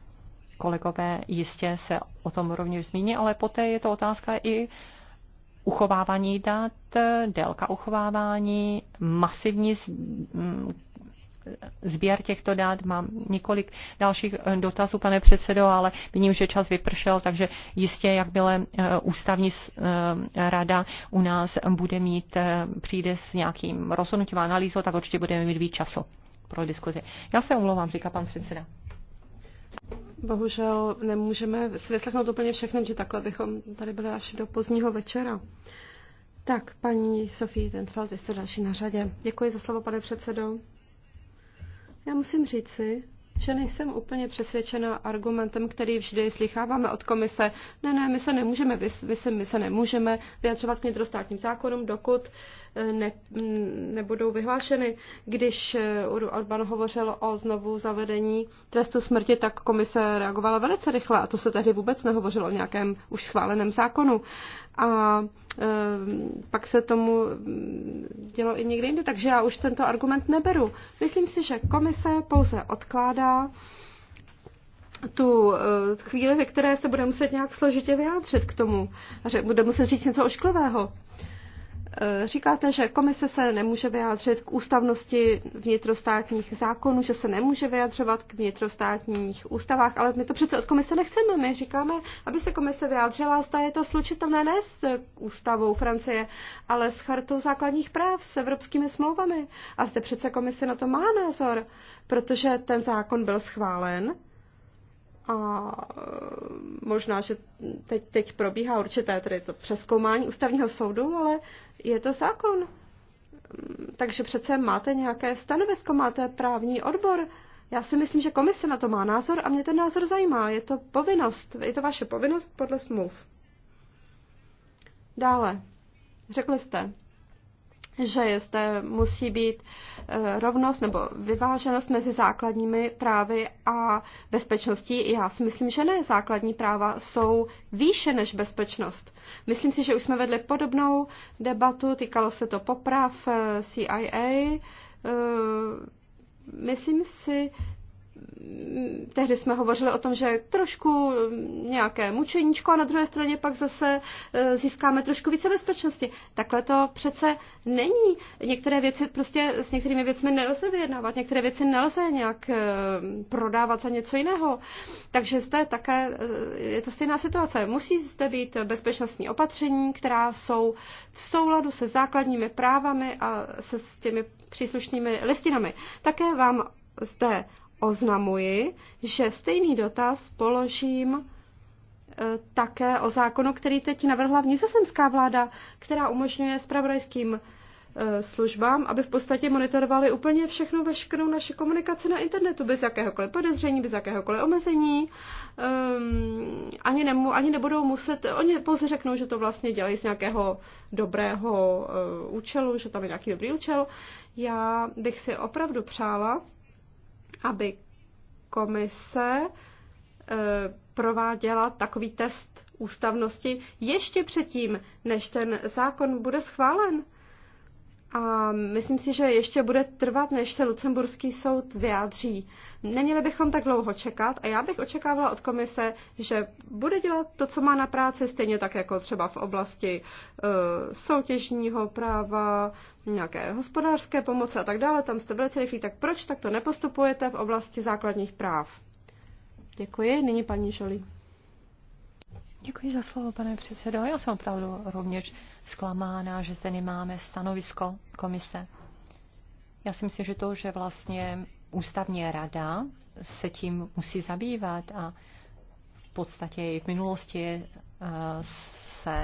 Kolegové jistě se o tom rovněž zmíní, ale poté je to otázka i uchovávání dat, délka uchovávání, masivní sběr těchto dát. Mám několik dalších eh, dotazů, pane předsedo, ale vidím, že čas vypršel, takže jistě, jakmile eh, ústavní eh, rada u nás bude mít, přijde s nějakým rozhodnutím analýzou, tak určitě budeme mít víc času pro diskuzi. Já se omlouvám, říká pan předseda. Bohužel nemůžeme si vyslechnout úplně všechno, že takhle bychom tady byli až do pozdního večera. Tak, paní Sofie Tentfeld, jste další na řadě. Děkuji za slovo, pane předsedo. Já musím říci, že nejsem úplně přesvědčena argumentem, který vždy slycháváme od komise. Ne, ne, my se nemůžeme, vy, my se nemůžeme vyjadřovat k vnitrostátním zákonům, dokud eh, ne, nebudou vyhlášeny. Když eh, Orban hovořil o znovu zavedení trestu smrti, tak komise reagovala velice rychle a to se tehdy vůbec nehovořilo o nějakém už schváleném zákonu. A Ehm, pak se tomu mm, dělo i někde jinde, takže já už tento argument neberu. Myslím si, že komise pouze odkládá tu eh, chvíli, ve které se bude muset nějak složitě vyjádřit k tomu že bude muset říct něco ošklivého. Eh, říkáte, že komise se nemůže vyjádřit k ústavnosti vnitrostátních zákonů, že se nemůže vyjadřovat k vnitrostátních ústavách, ale my to přece od komise nechceme. My říkáme, aby se komise vyjádřila, zda je to slučitelné ne s eh, ústavou Francie, ale s chartou základních práv, s evropskými smlouvami. A zde přece komise na to má názor, protože ten zákon byl schválen a e, možná, že teď, teď probíhá určité tedy to přeskoumání ústavního soudu, ale je to zákon. Takže přece máte nějaké stanovisko, máte právní odbor. Já si myslím, že komise na to má názor a mě ten názor zajímá. Je to povinnost, je to vaše povinnost podle smluv. Dále, řekli jste, že je zde musí být eh, rovnost nebo vyváženost mezi základními právy a bezpečností. Já si myslím, že ne. Základní práva jsou výše než bezpečnost. Myslím si, že už jsme vedli podobnou debatu, týkalo se to poprav eh, CIA. Eh, myslím si, tehdy jsme hovořili o tom, že trošku mm, nějaké mučeníčko a na druhé straně pak zase e, získáme trošku více bezpečnosti. Takhle to přece není. Některé věci prostě s některými věcmi nelze vyjednávat, některé věci nelze nějak e, prodávat za něco jiného. Takže zde také e, je to stejná situace. Musí zde být bezpečnostní opatření, která jsou v souladu se základními právami a se s těmi příslušnými listinami. Také vám zde oznamuji, že stejný dotaz položím e, také o zákonu, který teď navrhla vnitřesemská vláda, která umožňuje spravodajským e, službám, aby v podstatě monitorovali úplně všechno, veškerou naši komunikaci na internetu, bez jakéhokoliv podezření, bez jakéhokoliv omezení. Um, ani, nemu, ani nebudou muset, oni pouze řeknou, že to vlastně dělají z nějakého dobrého uh, účelu, že tam je nějaký dobrý účel. Já bych si opravdu přála, aby komise e, prováděla takový test ústavnosti ještě předtím, než ten zákon bude schválen a myslím si, že ještě bude trvat, než se lucemburský soud vyjádří. Neměli bychom tak dlouho čekat a já bych očekávala od komise, že bude dělat to, co má na práci, stejně tak jako třeba v oblasti e, soutěžního práva, nějaké hospodářské pomoci a tak dále. Tam jste velice rychlí, tak proč tak to nepostupujete v oblasti základních práv? Děkuji. Nyní paní Žolí. Děkuji za slovo, pane předsedo. Já jsem opravdu rovněž zklamána, že zde nemáme stanovisko komise. Já si myslím, že to, že vlastně ústavní rada se tím musí zabývat a v podstatě i v minulosti eh, se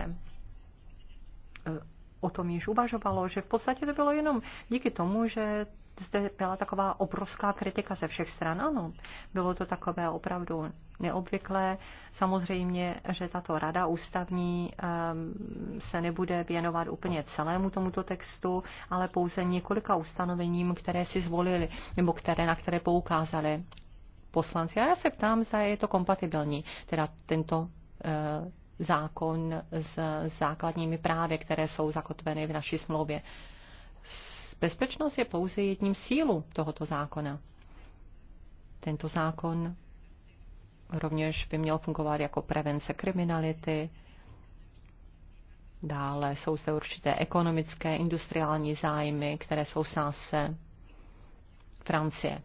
eh, o tom již uvažovalo, že v podstatě to bylo jenom díky tomu, že zde byla taková obrovská kritika ze všech stran. Ano, bylo to takové opravdu neobvyklé. Samozřejmě, že tato rada ústavní ehm, se nebude věnovat úplně celému tomuto textu, ale pouze několika ustanovením, které si zvolili nebo které, na které poukázali poslanci. A já se ptám, zda je to kompatibilní, teda tento eh, zákon s základními právy, které jsou zakotveny v naší smlouvě. S Bezpečnost je pouze jedním sílu tohoto zákona. Tento zákon rovněž by měl fungovat jako prevence kriminality. Dále jsou zde určité ekonomické, industriální zájmy, které jsou sáse Francie.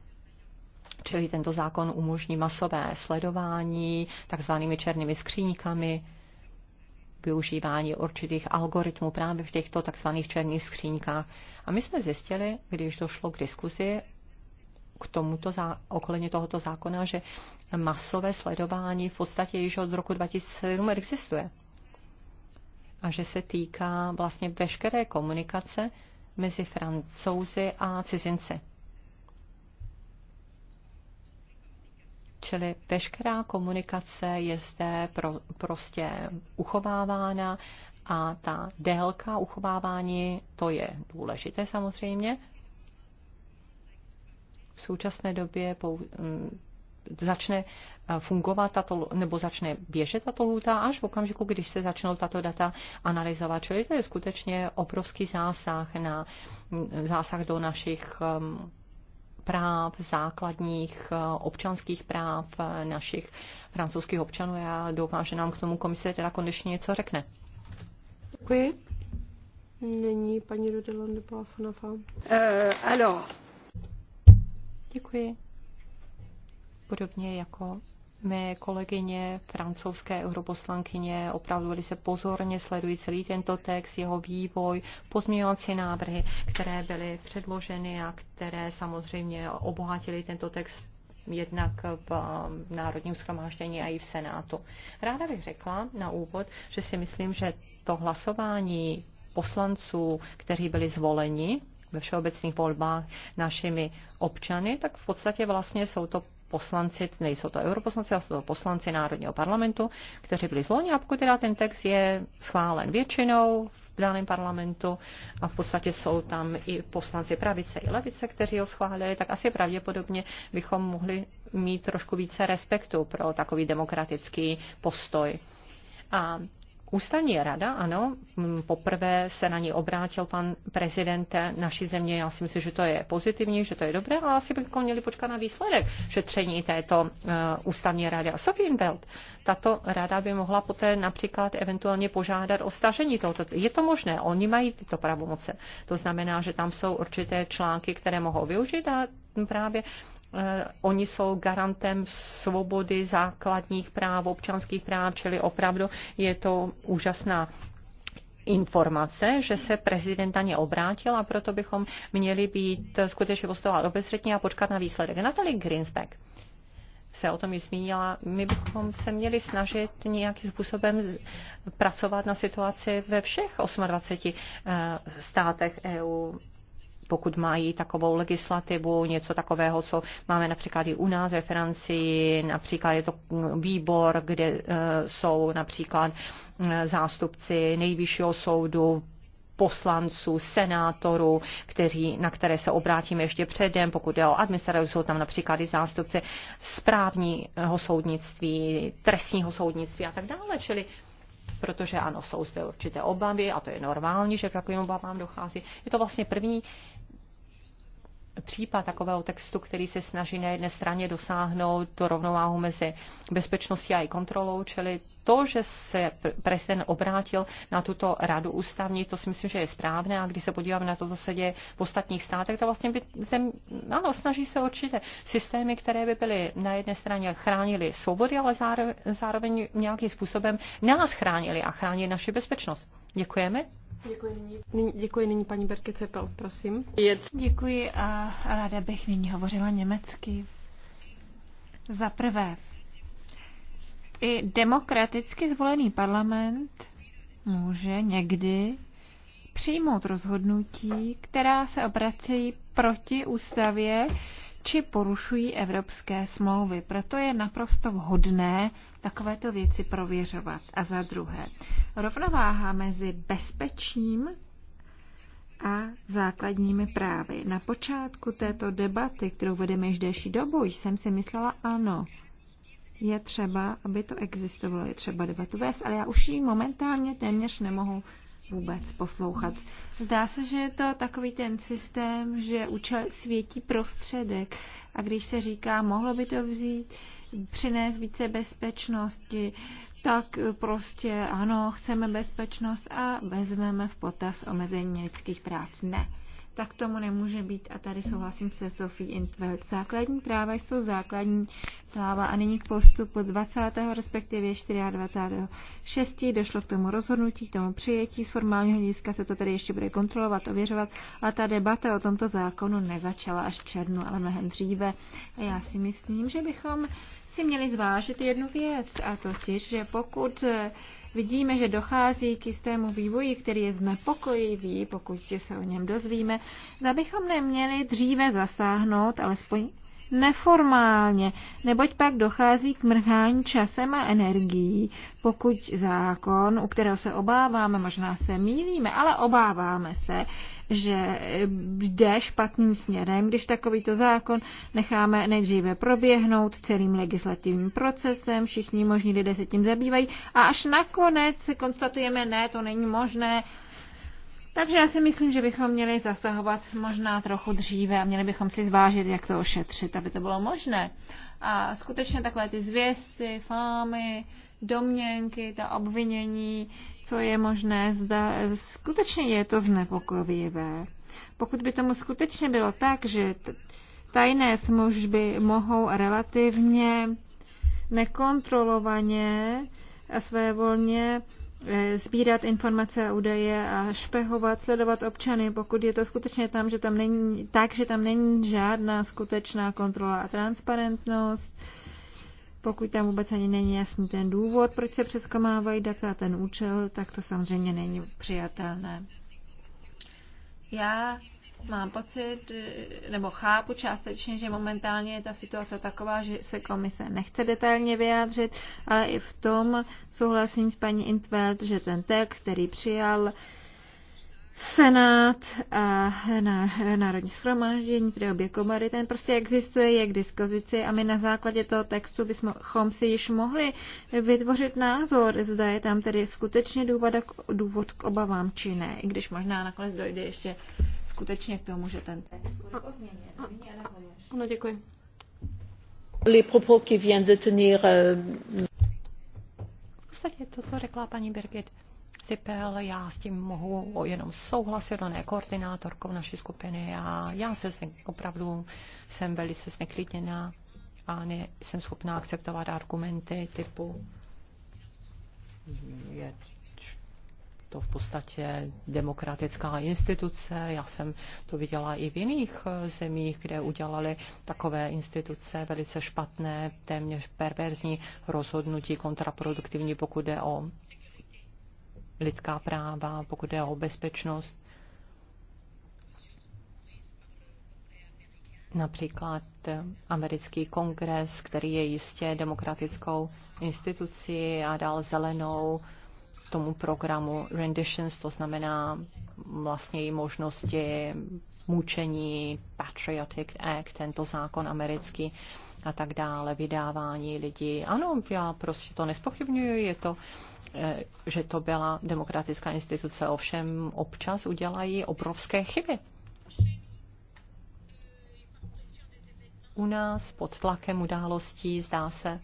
Čili tento zákon umožní masové sledování takzvanými černými skříníkami, využívání určitých algoritmů právě v těchto takzvaných černých skříňkách. A my jsme zjistili, když došlo k diskuzi k tomuto zá, okolení tohoto zákona, že masové sledování v podstatě již od roku 2007 existuje. A že se týká vlastně veškeré komunikace mezi francouzi a cizinci. Čili veškerá komunikace je zde pro, prostě uchovávána a ta délka uchovávání, to je důležité samozřejmě. V současné době pou, mm, začne eh, fungovat tato, nebo začne běžet tato lůta až v okamžiku, když se začnou tato data analyzovat. Čili to je skutečně obrovský zásah, na, mm, zásah do našich mm, práv, základních eh, občanských práv eh, našich francouzských občanů. Já doufám, že nám k tomu komise teda konečně něco řekne. Děkuji. Není paní Rodelon de Plafonafa. Uh, eh, alors. Děkuji. Podobně jako mé kolegyně, francouzské europoslankyně, opravdu velice pozorně sledují celý tento text, jeho vývoj, pozměňovací návrhy, které byly předloženy a které samozřejmě obohatily tento text jednak v um, Národním schromáždění a i v Senátu. Ráda bych řekla na úvod, že si myslím, že to hlasování poslanců, kteří byli zvoleni ve všeobecných volbách našimi občany, tak v podstatě vlastně jsou to poslanci, nejsou to europoslanci, ale jsou to poslanci Národního parlamentu, kteří byli zvoleni a pokud teda ten text je schválen většinou v daném parlamentu a v podstatě jsou tam i poslanci pravice i levice, kteří ho schválili, tak asi pravděpodobně bychom mohli mít trošku více respektu pro takový demokratický postoj. A Ústavní rada, ano, poprvé se na ní obrátil pan prezident naší země. Já si myslím, že to je pozitivní, že to je dobré, ale asi bychom měli počkat na výsledek šetření této uh, ústavní rady. A Sofienbelt, tato rada by mohla poté například eventuálně požádat o stažení tohoto. Je to možné, oni mají tyto pravomoce. To znamená, že tam jsou určité články, které mohou využít a právě Eh, oni jsou garantem svobody základních práv, občanských práv, čili opravdu je to úžasná informace, že se prezident na ně obrátil a proto bychom měli být skutečně postovat obezřetně a počkat na výsledek. Natalie Greensbeck se o tom již zmínila, my bychom se měli snažit nějakým způsobem pracovat na situaci ve všech 28 eh, státech EU pokud mají takovou legislativu, něco takového, co máme například i u nás ve Francii, například je to výbor, kde eh, jsou například eh, zástupci nejvyššího soudu, poslanců, senátorů, kteří, na které se obrátíme ještě předem, pokud je o administrativu, jsou tam například i zástupci správního soudnictví, trestního soudnictví a tak dále. Čili protože ano, jsou zde určité obavy a to je normální, že k takovým obavám dochází. Je to vlastně první případ takového textu, který se snaží na jedné straně dosáhnout to rovnováhu mezi bezpečností a i kontrolou, čili to, že se prezident obrátil na tuto radu ústavní, to si myslím, že je správné a když se podíváme na to, co se děje v ostatních státech, to vlastně by zem, ano, snaží se určitě systémy, které by byly na jedné straně chránily svobody, ale zároveň, zároveň nějakým způsobem nás chránili a chránili naši bezpečnost. Děkujeme. Děkuji nyní, nyní, děkuji nyní paní Berke Cepel, prosím. Děkuji a ráda bych nyní hovořila německy. Za prvé, i demokraticky zvolený parlament může někdy přijmout rozhodnutí, která se obrací proti ústavě, či porušují evropské smlouvy. Proto je naprosto vhodné takovéto věci prověřovat. A za druhé, rovnováha mezi bezpečím a základními právy. Na počátku této debaty, kterou vedeme již delší dobu, jsem si myslela ano, je třeba, aby to existovalo, je třeba debatu vést, ale já už ji momentálně téměř nemohu vůbec poslouchat. Zdá se, že je to takový ten systém, že účel světí prostředek a když se říká, mohlo by to vzít, přinést více bezpečnosti, tak prostě ano, chceme bezpečnost a vezmeme v potaz omezení lidských práv. Ne tak tomu nemůže být. A tady souhlasím se Sofie Intveld. Základní práva jsou základní práva a nyní k postupu 20. respektive 24. 6. došlo k tomu rozhodnutí, k tomu přijetí. Z formálního hlediska se to tady ještě bude kontrolovat, ověřovat. A ta debata o tomto zákonu nezačala až v ale mnohem dříve. A já si myslím, že bychom si měli zvážit jednu věc, a totiž, že pokud vidíme, že dochází k jistému vývoji, který je znepokojivý, pokud se o něm dozvíme, zda bychom neměli dříve zasáhnout, alespoň neformálně, neboť pak dochází k mrhání časem a energií, pokud zákon, u kterého se obáváme, možná se mýlíme, ale obáváme se, že jde špatným směrem, když takovýto zákon necháme nejdříve proběhnout celým legislativním procesem, všichni možní lidé se tím zabývají a až nakonec konstatujeme, ne, to není možné, takže já si myslím, že bychom měli zasahovat možná trochu dříve a měli bychom si zvážit, jak to ošetřit, aby to bylo možné. A skutečně takové ty zvěsty, fámy, domněnky, ta obvinění, co je možné, zda, skutečně je to znepokojivé. Pokud by tomu skutečně bylo tak, že tajné služby mohou relativně nekontrolovaně a svévolně Eh, sbírat informace a údaje a špehovat, sledovat občany, pokud je to skutečně tam, že tam není, tak, že tam není žádná skutečná kontrola a transparentnost, pokud tam vůbec ani není jasný ten důvod, proč se přeskomávají data a ten účel, tak to samozřejmě není přijatelné. Já Mám pocit, nebo chápu částečně, že momentálně je ta situace taková, že se komise nechce detailně vyjádřit, ale i v tom souhlasím s paní Intveld, že ten text, který přijal Senát a na, Národní schromáždění, tedy obě komory, ten prostě existuje, je k dispozici a my na základě toho textu bychom si již mohli vytvořit názor, zda je tam tedy skutečně důvod, důvod k obavám či ne, i když možná nakonec dojde ještě skutečně k tomu, že ten text bude pozměněn. Ano, děkuji. Les propos qui vient de tenir, euh, V podstatě to, co řekla paní Birgit Cipel, já s tím mohu jenom souhlasit, ona je koordinátorkou naší skupiny a já se zne, opravdu jsem velice zneklidněná a ne, jsem schopná akceptovat argumenty typu je to v podstatě demokratická instituce. Já jsem to viděla i v jiných eh, zemích, kde udělali takové instituce velice špatné, téměř perverzní rozhodnutí, kontraproduktivní, pokud jde o lidská práva, pokud jde o bezpečnost. Například eh, americký kongres, který je jistě demokratickou instituci a dal zelenou tomu programu Renditions, to znamená vlastně i možnosti mučení, Patriotic Act, tento zákon americký a tak dále, vydávání lidí. Ano, já prostě to nespochybnuju, je to eh, že to byla demokratická instituce, ovšem občas udělají obrovské chyby. U nás pod tlakem událostí zdá se,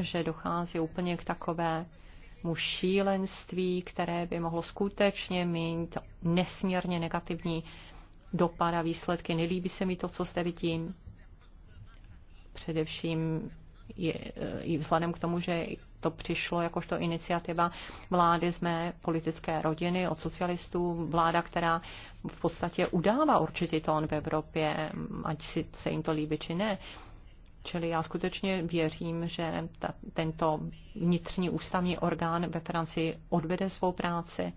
že dochází úplně k takové mu šílenství, které by mohlo skutečně mít nesmírně negativní dopad a výsledky. Nelíbí se mi to, co zde vidím. Především je, eh, i vzhledem k tomu, že to přišlo jakožto iniciativa vlády z mé politické rodiny, od socialistů, vláda, která v podstatě udává určitý tón v Evropě, ať si, se jim to líbí či ne. Čili já skutečně věřím, že ta, tento vnitřní ústavní orgán ve Francii odvede svou práci.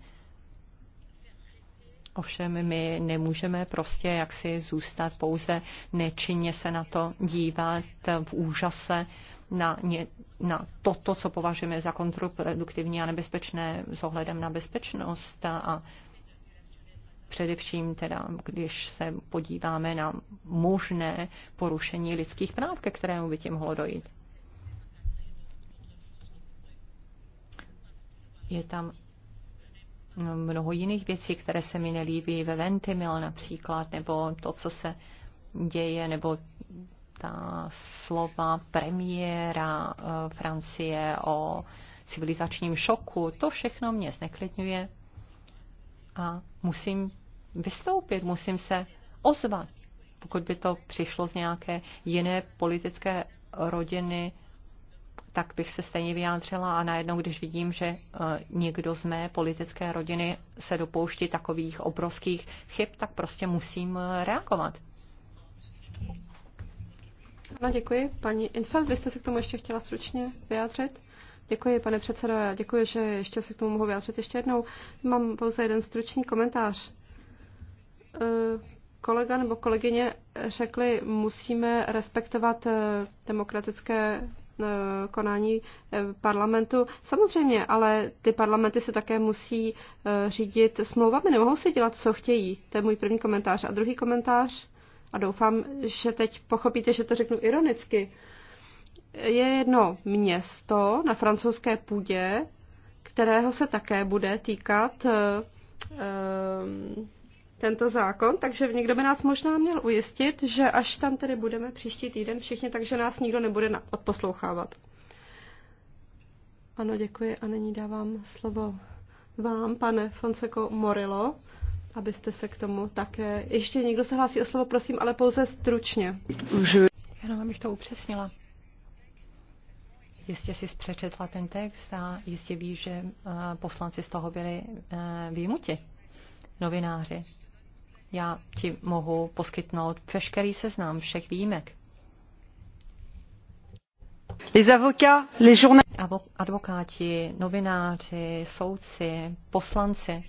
Ovšem my nemůžeme prostě jaksi zůstat pouze nečinně se na to dívat v úžase na, ně, na toto, co považujeme za kontraproduktivní a nebezpečné s ohledem na bezpečnost a, a především teda, když se podíváme na možné porušení lidských práv, ke kterému by tím mohlo dojít. Je tam no, mnoho jiných věcí, které se mi nelíbí, ve Ventimil například, nebo to, co se děje, nebo ta slova premiéra eh, Francie o civilizačním šoku, to všechno mě zneklidňuje a musím vystoupit, musím se ozvat, pokud by to přišlo z nějaké jiné politické rodiny, tak bych se stejně vyjádřila a najednou, když vidím, že eh, někdo z mé politické rodiny se dopouští takových obrovských chyb, tak prostě musím eh, reagovat. Ano, děkuji. Paní Infeld, vy jste se k tomu ještě chtěla stručně vyjádřit? Děkuji, pane předsedo, a děkuji, že ještě se k tomu mohu vyjádřit ještě jednou. Mám pouze jeden stručný komentář. Eh, kolega nebo kolegyně řekli, musíme respektovat eh, demokratické eh, konání parlamentu. Samozřejmě, ale ty parlamenty se také musí řídit smlouvami, nemohou si dělat, co chtějí. To je můj první komentář. A druhý komentář, a doufám, že teď pochopíte, že to řeknu ironicky, je jedno město na francouzské půdě, kterého se také bude týkat tento zákon, takže někdo by nás možná měl ujistit, že až tam tedy budeme příští týden všichni, takže nás nikdo nebude odposlouchávat. Ano, děkuji a nyní dávám slovo vám, pane Fonseco Morilo, abyste se k tomu také... Ještě někdo se hlásí o slovo, prosím, ale pouze stručně. Jenom abych to upřesnila. Jistě si přečetla ten text a jistě ví, že eh, poslanci z toho byli eh, výjimuti, novináři. Já ti mohu poskytnout veškerý seznam všech výjimek. Les avocats, les journal... Advokáti, novináři, soudci, poslanci.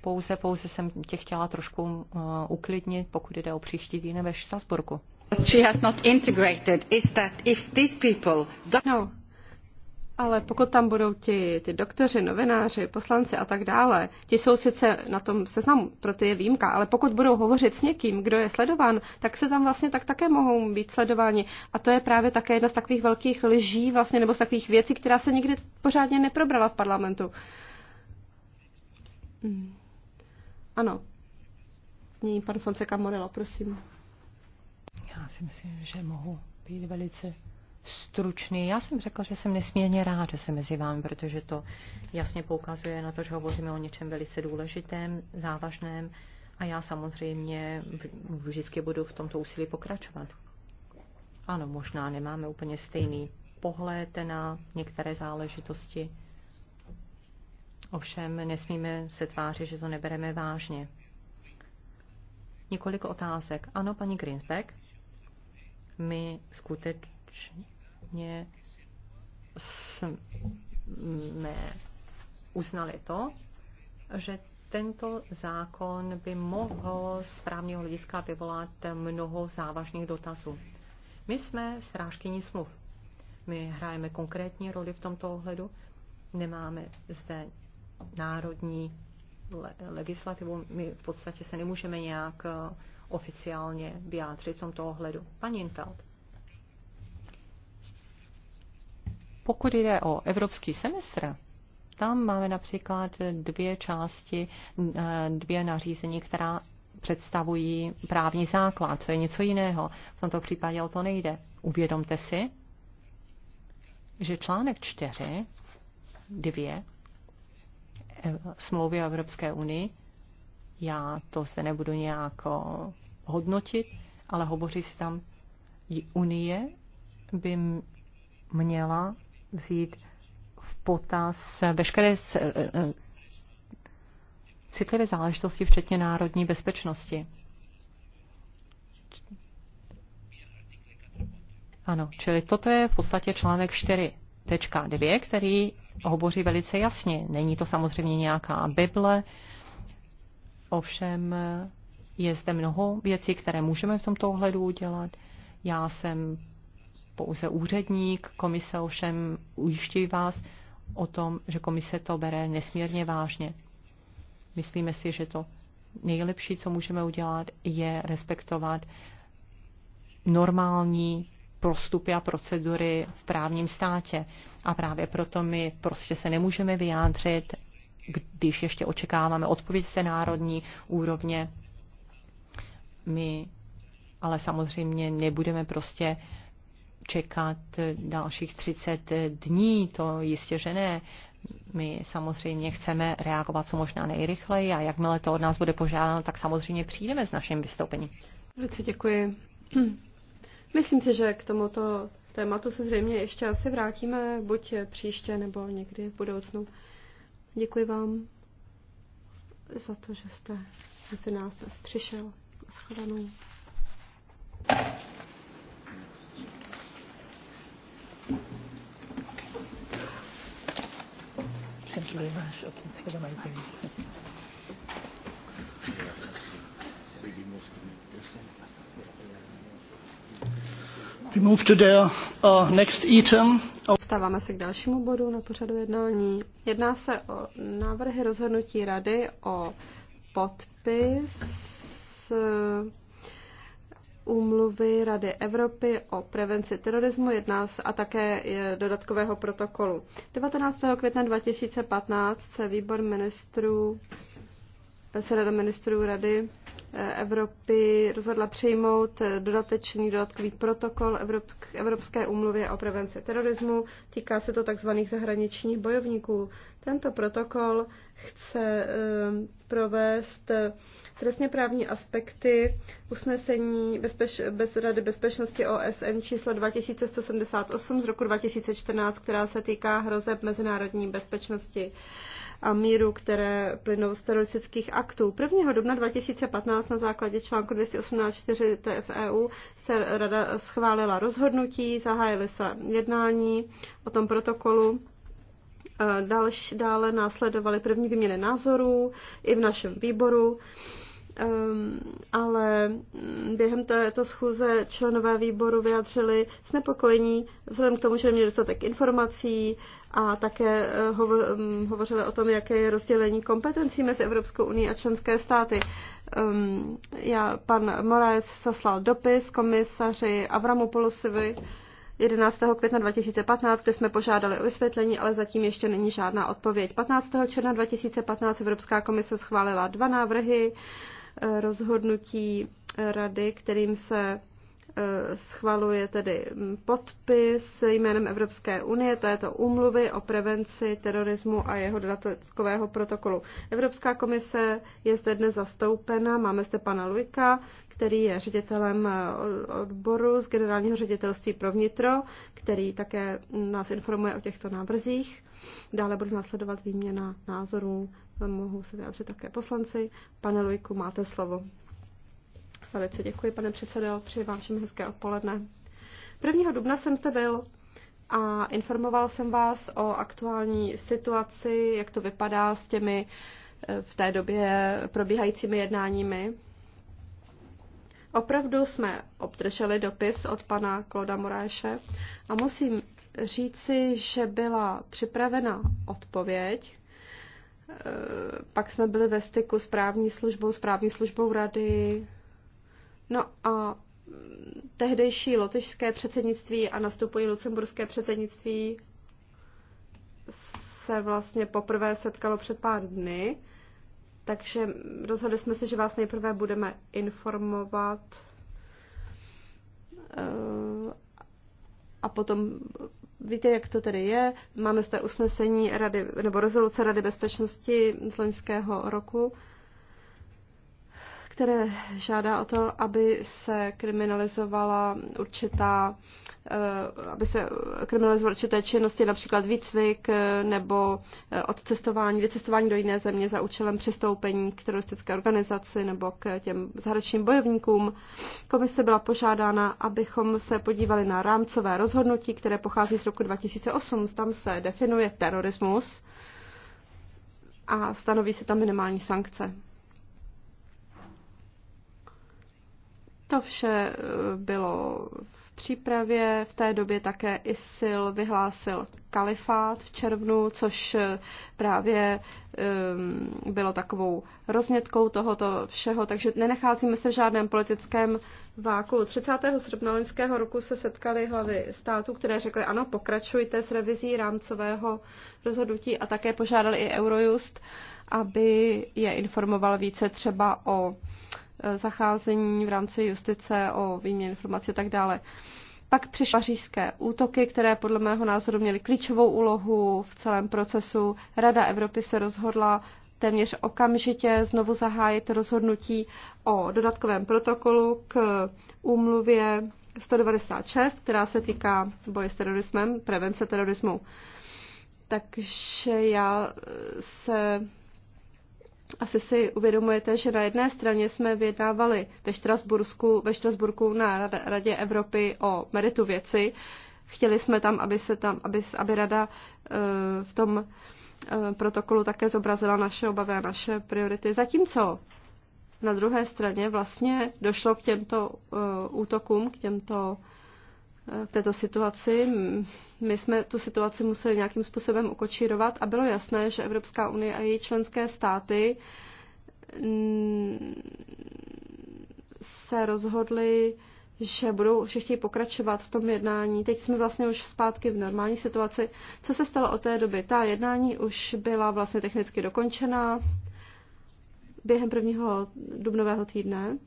Pouze, pouze jsem tě chtěla trošku uh, uklidnit, pokud jde o příští týden ve Štrasburku. She has not integrated is that if these people don't... No, ale pokud tam budou ti, ty doktoři, novináři, poslanci a tak dále, ti jsou sice na tom seznamu, proto je výjimka, ale pokud budou hovořit s někým, kdo je sledován, tak se tam vlastně tak také mohou být sledováni. A to je právě také jedna z takových velkých lží, vlastně, nebo z takových věcí, která se nikdy pořádně neprobrala v parlamentu. Hmm. Ano. Nyní pan Fonseca Morelo, prosím. Já si myslím, že mohu být velice stručný. Já jsem řekla, že jsem nesmírně rád, že jsem mezi vámi, protože to jasně poukazuje na to, že hovoříme o něčem velice důležitém, závažném a já samozřejmě vždycky budu v tomto úsilí pokračovat. Ano, možná nemáme úplně stejný pohled na některé záležitosti. Ovšem nesmíme se tvářit, že to nebereme vážně. Několik otázek. Ano, paní Greensberg? my skutečně vlastně jsme uznali to, že tento zákon by mohl z právního hlediska vyvolat mnoho závažných dotazů. My jsme strážkyní smluv. My hrajeme konkrétní roli v tomto ohledu. Nemáme zde národní legislativu. My v podstatě se nemůžeme nějak oficiálně vyjádřit v tomto ohledu. Pan Infeld. Pokud jde o evropský semestr, tam máme například dvě části, eh, dvě nařízení, která představují právní základ. To je něco jiného. V tomto případě o to nejde. Uvědomte si, že článek 4, 2 eh, smlouvy o Evropské unii, já to zde nebudu nějak eh, hodnotit, ale hovoří se tam, Unie by měla vzít v potaz veškeré eh, eh, citlivé záležitosti, včetně národní bezpečnosti. Ano, čili toto je v podstatě článek 4.2, který hovoří velice jasně. Není to samozřejmě nějaká Bible, ovšem je zde mnoho věcí, které můžeme v tomto ohledu udělat. Já jsem pouze úředník, komise ovšem ujišťují vás o tom, že komise to bere nesmírně vážně. Myslíme si, že to nejlepší, co můžeme udělat, je respektovat normální prostupy a procedury v právním státě. A právě proto my prostě se nemůžeme vyjádřit, když ještě očekáváme odpověď se národní úrovně. My ale samozřejmě nebudeme prostě uh, čekat dalších 30 dní, to jistě, že ne. My samozřejmě chceme reagovat co možná nejrychleji a jakmile to od nás bude požádáno, tak samozřejmě přijdeme s naším vystoupením. Velice děkuji. Myslím si, že k tomuto tématu se zřejmě ještě asi vrátíme, buď příště nebo někdy v budoucnu. Děkuji vám za to, že jste mezi nás dnes přišel. Shledanou. Thank you very much. Okay, have a nice We move to the uh, next item. Stáváme se k dalšímu bodu na pořadu jednání. Jedná se o návrhy rozhodnutí rady o podpis úmluvy Rady Evropy o prevenci terorismu jedná se a také dodatkového protokolu. 19. května 2015 se výbor ministrů, se Rada ministrů Rady eh, Evropy rozhodla přijmout eh, dodatečný dodatkový protokol Evropské úmluvě o prevenci terorismu. Týká se to tzv. zahraničních bojovníků. Tento protokol chce eh, provést Trestně právní aspekty usnesení bezpeč- bez Rady bezpečnosti OSN číslo 2178 z roku 2014, která se týká hrozeb mezinárodní bezpečnosti a míru, které plynou z teroristických aktů. 1. dubna 2015 na základě článku 218.4 TFEU se rada schválila rozhodnutí, zahájily se jednání o tom protokolu Dalš, dále následovaly první výměny názorů i v našem výboru, ehm, ale během této schůze členové výboru vyjadřili znepokojení vzhledem k tomu, že neměli dostatek informací a také eh, ehm, hovořili o tom, jaké je rozdělení kompetencí mezi Evropskou unii a členské státy. Ehm, já, pan Moraes zaslal dopis komisaři Avramopoulosovi, 11. května 2015, kde jsme požádali o vysvětlení, ale zatím ještě není žádná odpověď. 15. června 2015 Evropská komise schválila dva návrhy eh, rozhodnutí rady, kterým se eh, schvaluje tedy mm, podpis jménem Evropské unie této úmluvy o prevenci terorismu a jeho dodatkového protokolu. Evropská komise je zde dnes zastoupena, máme zde pana Lujka, který je ředitelem eh, odboru z generálního ředitelství pro vnitro, který také nás informuje o těchto návrzích. Dále bude následovat výměna názorů, mohou se vyjádřit také poslanci. Pane Lujku, máte slovo. Velice děkuji, pane předsedo, přeji vám všem hezké odpoledne. 1. dubna jsem zde byl a informoval jsem vás o aktuální situaci, jak to vypadá s těmi eh, v té době probíhajícími jednáními Opravdu jsme obdrželi dopis od pana Kloda Moráše a musím říci, že byla připravena odpověď. E, pak jsme byli ve styku s právní službou, s právní službou rady. No a tehdejší lotyšské předsednictví a nastupují lucemburské předsednictví se vlastně poprvé setkalo před pár dny takže rozhodli jsme se, že vás nejprve budeme informovat eh, a potom víte, jak to tedy je. Máme zde usnesení rady, nebo rezoluce Rady bezpečnosti z loňského roku, které žádá o to, aby se kriminalizovala určitá, eh, aby se kriminalizovaly určité činnosti, například výcvik eh, nebo eh, odcestování, vycestování do jiné země za účelem přistoupení k teroristické organizaci nebo k těm zahraničním bojovníkům. Komise byla požádána, abychom se podívali na rámcové rozhodnutí, které pochází z roku 2008. Tam se definuje terorismus a stanoví se tam minimální sankce. To vše eh, bylo v přípravě. V té době také ISIL vyhlásil kalifát v červnu, což eh, právě um, bylo takovou roznětkou tohoto všeho, takže nenacházíme se v žádném politickém váku. 30. srpna loňského roku se setkali hlavy států, které řekly ano, pokračujte s revizí rámcového rozhodnutí a také požádali i Eurojust, aby je informoval více třeba o Eh, zacházení v rámci justice, o výměně informací a tak dále. Pak přišly pařížské útoky, které podle mého názoru měly klíčovou úlohu v celém procesu. Rada Evropy se rozhodla téměř okamžitě znovu zahájit rozhodnutí o dodatkovém protokolu k úmluvě 196, která se týká boje s terorismem, prevence terorismu. Takže já se asi si uvědomujete, že na jedné straně jsme vyjednávali ve Štrasburku, ve Štrasburku na Radě Evropy o meritu věci. Chtěli jsme tam, aby, se tam, aby, aby Rada e, v tom e, protokolu také zobrazila naše obavy a naše priority. Zatímco na druhé straně vlastně došlo k těmto e, útokům, k těmto v eh, této situaci. My jsme tu situaci museli nějakým způsobem ukočírovat a bylo jasné, že Evropská unie a její členské státy mm, se rozhodly, že budou, že chtějí pokračovat v tom jednání. Teď jsme vlastně už zpátky v normální situaci. Co se stalo od té doby? Ta jednání už byla vlastně technicky dokončena během prvního dubnového týdne.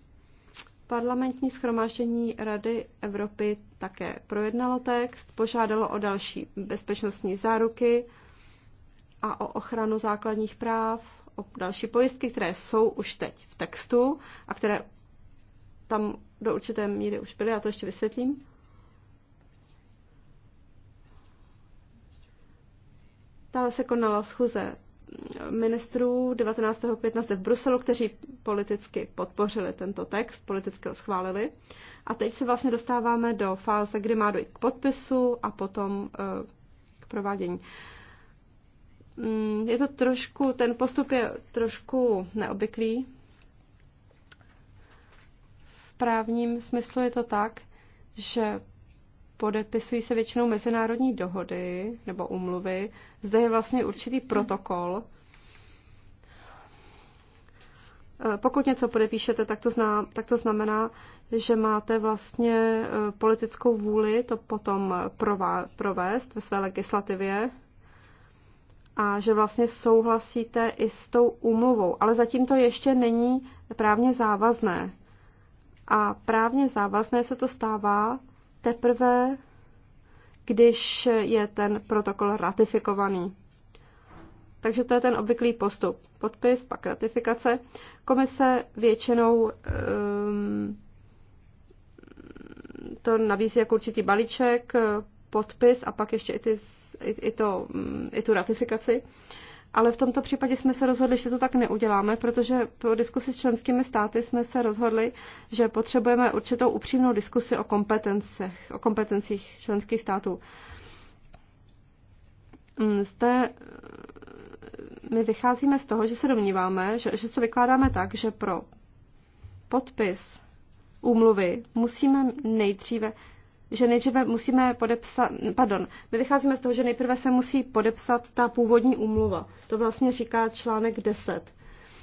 Parlamentní schromáždění Rady Evropy také projednalo text, požádalo o další bezpečnostní záruky a o ochranu základních práv, o další pojistky, které jsou už teď v textu a které tam do určité míry už byly, já to ještě vysvětlím. Dále se konala schůze ministrů 19. května zde v Bruselu, kteří politicky podpořili tento text, politicky ho schválili. A teď se vlastně dostáváme do fáze, kdy má dojít k podpisu a potom eh, k provádění. Mm, je to trošku, ten postup je trošku neobvyklý. V právním smyslu je to tak, že podepisují se většinou mezinárodní dohody nebo umluvy. Zde je vlastně určitý protokol. Eh, pokud něco podepíšete, tak to, zná, tak to znamená, že máte vlastně eh, politickou vůli to potom prová, provést ve své legislativě a že vlastně souhlasíte i s tou umluvou. Ale zatím to ještě není právně závazné. A právně závazné se to stává teprve, když je ten protokol ratifikovaný. Takže to je ten obvyklý postup. Podpis, pak ratifikace. Komise většinou um, to nabízí jako určitý balíček, podpis a pak ještě i, ty, i, i, to, mm, i tu ratifikaci ale v tomto případě jsme se rozhodli, že to tak neuděláme, protože po diskusi s členskými státy jsme se rozhodli, že potřebujeme určitou upřímnou diskusi o kompetencích, o kompetencích členských států. Mm, zde mm, my vycházíme z toho, že se domníváme, že, že se vykládáme tak, že pro podpis úmluvy musíme nejdříve že nejdříve musíme podepsat, pardon, my vycházíme z toho, že nejprve se musí podepsat ta původní úmluva. To vlastně říká článek 10.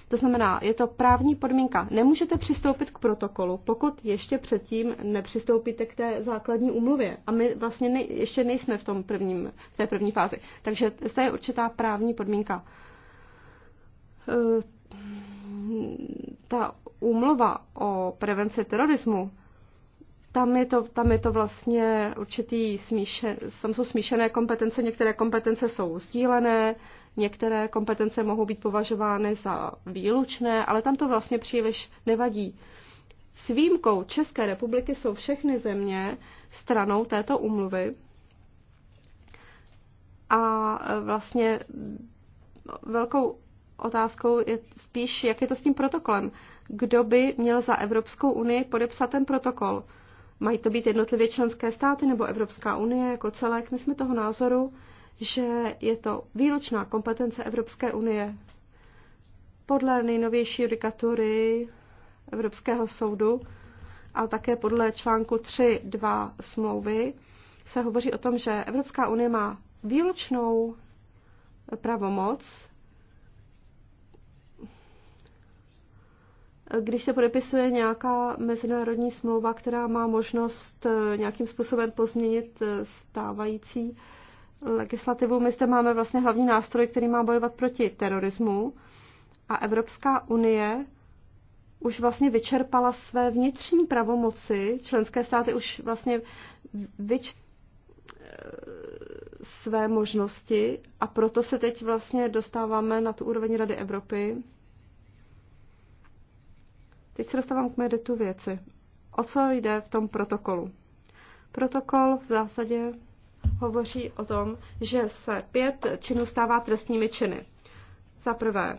To znamená, je to právní podmínka. Nemůžete přistoupit k protokolu, pokud ještě předtím nepřistoupíte k té základní umluvě. A my vlastně nej, ještě nejsme v, tom prvním, v té první fázi. Takže to je určitá právní podmínka. E, ta úmluva o prevenci terorismu tam je to, tam je to vlastně určitý smíšené, tam jsou smíšené kompetence, některé kompetence jsou sdílené, některé kompetence mohou být považovány za výlučné, ale tam to vlastně příliš nevadí. S výjimkou České republiky jsou všechny země stranou této umluvy a e, vlastně velkou otázkou je spíš, jak je to s tím protokolem. Kdo by měl za Evropskou unii podepsat ten protokol? Mají to být jednotlivě členské státy nebo Evropská unie jako celek? My jsme toho názoru, že je to výlučná kompetence Evropské unie. Podle nejnovější judikatury Evropského soudu a také podle článku 3.2 smlouvy se hovoří o tom, že Evropská unie má výlučnou pravomoc když se podepisuje nějaká mezinárodní smlouva, která má možnost eh, nějakým způsobem pozměnit eh, stávající eh, legislativu, my zde máme vlastně hlavní nástroj, který má bojovat proti terorismu a Evropská unie už vlastně vyčerpala své vnitřní pravomoci, členské státy už vlastně vyč své možnosti a proto se teď vlastně dostáváme na tu úroveň Rady Evropy, Teď se dostávám k meditu věci. O co jde v tom protokolu? Protokol v zásadě hovoří o tom, že se pět činů stává trestními činy. Za prvé,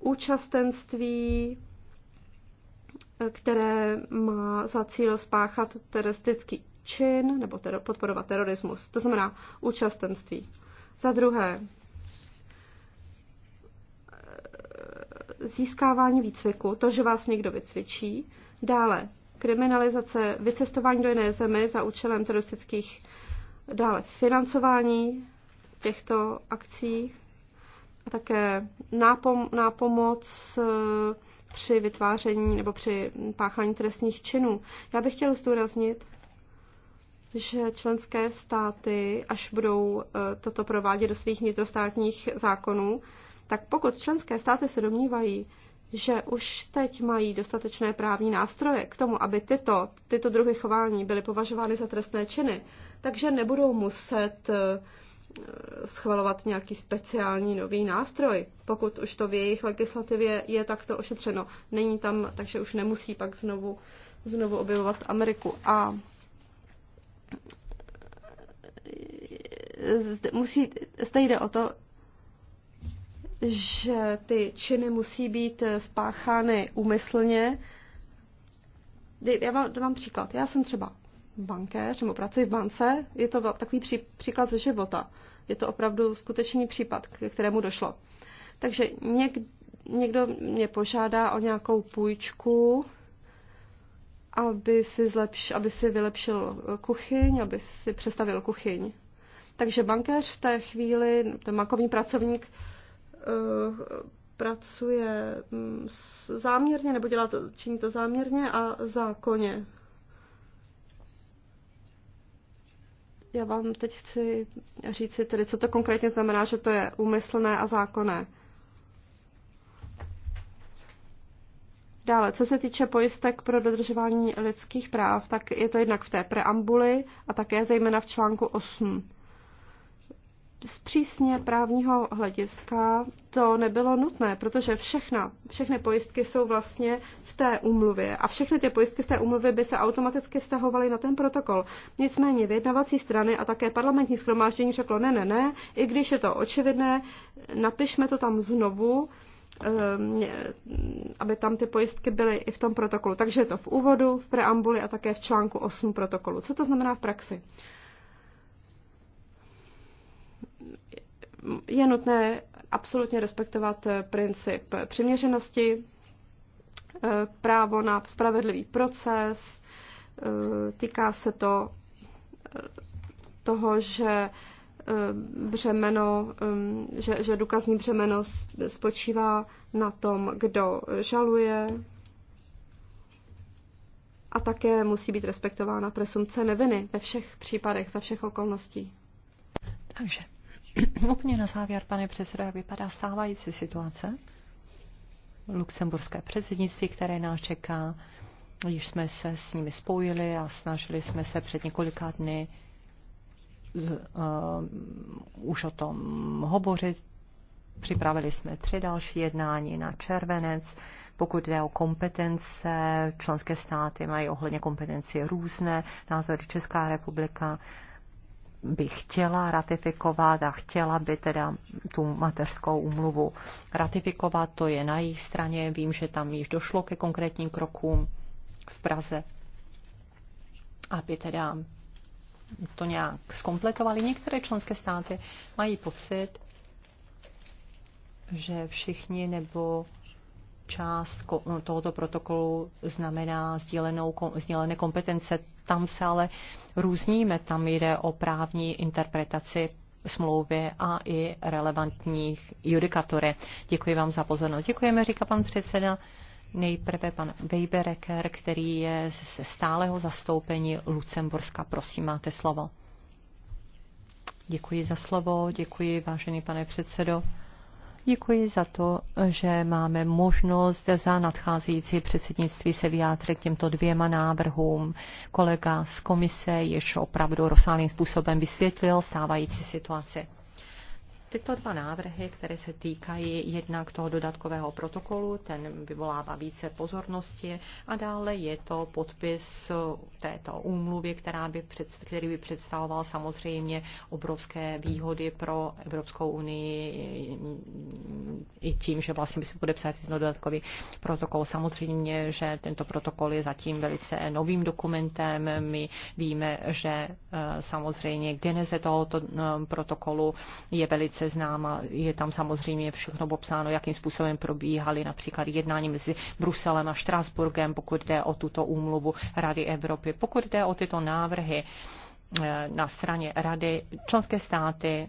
účastenství, které má za cíl spáchat teroristický čin nebo ter- podporovat terorismus. To znamená účastenství. Za druhé, získávání výcviku, to, že vás někdo vycvičí, dále kriminalizace vycestování do jiné zemi za účelem teroristických, dále financování těchto akcí a také nápom, nápomoc eh, při vytváření nebo při páchání trestních činů. Já bych chtěl zdůraznit, že členské státy, až budou eh, toto provádět do svých vnitrostátních zákonů, tak pokud členské státy se domnívají, že už teď mají dostatečné právní nástroje k tomu, aby tyto, tyto druhy chování byly považovány za trestné činy, takže nebudou muset eh, schvalovat nějaký speciální nový nástroj, pokud už to v jejich legislativě je takto ošetřeno. Není tam, takže už nemusí pak znovu, znovu objevovat Ameriku. A eh, musí, zde jde o to, že ty činy musí být eh, spáchány úmyslně. Já vám dám příklad. Já jsem třeba bankéř nebo pracuji v bance. Je to takový pří, příklad ze života. Je to opravdu skutečný případ, k kterému došlo. Takže něk, někdo mě požádá o nějakou půjčku, aby si, zlepš, aby si vylepšil eh, kuchyň, aby si přestavil kuchyň. Takže bankéř v té chvíli, ten makový pracovník, Eh, pracuje mm, záměrně, nebo dělá to, činí to záměrně a zákonně. Já vám teď chci říct si tedy, co to konkrétně znamená, že to je úmyslné a zákonné. Dále, co se týče pojistek pro dodržování lidských práv, tak je to jednak v té preambuli a také zejména v článku 8 zpřísně právního hlediska to nebylo nutné, protože všechna, všechny pojistky jsou vlastně v té úmluvě a všechny ty pojistky z té úmluvy by se automaticky stahovaly na ten protokol. Nicméně vyjednavací strany a také parlamentní schromáždění řeklo ne, ne, ne, i když je to očividné, napišme to tam znovu, ehm, aby tam ty pojistky byly i v tom protokolu. Takže je to v úvodu, v preambuli a také v článku 8 protokolu. Co to znamená v praxi? je nutné absolutně respektovat eh, princip přiměřenosti, eh, právo na spravedlivý proces, eh, týká se to toho, že břemeno, že, že důkazní břemeno spočívá na tom, kdo žaluje a také musí být respektována presumce neviny ve všech případech, za všech okolností. Takže Úplně na závěr, pane předsedo, jak vypadá stávající situace? Luxemburské předsednictví, které nás čeká, když jsme se s nimi spojili a snažili jsme se před několika dny z, uh, už o tom hovořit. Připravili jsme tři další jednání na červenec. Pokud jde o kompetence, členské státy mají ohledně kompetenci různé. Názory Česká republika uh, by chtěla ratifikovat a chtěla by teda tu mateřskou úmluvu ratifikovat. To je na jejich straně. Vím, že tam již došlo ke konkrétním krokům v Praze, aby teda to nějak zkompletovali. Některé členské státy mají pocit, že všichni nebo část tohoto protokolu znamená sdílené kompetence tam se ale různíme, tam jde o právní interpretaci smlouvy a i relevantních judikatury. Děkuji vám za pozornost. Děkujeme, říká pan předseda. Nejprve pan Weibereker, který je ze stáleho zastoupení Lucemburska. Prosím, máte slovo. Děkuji za slovo, děkuji, vážený pane předsedo. Děkuji za to, že máme možnost za nadcházející předsednictví se vyjádřit k těmto dvěma návrhům. Kolega z komise již opravdu rozsáhlým způsobem vysvětlil stávající situaci tyto dva návrhy, které se týkají jednak toho dodatkového protokolu, ten vyvolává více pozornosti a dále je to podpis této úmluvy, která by představ, který by představoval samozřejmě obrovské výhody pro Evropskou unii i tím, že vlastně by se podepsal ten dodatkový protokol. Samozřejmě, že tento protokol je zatím velice novým dokumentem. My víme, že eh, samozřejmě geneze tohoto eh, protokolu je velice seznám a je tam samozřejmě všechno popsáno, jakým způsobem probíhaly například jednání mezi Bruselem a Štrasburgem, pokud jde o tuto úmluvu Rady Evropy, pokud jde o tyto návrhy eh, na straně Rady členské státy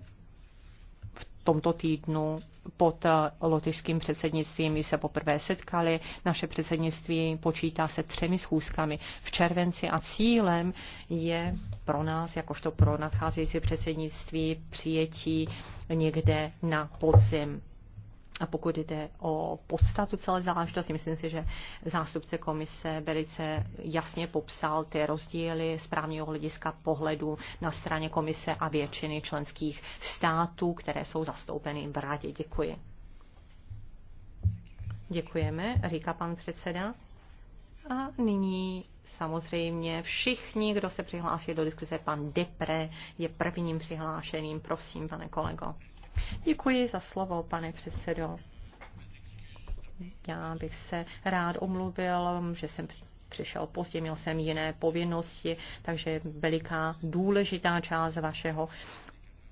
tomto týdnu pod eh, lotyšským předsednictvím se poprvé setkali. Naše předsednictví počítá se třemi schůzkami v červenci a cílem je pro nás, jakožto pro nadcházející předsednictví, přijetí někde na podzim a pokud jde o podstatu celé záležitosti, myslím si, že zástupce komise velice jasně popsal ty rozdíly z právního hlediska pohledu na straně komise a většiny členských států, které jsou zastoupeny v rádě. Děkuji. Děkujeme, říká pan předseda. A nyní samozřejmě všichni, kdo se přihlásí do diskuse, pan Depre je prvním přihlášeným. Prosím, pane kolego. Děkuji za slovo, pane předsedo. Já bych se rád omluvil, že jsem přišel pozdě, měl jsem jiné povinnosti, takže veliká důležitá část vašeho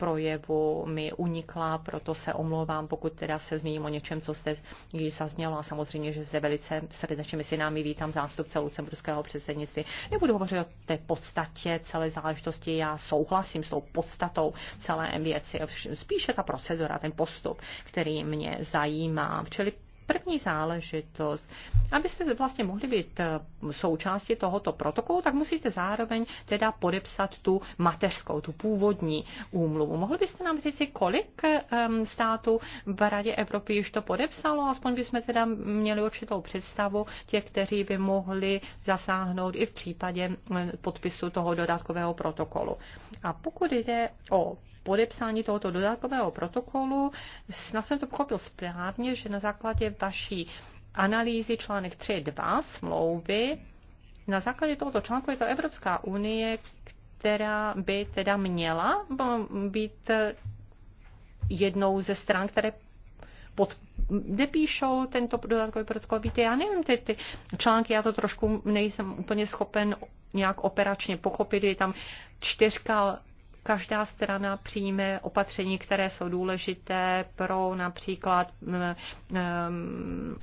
projevu mi unikla, proto se omlouvám, pokud teda se zmíním o něčem, co jste již zaznělo a samozřejmě, že zde velice srdečně mezi námi vítám zástupce lucemburského předsednictví. Nebudu hovořit o té podstatě celé záležitosti, já souhlasím s tou podstatou celé věci, spíše ta procedura, ten postup, který mě zajímá. Čili první záležitost. Abyste vlastně mohli být eh, součástí tohoto protokolu, tak musíte zároveň teda podepsat tu mateřskou, tu původní úmluvu. Mohli byste nám říct, kolik ehm, států v Radě Evropy již to podepsalo? Aspoň bychom teda měli určitou představu těch, kteří by mohli zasáhnout i v případě eh, podpisu toho dodatkového protokolu. A pokud jde o podepsání tohoto dodatkového protokolu. Snad jsem to pochopil správně, že na základě vaší analýzy článek 3.2 smlouvy, na základě tohoto článku je to Evropská unie, která by teda měla být jednou ze stran, které pod, nepíšou tento dodatkový protokol. Víte, já nevím, ty, ty články, já to trošku nejsem úplně schopen nějak operačně pochopit, je tam čtyřka každá strana přijme opatření, které jsou důležité pro například mm, mm,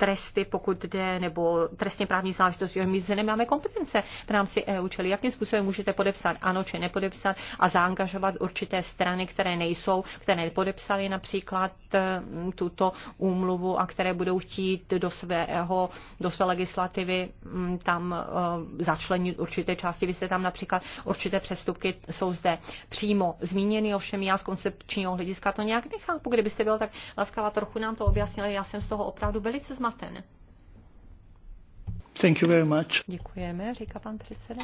tresty, pokud jde, nebo trestně právní záležitosti, my zde nemáme kompetence v rámci EU, čili jakým způsobem můžete podepsat ano či nepodepsat a zaangažovat určité strany, které nejsou, které nepodepsaly například mm, tuto úmluvu a které budou chtít do, svého, do své legislativy mm, tam e, začlenit určité části. Vy jste tam například určité přestupky jsou zde přímo zmíněny, ovšem já z koncepčního hlediska to nějak nechápu. Kdybyste byl tak laskavá trochu nám to objasnili, já jsem z toho opravdu velice zmatená zmaten. Thank you very much. Děkujeme, říká pan předseda.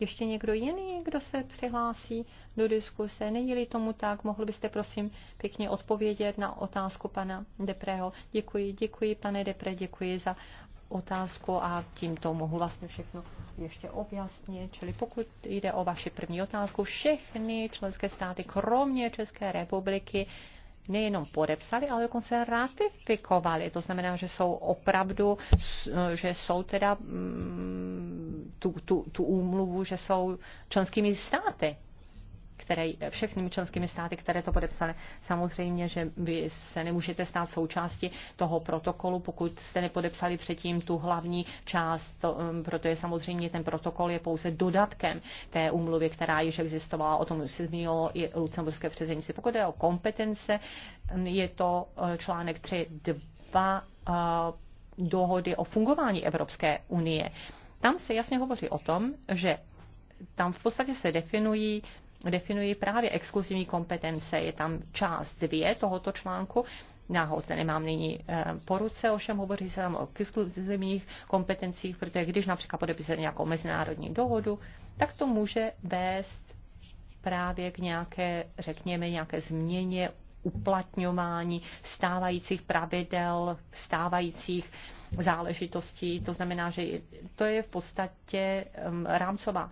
Ještě někdo jiný, kdo se přihlásí do diskuse? Není-li tomu tak, mohl byste prosím pěkně odpovědět na otázku pana Depreho. Děkuji, děkuji, pane Depre, děkuji za otázku a tímto mohu vlastně všechno ještě objasnit. Čili pokud jde o vaši první otázku, všechny členské státy, kromě České republiky, nejenom podepsali, ale dokonce ratifikovali. To znamená, že jsou opravdu, že jsou teda mm, tu, tu, tu úmluvu, že jsou členskými státy které všechny členskými státy, které to podepsaly. Samozřejmě, že vy se nemůžete stát součástí toho protokolu, pokud jste nepodepsali předtím tu hlavní část, to, je um, samozřejmě ten protokol je pouze dodatkem té úmluvy, která již existovala, o tom se zmínilo i lucemburské předsednictví. Pokud je o kompetence, je to uh, článek 3.2 uh, dohody o fungování Evropské unie. Tam se jasně hovoří o tom, že tam v podstatě se definují definují právě exkluzivní kompetence. Je tam část dvě tohoto článku, náhod zde nemám nyní eh, po ruce, ovšem hovoří se tam o exkluzivních kompetencích, protože když například podepisuje nějakou mezinárodní dohodu, tak to může vést právě k nějaké, řekněme, nějaké změně uplatňování stávajících pravidel, stávajících záležitostí. To znamená, že to je v podstatě rámcová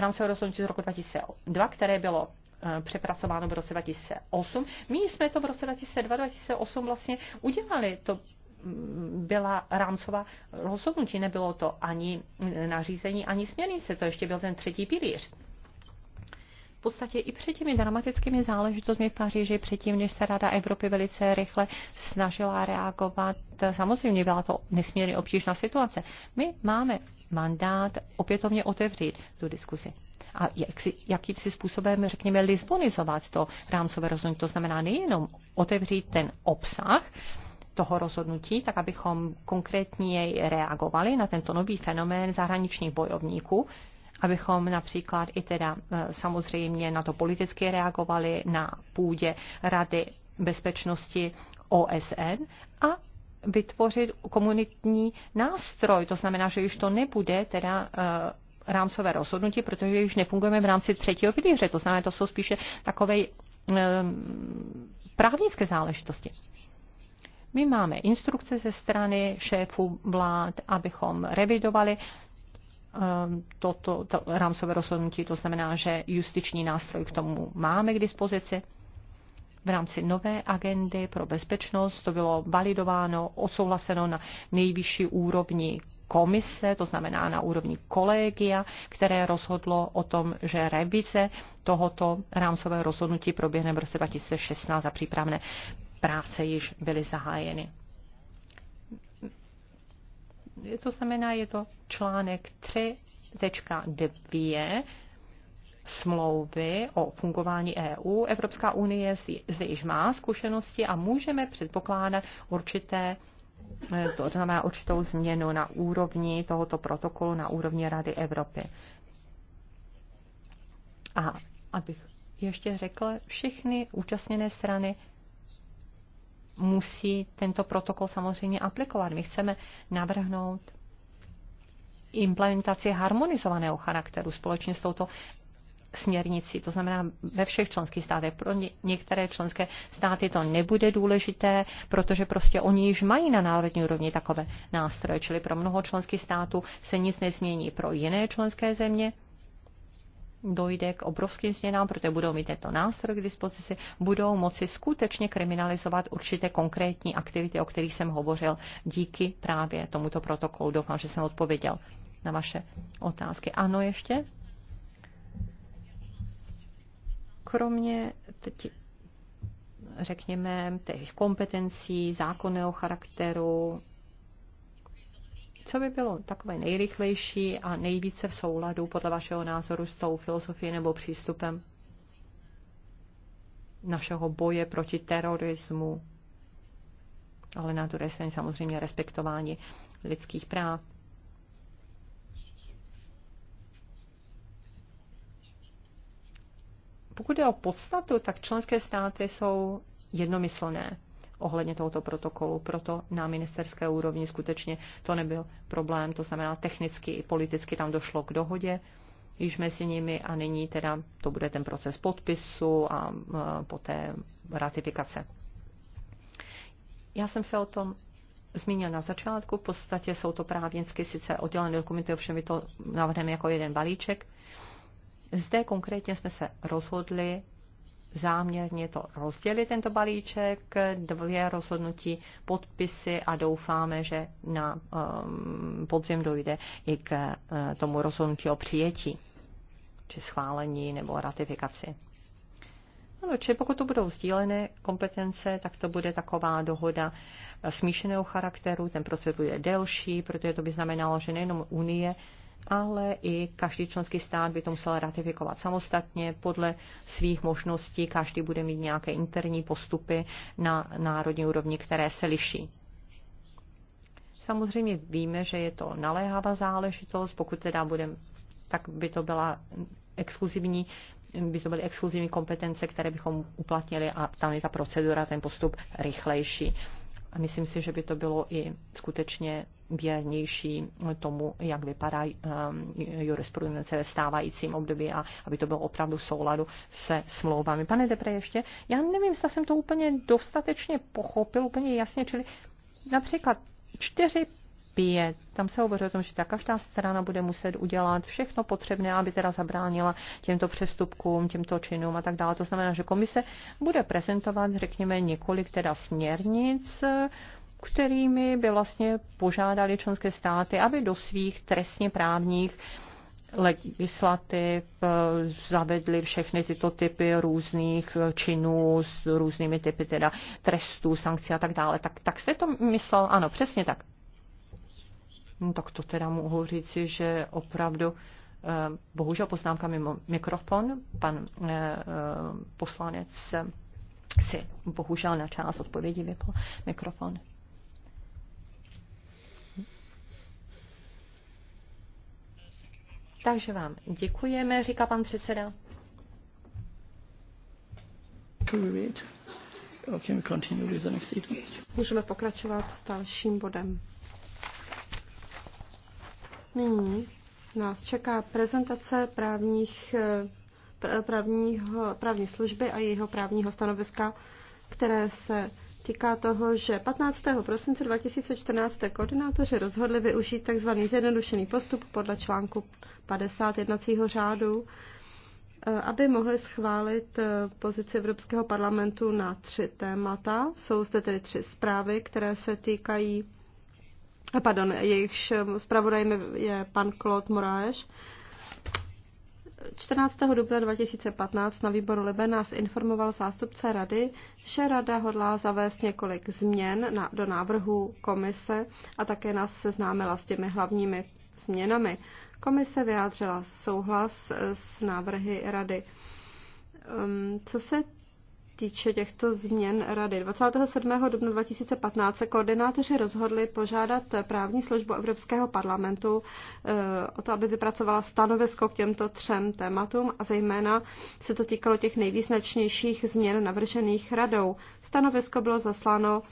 rámcového rozhodnutí z roku 2002, které bylo eh, přepracováno v roce 2008. My jsme to v roce 2002-2008 vlastně udělali. To mm, byla rámcová rozhodnutí, nebylo to ani eh, nařízení, ani směrnice, to ještě byl ten třetí pilíř podstatě i před těmi dramatickými záležitostmi v Paříži, předtím, než se Rada Evropy velice rychle snažila reagovat, samozřejmě byla to nesmírně obtížná situace. My máme mandát opětovně otevřít tu diskusi a jak si, jakým si způsobem, řekněme, lisbonizovat to rámcové rozhodnutí. To znamená nejenom otevřít ten obsah, toho rozhodnutí, tak abychom konkrétně reagovali na tento nový fenomén zahraničních bojovníků, abychom například i teda e, samozřejmě na to politicky reagovali na půdě Rady bezpečnosti OSN a vytvořit komunitní nástroj. To znamená, že už to nebude teda e, rámcové rozhodnutí, protože už nefungujeme v rámci třetího pilíře. To znamená, to jsou spíše takové e, právnické záležitosti. My máme instrukce ze strany šéfů vlád, abychom revidovali Ehm, toto to rámcové rozhodnutí, to znamená, že justiční nástroj k tomu máme k dispozici. V rámci nové agendy pro bezpečnost to bylo validováno, odsouhlaseno na nejvyšší úrovni komise, to znamená na úrovni kolegia, které rozhodlo o tom, že revize tohoto rámcového rozhodnutí proběhne v roce 2016 a přípravné práce již byly zahájeny to znamená, je to článek 3.2 smlouvy o fungování EU. Evropská unie zde již má zkušenosti a můžeme předpokládat určité eh, to znamená určitou změnu na úrovni tohoto protokolu, na úrovni Rady Evropy. A abych ještě řekla, všechny účastněné strany musí tento protokol samozřejmě aplikovat. My chceme navrhnout implementaci harmonizovaného charakteru společně s touto směrnicí, to znamená ve všech členských státech. Pro některé členské státy to nebude důležité, protože prostě oni již mají na národní úrovni takové nástroje, čili pro mnoho členských států se nic nezmění. Pro jiné členské země dojde k obrovským změnám, protože budou mít tento nástroj k dispozici, budou moci skutečně kriminalizovat určité konkrétní aktivity, o kterých jsem hovořil díky právě tomuto protokolu. Doufám, že jsem odpověděl na vaše otázky. Ano, ještě? Kromě teď řekněme, těch kompetencí, zákonného charakteru, co by bylo takové nejrychlejší a nejvíce v souladu podle vašeho názoru s tou filozofií nebo přístupem našeho boje proti terorismu, ale na druhé straně samozřejmě respektování lidských práv. Pokud je o podstatu, tak členské státy jsou jednomyslné ohledně tohoto protokolu. Proto na ministerské úrovni skutečně to nebyl problém, to znamená technicky i politicky tam došlo k dohodě již mezi nimi a nyní teda to bude ten proces podpisu a poté ratifikace. Já jsem se o tom zmínil na začátku, v podstatě jsou to právnicky sice oddělené dokumenty, ovšem my to navrhneme jako jeden balíček. Zde konkrétně jsme se rozhodli záměrně to rozdělit, tento balíček, dvě rozhodnutí, podpisy a doufáme, že na um, podzim dojde i k uh, tomu rozhodnutí o přijetí, či schválení nebo ratifikaci. No, či pokud to budou sdílené kompetence, tak to bude taková dohoda smíšeného charakteru, ten proces bude delší, protože to by znamenalo, že nejenom Unie ale i každý členský stát by to musel ratifikovat samostatně. Podle svých možností každý bude mít nějaké interní postupy na národní úrovni, které se liší. Samozřejmě víme, že je to naléhavá záležitost, pokud teda budeme, tak by to byla exkluzivní by to byly exkluzivní kompetence, které bychom uplatnili a tam je ta procedura, ten postup rychlejší. A myslím si, že by to bylo i skutečně věrnější tomu, jak vypadá um, jurisprudence ve stávajícím období a aby to bylo opravdu v souladu se smlouvami. Pane Depre, ještě, já nevím, zda jsem to úplně dostatečně pochopil, úplně jasně, čili například čtyři 5. Tam se hovoří o tom, že ta každá strana bude muset udělat všechno potřebné, aby teda zabránila těmto přestupkům, těmto činům a tak dále. To znamená, že komise bude prezentovat, řekněme, několik teda směrnic, kterými by vlastně požádali členské státy, aby do svých trestně právních legislativ eh, zavedli všechny tyto typy různých eh, činů s různými typy teda trestů, sankcí a tak dále. Tak, tak jste to myslel? Ano, přesně tak. No, tak to teda mohu říci, že opravdu eh, bohužel poznámka mimo mikrofon, pan eh, eh, poslanec si bohužel na část odpovědi vypl mikrofon. Takže vám děkujeme, říká pan předseda. Můžeme pokračovat s dalším bodem. Nyní nás čeká prezentace právních, eh, právního, právní služby a jejího právního stanoviska, které se týká toho, že 15. prosince 2014 koordinátoři rozhodli využít tzv. zjednodušený postup podle článku 50 jednacího řádu, eh, aby mohli schválit eh, pozici Evropského parlamentu na tři témata. Jsou zde tedy tři zprávy, které se týkají Eh, pardon, jejichž zpravodajem je pan Claude Moraes. 14. dubna 2015 na výboru Libe nás informoval zástupce rady, že rada hodlá zavést několik změn na, do návrhu komise a také nás seznámila s těmi hlavními změnami. Komise vyjádřila souhlas eh, s návrhy rady. Ehm, co se týče těchto změn rady. 27. dubna 2015 se koordinátoři rozhodli požádat právní službu Evropského parlamentu eh, o to, aby vypracovala stanovisko k těmto třem tématům a zejména se to týkalo těch nejvýznačnějších změn navržených radou. Stanovisko bylo zasláno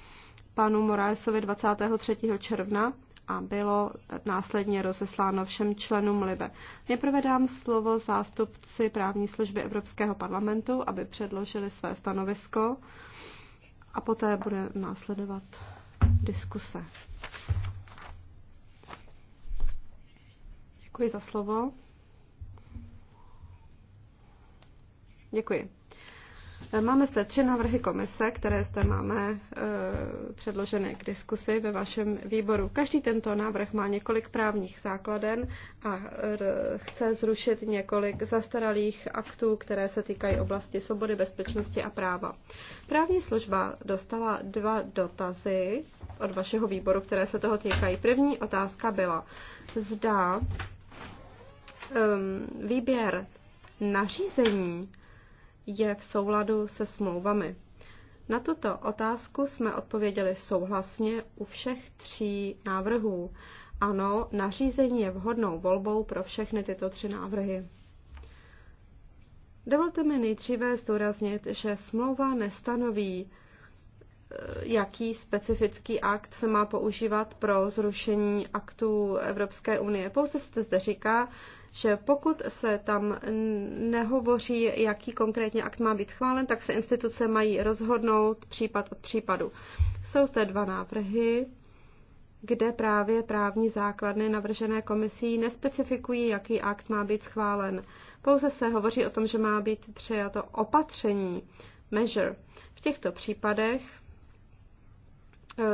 panu Moraesovi 23. června a bylo následně rozesláno všem členům LIBE. Nejprve dám slovo zástupci právní služby Evropského parlamentu, aby předložili své stanovisko a poté bude následovat diskuse. Děkuji za slovo. Děkuji. Máme zde tři návrhy komise, které zde máme eh, předložené k diskusi ve vašem výboru. Každý tento návrh má několik právních základen a eh, chce zrušit několik zastaralých aktů, které se týkají oblasti svobody, bezpečnosti a práva. Právní služba dostala dva dotazy od vašeho výboru, které se toho týkají. První otázka byla, zda um, výběr nařízení je v souladu se smlouvami. Na tuto otázku jsme odpověděli souhlasně u všech tří návrhů. Ano, nařízení je vhodnou volbou pro všechny tyto tři návrhy. Dovolte mi nejdříve zdůraznit, že smlouva nestanoví, eh, jaký specifický akt se má používat pro zrušení aktů Evropské unie. Pouze se zde říká, že pokud se tam nehovoří, jaký konkrétně akt má být schválen, tak se instituce mají rozhodnout případ od případu. Jsou zde dva návrhy, kde právě právní základny navržené komisí nespecifikují, jaký akt má být schválen. Pouze se hovoří o tom, že má být přijato opatření, measure. V těchto případech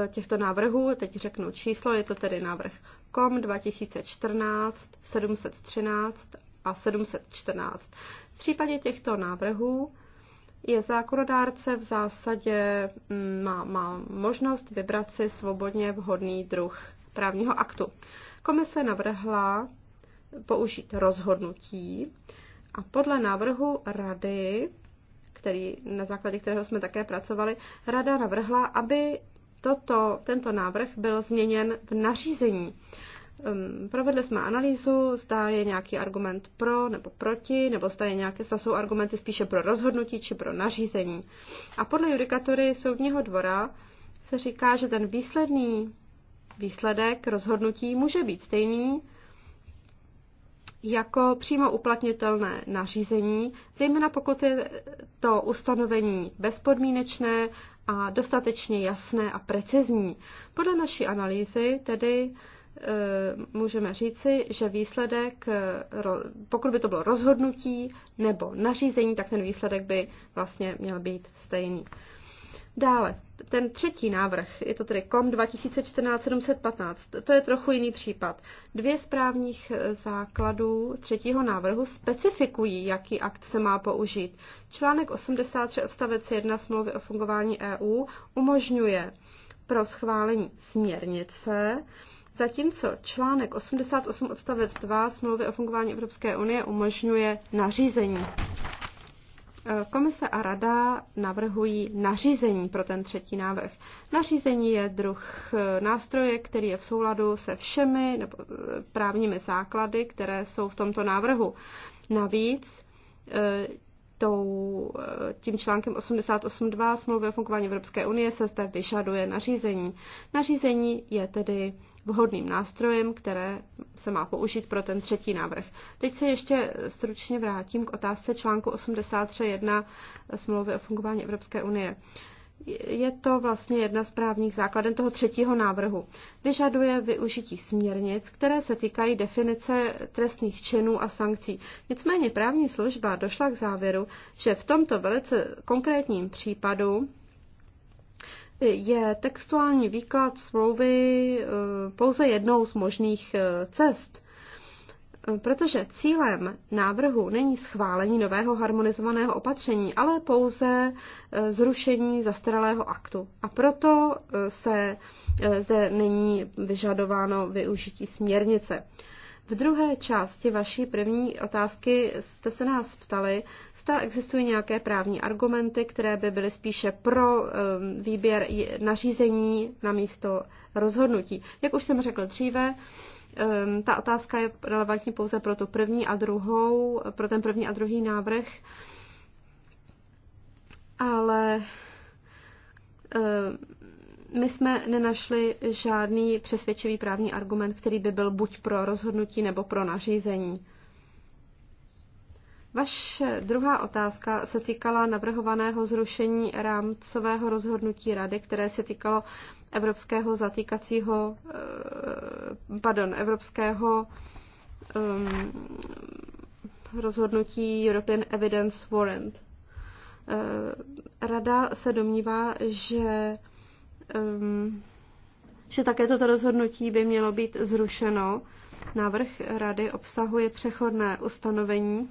e, těchto návrhů, teď řeknu číslo, je to tedy návrh Telekom 2014, 713 a 714. V případě těchto návrhů je zákonodárce v zásadě mm, má, má možnost vybrat si svobodně vhodný druh právního aktu. Komise navrhla použít rozhodnutí a podle návrhu rady, který, na základě kterého jsme také pracovali, rada navrhla, aby toto, tento návrh byl změněn v nařízení. Ehm, provedli jsme analýzu, zda je nějaký argument pro nebo proti, nebo zda, je nějaké, zda jsou argumenty spíše pro rozhodnutí či pro nařízení. A podle judikatury soudního dvora se říká, že ten výsledný výsledek rozhodnutí může být stejný jako přímo uplatnitelné nařízení, zejména pokud je to ustanovení bezpodmínečné a dostatečně jasné a precizní. Podle naší analýzy tedy e, můžeme říci, že výsledek, e, pokud by to bylo rozhodnutí nebo nařízení, tak ten výsledek by vlastně měl být stejný. Dále, ten třetí návrh, je to tedy KOM 2014-715, to je trochu jiný případ. Dvě správních eh, základů třetího návrhu specifikují, jaký akt se má použít. Článek 83 odstavec 1 smlouvy o fungování EU umožňuje pro schválení směrnice, zatímco článek 88 odstavec 2 smlouvy o fungování Evropské unie umožňuje nařízení. Komise a rada navrhují nařízení pro ten třetí návrh. Nařízení je druh eh, nástroje, který je v souladu se všemi nebo eh, právními základy, které jsou v tomto návrhu. Navíc eh, tou, tím článkem 88.2 smlouvy o fungování Evropské unie se zde vyžaduje nařízení. Nařízení je tedy vhodným nástrojem, které se má použít pro ten třetí návrh. Teď se ještě stručně vrátím k otázce článku 83.1 smlouvy o fungování Evropské unie. Je to vlastně jedna z právních základen toho třetího návrhu. Vyžaduje využití směrnic, které se týkají definice trestných činů a sankcí. Nicméně právní služba došla k závěru, že v tomto velice konkrétním případu je textuální výklad smlouvy eh, pouze jednou z možných eh, cest, eh, protože cílem návrhu není schválení nového harmonizovaného opatření, ale pouze zrušení zastaralého aktu. A proto se zde není vyžadováno využití směrnice. V druhé části vaší první otázky jste se nás ptali, Zda existují nějaké právní argumenty, které by byly spíše pro um, výběr nařízení na místo rozhodnutí. Jak už jsem řekl dříve, um, ta otázka je relevantní pouze pro tu první a druhou, pro ten první a druhý návrh, ale um, my jsme nenašli žádný přesvědčivý právní argument, který by byl buď pro rozhodnutí nebo pro nařízení. Vaše druhá otázka se týkala navrhovaného zrušení rámcového rozhodnutí rady, které se týkalo evropského zatýkacího, eh, pardon, evropského ehm, rozhodnutí European Evidence Warrant. Eh, Rada se domnívá, že, ehm, že také toto rozhodnutí by mělo být zrušeno. Návrh rady obsahuje přechodné ustanovení,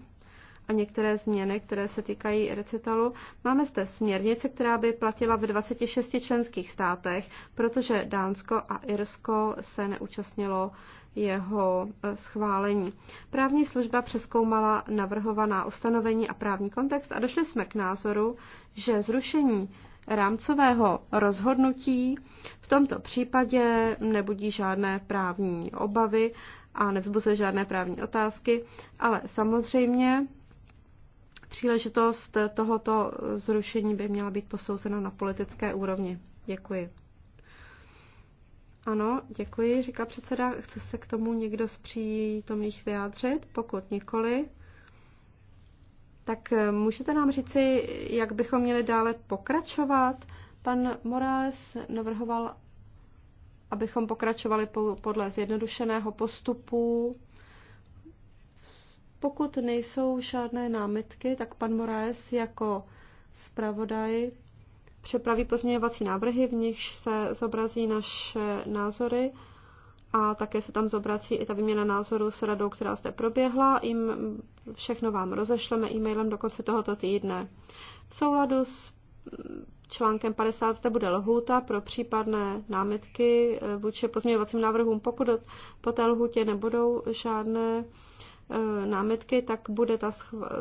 a některé změny, které se týkají recitalu. Máme zde směrnice, která by platila v 26 členských státech, protože Dánsko a Irsko se neúčastnilo jeho eh, schválení. Právní služba přeskoumala navrhovaná ustanovení a právní kontext a došli jsme k názoru, že zrušení rámcového rozhodnutí v tomto případě nebudí žádné právní obavy a nevzbuzuje žádné právní otázky, ale samozřejmě Příležitost tohoto zrušení by měla být posouzena na politické úrovni. Děkuji. Ano, děkuji, říká předseda. Chce se k tomu někdo z přítomných vyjádřit? Pokud nikoli, tak můžete nám říci, jak bychom měli dále pokračovat? Pan Morales navrhoval, abychom pokračovali podle zjednodušeného postupu pokud nejsou žádné námitky, tak pan Moraes jako zpravodaj přepraví pozměňovací návrhy, v nichž se zobrazí naše názory a také se tam zobrazí i ta výměna názorů s radou, která zde proběhla. Jim všechno vám rozešleme e-mailem do konce tohoto týdne. V souladu s článkem 50 zde bude lhůta pro případné námitky eh, vůči pozměňovacím návrhům. Pokud po té lhůtě nebudou žádné E, námitky, tak bude ta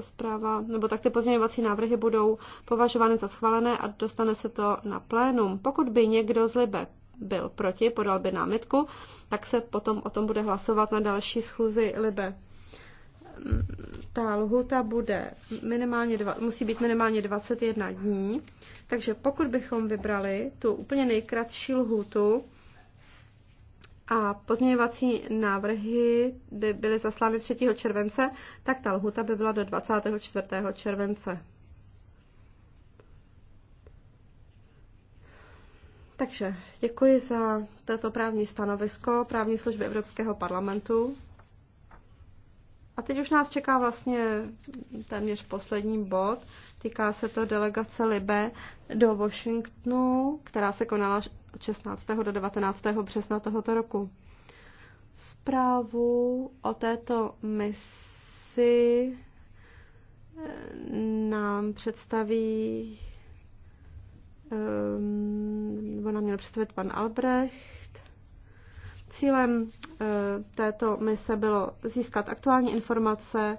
zpráva, nebo tak ty pozměňovací návrhy budou považovány za schválené a dostane se to na plénum. Pokud by někdo z Libe byl proti, podal by námitku, tak se potom o tom bude hlasovat na další schůzi Libe. Ta lhuta bude minimálně dva, musí být minimálně 21 dní, takže pokud bychom vybrali tu úplně nejkratší lhutu, a pozměňovací návrhy by byly zaslány 3. července, tak ta lhuta by byla do 24. července. Takže děkuji za toto právní stanovisko právní služby Evropského parlamentu. A teď už nás čeká vlastně téměř poslední bod. Týká se to delegace Libe do Washingtonu, která se konala od 16. do 19. března tohoto roku. Zprávu o této misi eh, nám představí eh, nebo nám měl představit pan Albrecht. Cílem eh, této mise bylo získat aktuální informace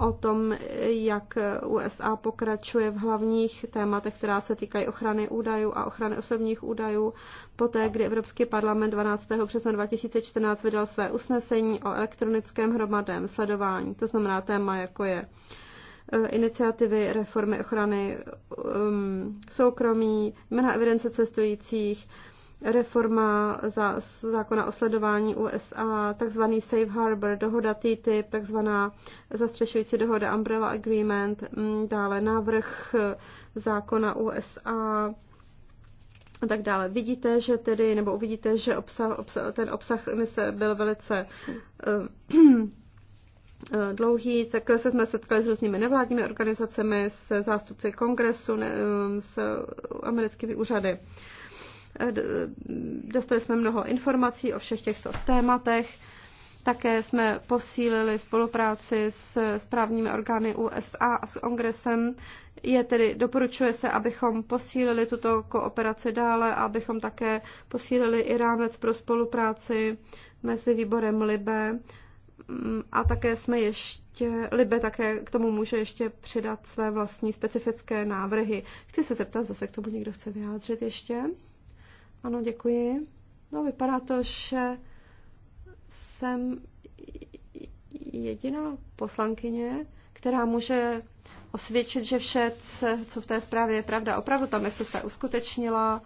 o tom, jak USA pokračuje v hlavních tématech, která se týkají ochrany údajů a ochrany osobních údajů, poté, kdy Evropský parlament 12. března 2014 vydal své usnesení o elektronickém hromadném sledování, to znamená téma, jako je eh, iniciativy reformy ochrany um, soukromí, jména evidence cestujících, reforma za, zákona o sledování USA, takzvaný Safe Harbor, dohoda TTIP, takzvaná zastřešující dohoda Umbrella Agreement, mm, dále návrh eh, zákona USA a tak dále. Vidíte, že tedy, nebo uvidíte, že obsah, obsah, ten obsah mise byl velice uh, dlouhý. Takhle se jsme setkali s různými nevládními organizacemi, se zástupci kongresu, ne, s americkými úřady. Uh, Dostali jsme mnoho informací o všech těchto tématech. Také jsme posílili spolupráci s správními orgány USA a s kongresem. Je tedy, doporučuje se, abychom posílili tuto kooperaci dále a abychom také posílili i rámec pro spolupráci mezi výborem LIBE mm, a také jsme ještě, Libe také k tomu může ještě přidat své vlastní specifické návrhy. Chci se zeptat, zase k tomu někdo chce vyjádřit ještě. Ano, děkuji. No, vypadá to, že jsem jediná poslankyně, která může osvědčit, že vše, co v té zprávě je pravda, opravdu ta mise se uskutečnila.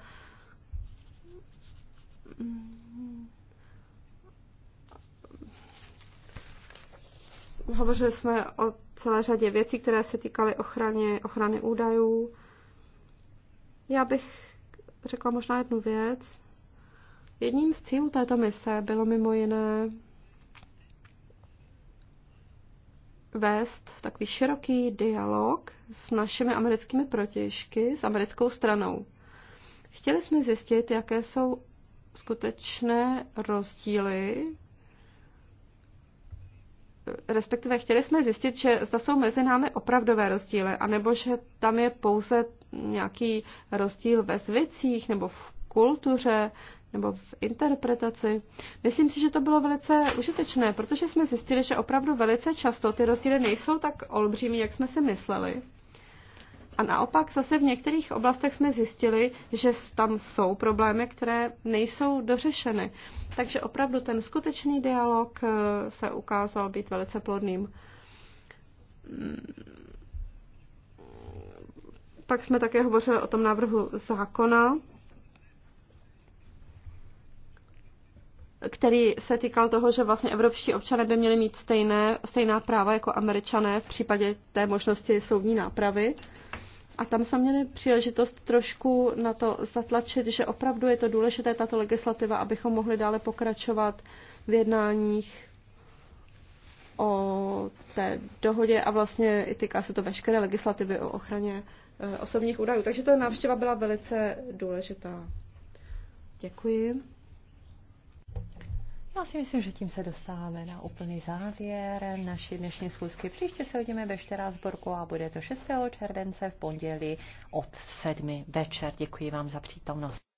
Hovořili jsme o celé řadě věcí, které se týkaly ochrany, ochrany údajů. Já bych řekla možná jednu věc. Jedním z cílů této mise bylo mimo jiné vést takový široký dialog s našimi americkými protěžky, s americkou stranou. Chtěli jsme zjistit, jaké jsou skutečné rozdíly, respektive chtěli jsme zjistit, že zda jsou mezi námi opravdové rozdíly, anebo že tam je pouze nějaký rozdíl ve zvicích nebo v kultuře nebo v interpretaci. Myslím si, že to bylo velice užitečné, protože jsme zjistili, že opravdu velice často ty rozdíly nejsou tak olbřími, jak jsme si mysleli. A naopak zase v některých oblastech jsme zjistili, že tam jsou problémy, které nejsou dořešeny. Takže opravdu ten skutečný dialog eh, se ukázal být velice plodným pak jsme také hovořili o tom návrhu zákona, který se týkal toho, že vlastně evropští občané by měli mít stejné, stejná práva jako američané v případě té možnosti soudní nápravy. A tam jsme měli příležitost trošku na to zatlačit, že opravdu je to důležité, tato legislativa, abychom mohli dále pokračovat v jednáních o té dohodě a vlastně i týká se to veškeré legislativy o ochraně Eh, osobních údajů. Takže ta návštěva byla velice důležitá. Děkuji. Já si myslím, že tím se dostáváme na úplný závěr naší dnešní schůzky. Příště se uvidíme ve Štrásburku a bude to 6. července v pondělí od 7. večer. Děkuji vám za přítomnost.